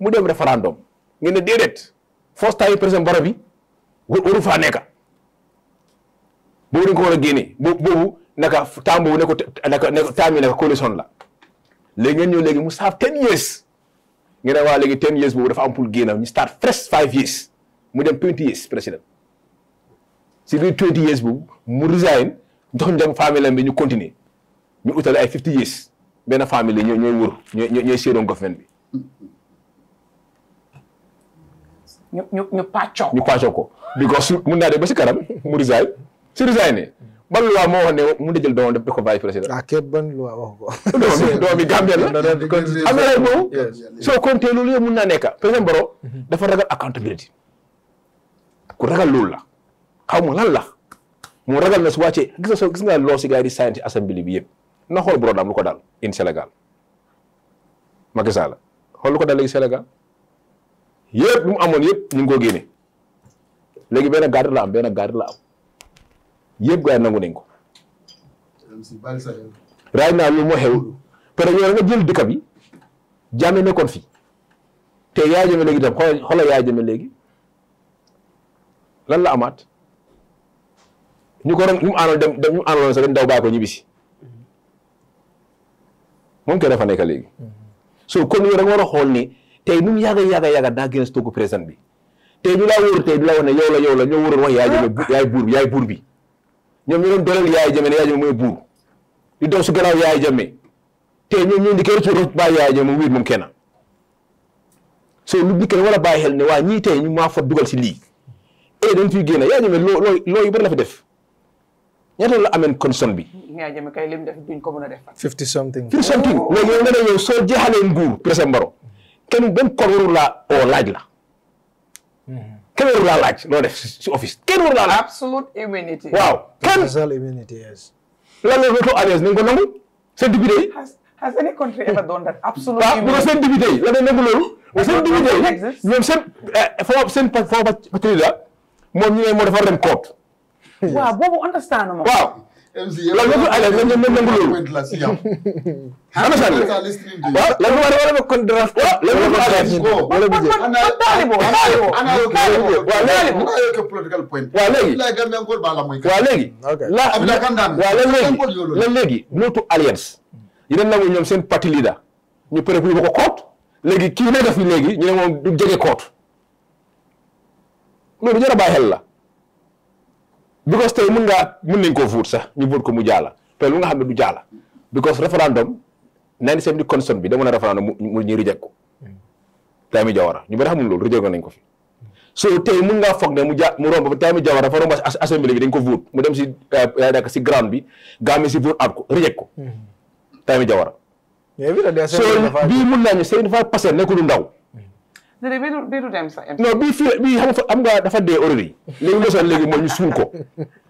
mu dem référendum ngeen ne déedéet force tayi président Barrow bi waru faa nekka boobu dañ ko war a génne boobu naka temps boobu ne ko naka ne ko temps yi naka la léegi ngeen ñëw léegi mu saaf ten years ngeen ne waa léegi ten years boobu dafa am pour génn ñu start fresh five years mu dem twenty years président si biir twenty years boobu mu resign jox njàng famille bi ñu continuer ñu utale ay 50 years benn famille ñooy ñooy wër ñooy ñooy séeroon government bi. ñu ñu ñu pàccoo ko ñu ko because su mun naa dem ba si kanam mu resign si resign ne ban loi moo wax ne mun na jël doomam def ko vice président. ah képp ban loi wax ko. doom bi doom bi Gambien la. am na boobu. soo compté loolu yëpp naa nekk président Barrow dafa ragal accountability ku ragal loolu la xaw ma lan la mu ragal na su wàccee gis nga soo gis nga loo si gars yi di science assembly bi yëpp. na xool Brodam lu ko daal in Sénégal Macky Sall xool lu ko daal léegi Sénégal yëpp mu amoon yëpp ñu ngi koo léegi benn garde la am benn garde la am yëpp gars yi nangu nañ ko. raay lu moo xew pare ñoo nga jël dëkk bi jàmme nekkoon fii te yaay jëme léegi tam xoolal yaay jëme léegi lan la amaat ñu ko doon ñu mu àndal dem daw bàyyi ko ñibbisi moom kenn dafa nekk léegi. so kon yow da war a xool ni tey nu mu yàgg a yàgg a yàgg daa gën a toogu président bi tey ñu laa wóor tey di la wax ne yow la yow la ñoo waroon wax yaay jëme buur bi ñoom ñu doon dooleel yaay jëme ne yaay jëme mooy buur di dox su gannaaw yaay jëme tey ñoom ñoo di kër suuf bàyyi yaay jëme mu wéet moom kenn so lu nit ki war a bàyyi xel ne waa ñii tey ñu maa fa dugal si lii e dañ fiy génn yaay jëme loo loo loo la fi def ñaata la ameen concern bi Yahya Jammeh kay lim def duñ ko mën a def. fifty something. fifty something oh. léegi yow nga ne yow soo jeexalee nguur président Barrow kenn benn kor warul laa oo laaj la. Mhm. kenn warul laa laaj loo def si office kenn warul laa laaj. absolute immunity. waaw kenn. absolute immunity yes. lan la dootoo alias ni nga ko nangu seen député yi. has any country ever done that? absolute immunity. waaw seen député yi la doon nangu loolu. seen député yi ñoom seen eh, foo seen foo ba patriote ah, moom ñu ne moo dafa dem court. waaw boobu understand ma. waaw. loolu nga ko allé nga nga nangu loolu. am na solo waaw lan nga war a war a kon dara. waaw lan nga ko allé wala bi jë. waaw léegi. waaw léegi. ñoom seen parti leader ñu pare ko court léegi kii ne def léegi ñu ne moom du jege court loolu jar a bàyyi la. because tay mën nga mën nañ ko vote sax ñu vote ko mu jaala tay lu nga xamne du jaala because referendum nañ seen di concern bi dama na referendum mu ñu reject ko mi Jawara ñu bari xamul loolu reject nañ ko fi so tay mën nga foog ne mu ja mu romb mi Jawara fa romb assembly bi dañ ko vote mu dem si daanaka euh, ci ground bi gaami ci vote at ko reject ko hmm. mi Jawara. So bi mën nañ seen fa pour cent ndaw. déedéet béy du béy du dem dafa dee already léegi loo soxla léegi mooy suul ko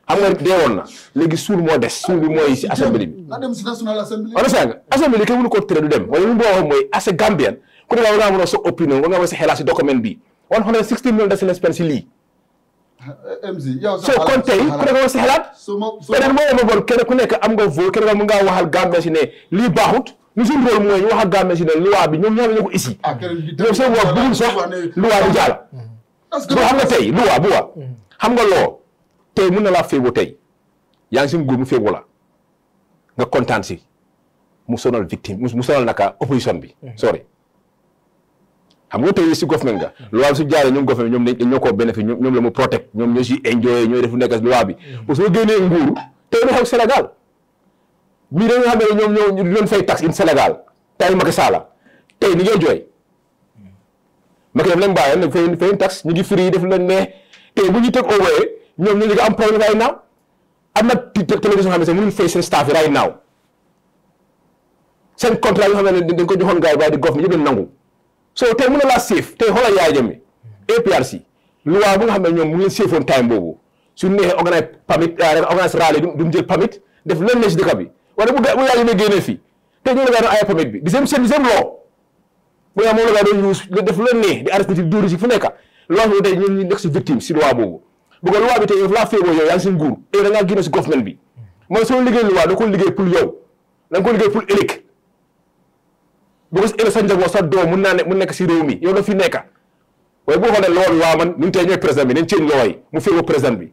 am nga deewoon na léegi suul moo des suul bi mooy si assemblée bi. na dem si national assemblée. ko tere du dem wala li mu waxoon mooy as a Gambian ku ne la war ngaa a sa opinion a sa xelaat si document bi one hundred sixty million des na spend si kon tey ku nekk war si xelaat. su ma su ma beneen moo ëmb bon kenn ku nekk am nga voix kenn nga mën ngaa waxal Gambien si ne lii baaxut. ñu suñu rôle mooy ñu wax ak Gambian ah, si ne loi bi ñoom ñoo ñu ko ici. ñoom seen wax bëggul sax loi bi jàll. Mm-hmm. boo xam nga tey loi bu wa. Mm-hmm. xam nga loo tey mun na laa féego tey yaa ngi si nguur mu féego la nga kontaan si mu sonal victime mu sonal naka opposition bi. Mm-hmm. sorry xam nga tey si government nga. loi bi su jaaree ñoom government ñoom dañ ñoo koo bénéfice ñoom la mu protect ñoom ñoo si enjoy ñooy def nekk loi bi. parce soo génnee nguur tey ñii dañoo xam ne ñoom ñoo ñu doon fay taxe in Sénégal tay Macky Sall tey ni ngay jooy Macky daf leen bàyyi nag fay ñu ngi firi def leen ne tey bu ñu teg au moins ñoom ñu am problème right now am na xam ne sax mënul fay seen staff yi right now seen contrat yoo xam ne dañ ko joxoon gars yi waaye di na laa siif tey xoolal yaay jëmmi APRC loi bu nga xam ne ñoom mu ngi leen siifoon time boobu su neexee organise pamit organise rally duñ jël pamit def leen ne si dëkk bi wala bu bu yàlla ne génnee fii tey ñoo la gaa doon ay pomet bi di seen seen seen loo bu yaa moom la gaa doon yuus def lu nee di arrêté ci dóor ci fu nekk loo xam ne tey ñun ñu nekk si victime si loi boobu bu ko tey yow laa féeboo yow yaa ngi si nguur yow da liggéey loi da ko liggéey pour yow da nga ko naa ne mu nekk si réew mi yow da fi nekk waaye bu ko ne loolu waa man ñun tey ñooy président bi nañ ceen loi mu féeboo président bi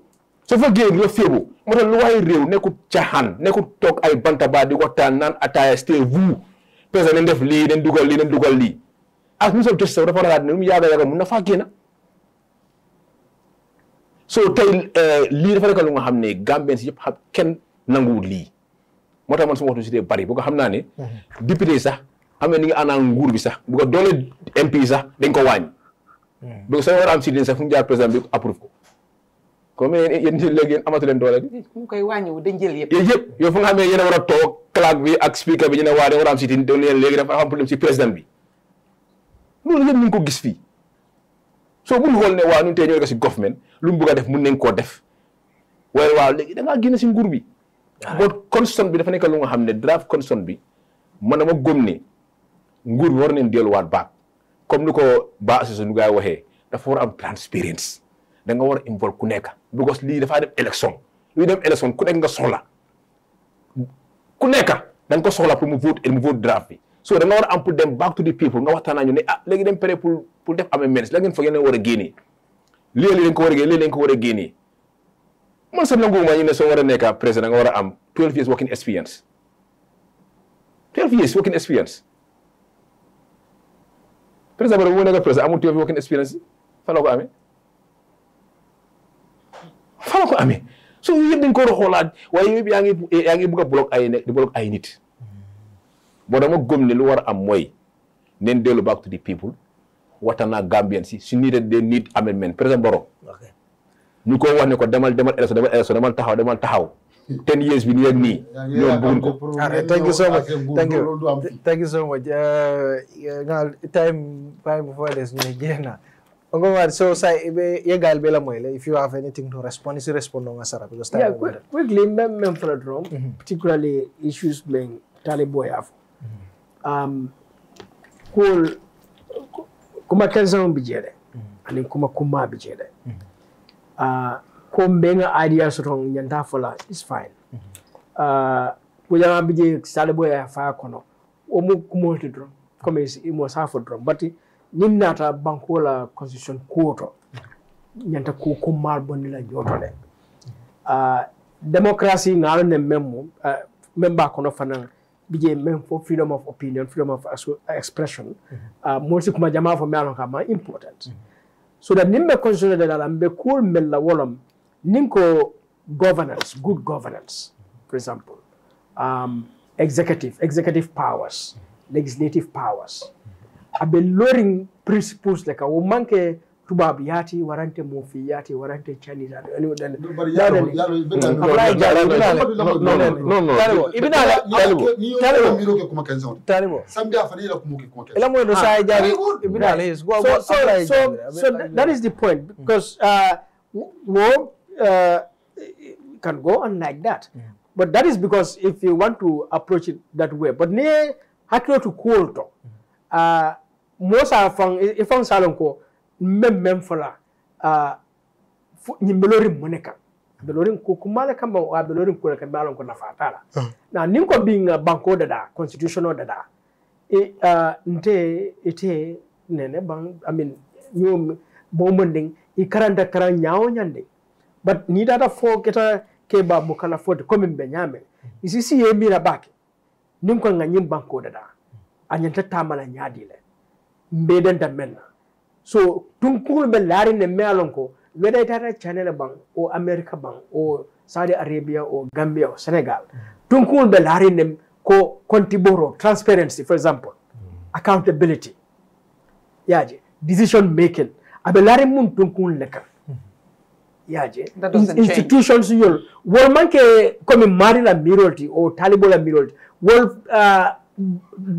su yo febo mo moo tax rew ne ko tiahan ne ko tok ay ba di waxtaan nan ataya ste vous pesa ne def li ne dugal li ne dugal li ak ministre of justice dafa raad ne mu yaga yaga mu na fa génn so tey euh, lii dafa rek lu nga xamne Gambien ci yep xam ken nanguwul li motax man su ma waxtu si dee bari bu ko xamna ne mhm. député sax xam ni nga ana nguur bi sax bu ko doole MP sax dañ ko wañ bu ko sa war am si sax fu ñu jaar président bi approuve ko comme yéen yéen léegi yéen amatu leen doole bi. mu koy wàññiwul dañ jël yëpp. yëpp yow fu nga xam ne yéen a war toog claque bi ak speaker bi ñu ne waa dañoo war a am si tin doon leen dafa loolu yëpp ñu ko gis fii soo mun ne waa ñun tey ñoo si government lu bëgg a def mun nañ koo def waaye waaw léegi da ngaa génn si nguur bi. boot constant bi dafa nekk lu nga xam ne draft constant bi man dama gëm ne nguur bi war nañ delluwaat baak comme ni ko baas Assane nu gaay waxee dafa war a am transparence da nga war a involve ku nekk because lii dafaa dem élection luy dem élection ku nekk nga soxla ku nekka da ko soxla pour mu vote mu vote draft bi so da nga war a am pour dem back to the people nga waxtaan nañu ne ah dem pare pour pour def amendments la ngeen foog ngeen war a génnee lii lii ko war a génnee lii lañ ko war a génnee man sax nanguma ñu ne soo war a nekk président nga war am 12 years working experience 12 years working experience président bari bu mu nekk président amul 12 years working experience fa fala ko amé so yeb yëpp dañ ko war a xoolaat waaye yooyu yaa ngi yaa ngi bëgg blok ay nek di blok ay nit bo dama gëm ne lu war am moy nen delu back to the people watana gambian si, si su needed they need amendment president Barrow ñu ko wax ne ko demal demal élection demal élection demal taxaw demal taxaw ten years bi ni, ak ni ko thank you so much thank you thank you so much time time before this ñu jeex Ngomar, so sa ye gal bela mo if you have anything to respond, is respond nga sara because Yeah, quick, quickly mem mem for drum, mhm. particularly issues being Taliboy afo. Mhm. Um kul kuma kansa mo bijere. Mhm. Ani kuma kuma bijere. Ah uh, ko mbenga ideas wrong nyanta fola is fine. Ah uh, kujama bije Taliboy afa kono. Omu kumolti drum. Come is imo safo drum. But nimna naata banko la constitution kuwoto ñanta ko mar bonni la jooto le uh, ah, démocratie ŋaalo ne meŋ mu uh, ah, meŋ baa kono fanaŋ bi je fo freedom of opinion freedom of expression mm -hmm. uh, ah, moolu si kuma jamaa fo me a loŋ ka important mm -hmm. so that niŋ constitution de la mbe kuwolu mel la wolom niŋ ko governance good governance for example um, executive executive powers legislative powers aɓe lorin principles like le ka wo manque tubabiyati warante yati, warante chinese that is the point mm. because uh, wo uh, can go on like that yeah. but that is because if you want to approach it that way but ne hakilo to cool mm. to uh, mosa fang ifang salon ko mem mem fala a ah, ni melori moneka belorin ko kuma da kan ah, wa belorin ko kan balon ko ah. na fatala na nin ko bin banko da constitutional da da e nte ite nene ban i mean yo bomon i karanta karan nyawo nyande but ni da fo keta ke ba bukala fo ko min be nyame mm. isi si ye mira baki nin ko nganyim banko da da anyanta tamala nyadi le mbedenta men so tunkulu be laari ne mealon ko weda tata china bang o america bang o saudi arabia o gambia o senegal tunkulu be laari ne ko kontiboro transparency for example hmm. accountability yaje decision making abe laari mun tunkulu le kan hmm. yaje institutions yol wol manke komi mari la mirolti o talibola mirolti wol uh,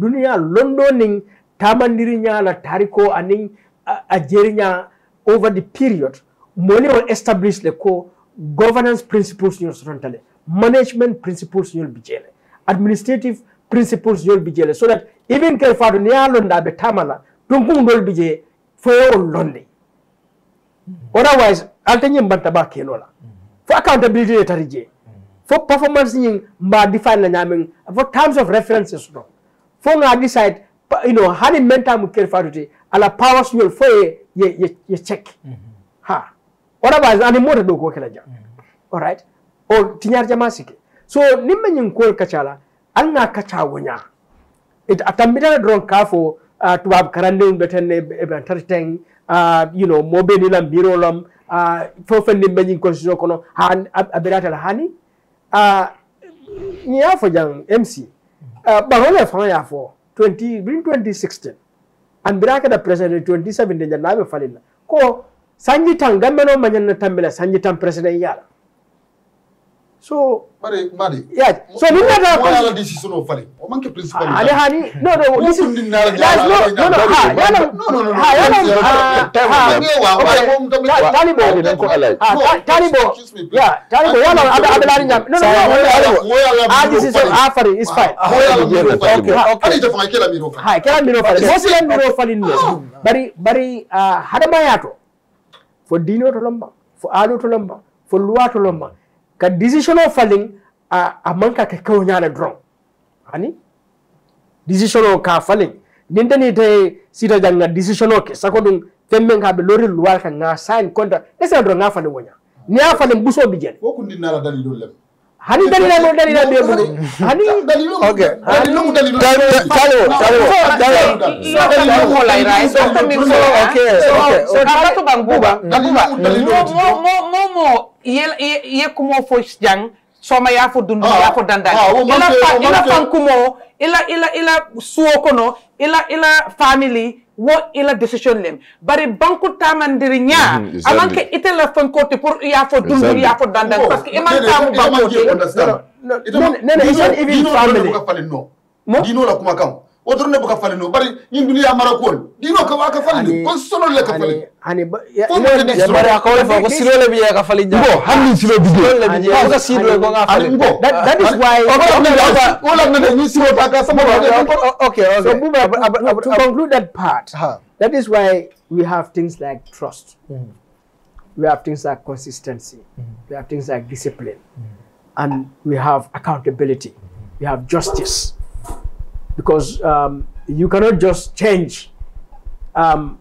duniya londo ning tamandiriña la tariko anin ajeriña over the period mone on establish le ko governance principles ñol sotontale management principles ñol bijele administrative principles ñol bijele so that even kel faado ni alondaɓe tamala ɗum kumɗol bije foyewol londe hmm. otherwise alta ñin banta ba kenola hmm. fo accountability e tati hmm. fo performance ñin mba define la ñamin fo terms of references ɗon fo ga decide you know hani menta mu ker ala power sunyol fo ye ye ye check mm -hmm. ha otherwise ani mota do ko kala jam mm -hmm. all right o tinyar jama so nimma nyin ko kachala an na kacha wonya it atambita dron kafo uh, tubab karande um betenne e uh, you know mobe ni lam biro uh, fo fen nimma nyin ko so kono han abirata la hani uh, nya jang mc uh, mm-hmm. barole fa ya 2016 an bira ka da president 2017 jan na be falin ko sanji tan gamme no na tambila sanji tan president yala so mari mari yeah so ni na ko ala decision of fali o manke principal ali hani no no this is that's no no no ha ya no no no ha ya no ha talibo ko ala ha talibo yeah talibo wala ada ada lari nyam no no no ah this is afari is fine okay okay ali tafa kila miro fali ha kila miro fali mo silen miro fali no bari bari hada mayato fo dino to lomba fo alu to lomba fo luwa to lomba ka decision of falling a, a manka ka kai kawai yana drone ani decision of ka falin nin ta ni ta sita janga decision o ke dun temmen ka be lori luwa ka nga sign ne sa drone nga falin wanya ni a falin buso bi jeni ko kun dinna la dalilul lam hani lalu dari lalu be bulu hani dalilo okay dalilo mo dalilo dalilo dalilo dalilo dalilo mo la lalu so okay Oke, oke. Kalau tuh bang buba buba mau, mau. mau, ye ye kumo fo jang soma yafo dundu ah, yafo ila, fa, ila fankumo ila ila ila suwo kono ila family wo ila decision lem bari banku tamandiri nya mm, exactly. amanke ite la fankote pour yafo dundu exactly. yafo dandani oh, parce que iman tamu bankote no kuma kam o dɔrɔn de bɛ bari duniya mara ka le ka fa ko silo le ka silo bi ka that is why ni silo ta ka sama okay so to conclude that part that is why we have things like trust we have things like consistency we have things like discipline and we have accountability we have justice because um, you cannot just change um,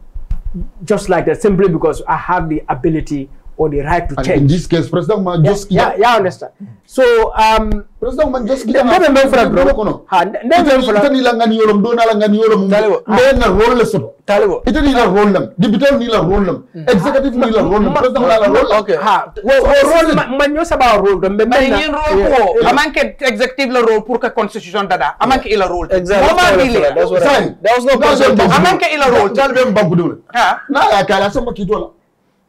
just like that simply because I have the ability or the right to and change. in this case, President Man just yeah, yeah, yeah, I understand. So um President Man just kita ndem ndem fura bro kono. Ha ndem fura. Itani la ngani yorom do na la ngani yorom. Talibo. Ah. Ndem na role le sot. Talibo. Itani la role lam. Deputy ni la role lam. Executive ni la role lam. President la mm. role. Okay. Ha. Wo wo role man yo saba role do mbem. Mais yin role ko. Amanke executive la role pour que constitution dada. Amanke ila role. Exactly. That was no. Amanke ila role. Talibo mbambu do. Ha. Na ya kala sama kidola.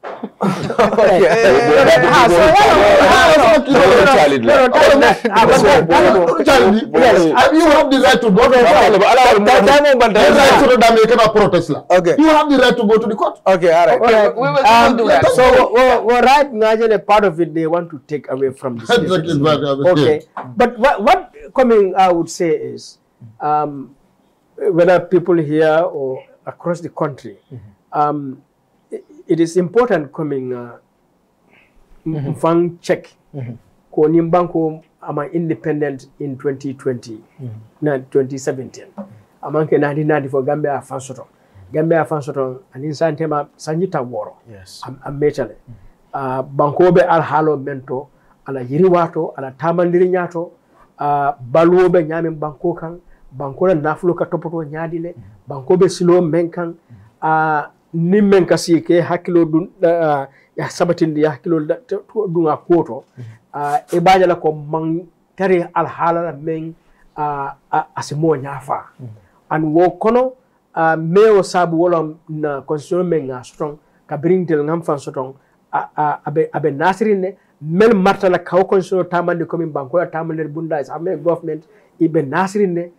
You have the right to go to the court. Okay. You have the right to go to the court. Okay, all right. Okay. All right. We will um, do that. So, well, well, right now, a part of it they want to take away from this. okay. But what, what coming I would say is, um, whether people here or across the country, mm-hmm. um, it is important coming uh, mm -hmm. mfang check mm -hmm. ko ni banko ama independent in 2020 mm -hmm. na 2017 amanke nadi nadi fo gambe a fansoto gambe a fansoto anin santema sanjita woro yes. am, am metale mm -hmm. uh, bankobe al halo mento ala yiriwato ala Tamandirinato, nyato uh, baluwobe nyamin banko kan banko la nafulo ka topoto nyaadi mm-hmm. banko be silo men kan mm-hmm. uh, nin men kasi ke hakkilo ɗum ya sabatinde ya hakkilo ɗum a koto e ɓañala ko man tari alhaalala men asimo ñaafa mhm. an wo kono mewo saabu wolon na constitution men ga soton ka birintel gam fan soton aɓe nasirinne mel martala kaw constitution tamande commin bankoya tamandere bunda e same government iɓe nasirinne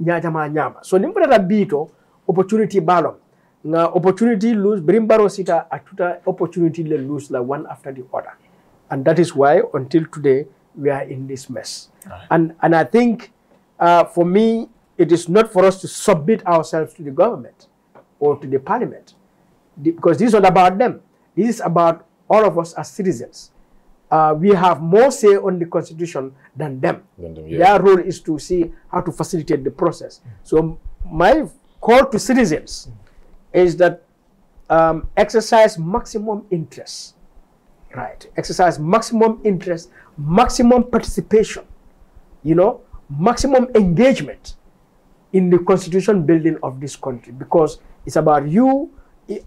ñajama ñaama so nin fotata bito to opportunity baalom Now, opportunity lose Brimbaro Sita atuta opportunity le lose la one after the other. And that is why until today we are in this mess. Right. And and I think uh, for me it is not for us to submit ourselves to the government or to the parliament the, because this is not about them. This is about all of us as citizens. Uh, we have more say on the constitution than them. them yeah. Their role is to see how to facilitate the process. Mm So my call to citizens. Mm is that um, exercise maximum interest, right? Exercise maximum interest, maximum participation, you know, maximum engagement in the constitution building of this country because it's about you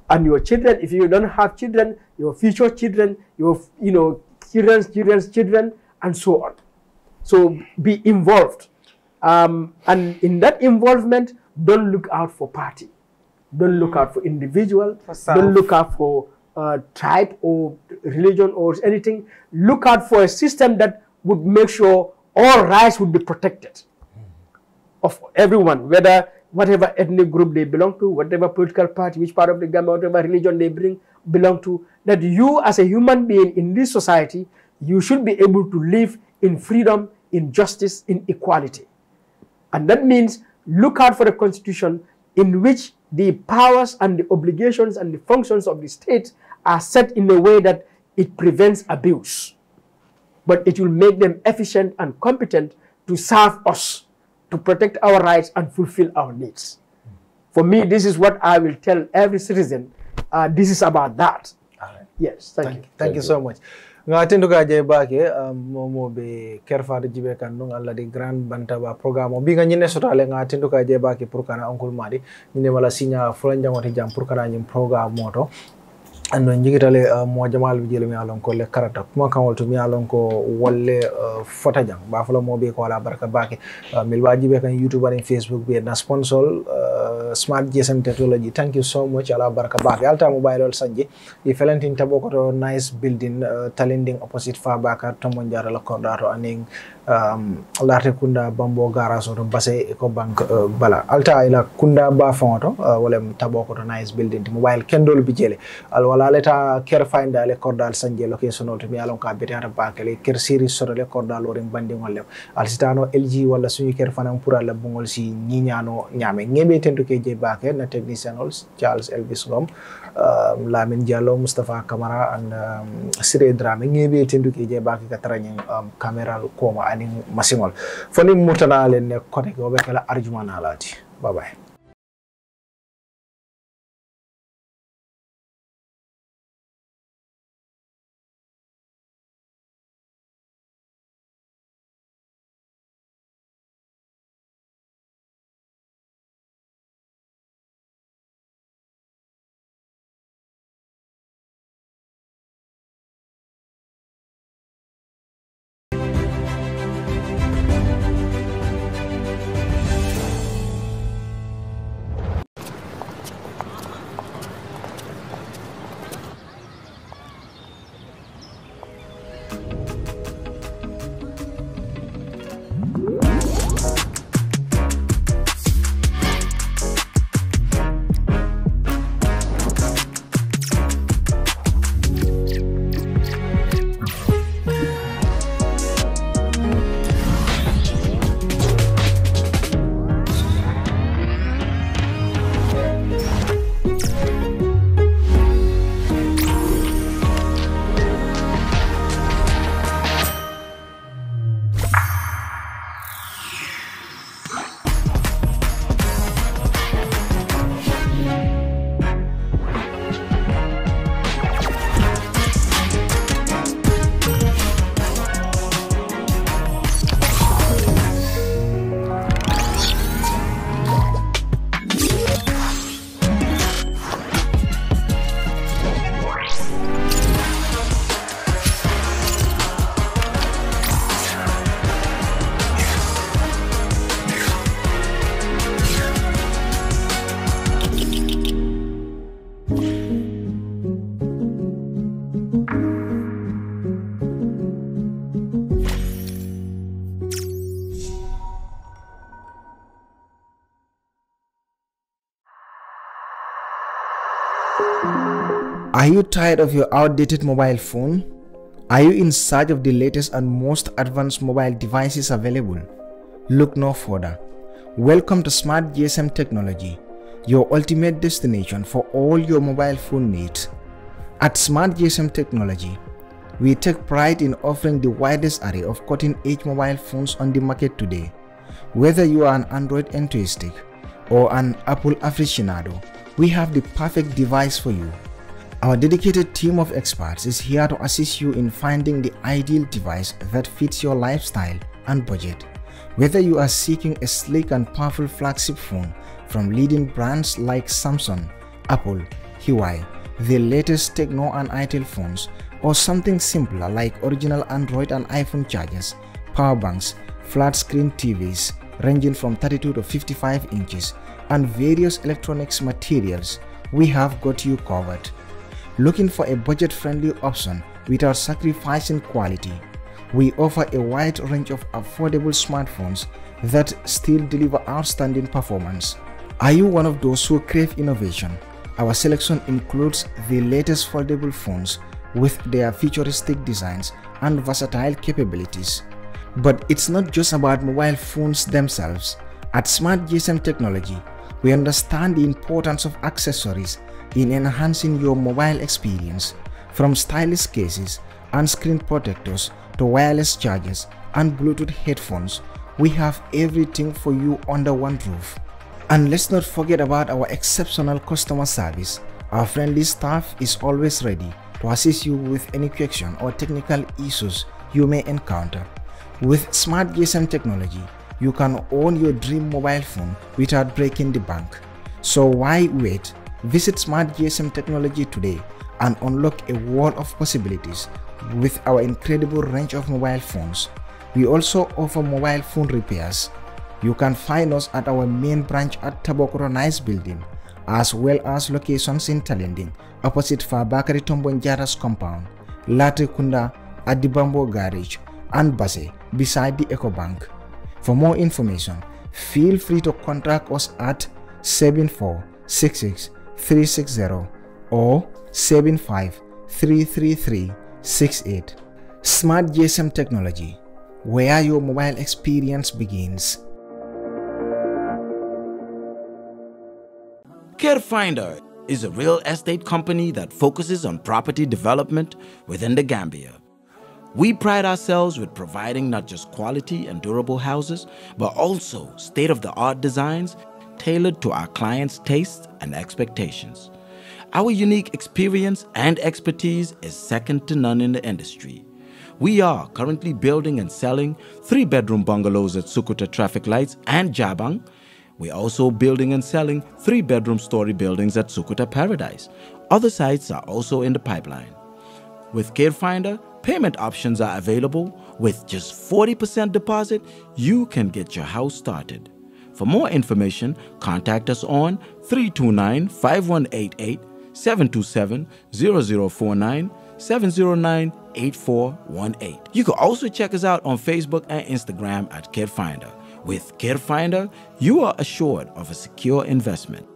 and your children. If you don't have children, your future children, your, you know, children's children's children, and so on. So be involved. Um, and in that involvement, don't look out for party. Don't look out for individual. For don't look out for uh, tribe or religion or anything. Look out for a system that would make sure all rights would be protected of everyone, whether whatever ethnic group they belong to, whatever political party, which part of the government, whatever religion they bring, belong to, that you as a human being in this society, you should be able to live in freedom, in justice, in equality. And that means look out for a constitution in which the powers and the obligations and the functions of the state are set in a way that it prevents abuse, but it will make them efficient and competent to serve us, to protect our rights and fulfill our needs. For me, this is what I will tell every citizen. Uh, this is about that. Yes, thank, thank you. Thank, thank you so much. ngati nduga je ya, ya. mo momo be kerfaade jibe kan dun alla di grand ba programme bi nga nyine sotale ngati nduga jey baake ya, pour kana onkul madi nyine wala signa fulan jangoti jam pour kana nyim programme moto anno jigitale mo jamal bi jele mi alon ko le karata kuma kan wolto mi alon ko wolle euh, fota jang ba fala mo be ko ala baraka baki euh, mil waji be kan youtube ani facebook be na sponsor euh, smart gsm technology thank you so much ala baraka baki alta mobile ol sanje di felentin tabo ko to nice building talending opposite fa baka la kordato aning um, late kunda bambo garaso to base ko bank uh, bala alta ila kunda ba fonto uh, wolem tabo ko to nice building to mobile kendol bi jele al wala leta ker finda le cordal sanje lo ke location to mi alon ka bete beta bank le ker siri so le cordal worim bandi ngol al sitano lg wala suñu ker fanam pour ala bungol si ñiñano ñame ngembe tentu ke je baake na technician Charles Elvis rom um, Lamin Diallo, Mustafa Kamara, and um, Sire Drame. Ngebe tindu ki je baki katrani um, kameral koma aning masingol. Foni mutana le ne kote gobe kala arjuma na alati. Bye bye. Are you tired of your outdated mobile phone? Are you in search of the latest and most advanced mobile devices available? Look no further. Welcome to Smart GSM Technology, your ultimate destination for all your mobile phone needs. At Smart GSM Technology, we take pride in offering the widest array of cutting-edge mobile phones on the market today. Whether you are an Android enthusiast or an Apple aficionado, we have the perfect device for you. Our dedicated team of experts is here to assist you in finding the ideal device that fits your lifestyle and budget. Whether you are seeking a sleek and powerful flagship phone from leading brands like Samsung, Apple, Huawei, the latest Tecno and ITIL phones, or something simpler like original Android and iPhone chargers, power banks, flat screen TVs ranging from 32 to 55 inches, and various electronics materials, we have got you covered looking for a budget-friendly option without sacrificing quality. We offer a wide range of affordable smartphones that still deliver outstanding performance. Are you one of those who crave innovation? Our selection includes the latest foldable phones with their futuristic designs and versatile capabilities. But it's not just about mobile phones themselves. At Smart GSM Technology, we understand the importance of accessories in enhancing your mobile experience from stylish cases and screen protectors to wireless chargers and Bluetooth headphones, we have everything for you under one roof. And let's not forget about our exceptional customer service. Our friendly staff is always ready to assist you with any question or technical issues you may encounter. With smart GSM technology, you can own your dream mobile phone without breaking the bank. So why wait? Visit Smart GSM technology today and unlock a world of possibilities with our incredible range of mobile phones. We also offer mobile phone repairs. You can find us at our main branch at Tabokoro Nice Building, as well as locations in Talending, opposite Fabakari Tombonjara's compound, Latikunda, at the Bamboo Garage, and Base beside the Eco Bank. For more information, feel free to contact us at 7466 360 or 75 Smart GSM technology, where your mobile experience begins. CareFinder is a real estate company that focuses on property development within the Gambia. We pride ourselves with providing not just quality and durable houses, but also state of the art designs tailored to our clients' tastes and expectations. Our unique experience and expertise is second to none in the industry. We are currently building and selling three bedroom bungalows at Sukuta Traffic Lights and Jabang. We're also building and selling three bedroom story buildings at Sukuta Paradise. Other sites are also in the pipeline. With CareFinder, payment options are available. With just 40% deposit, you can get your house started. For more information, contact us on 329 5188 727 0049 709 8418. You can also check us out on Facebook and Instagram at CareFinder. With CareFinder, you are assured of a secure investment.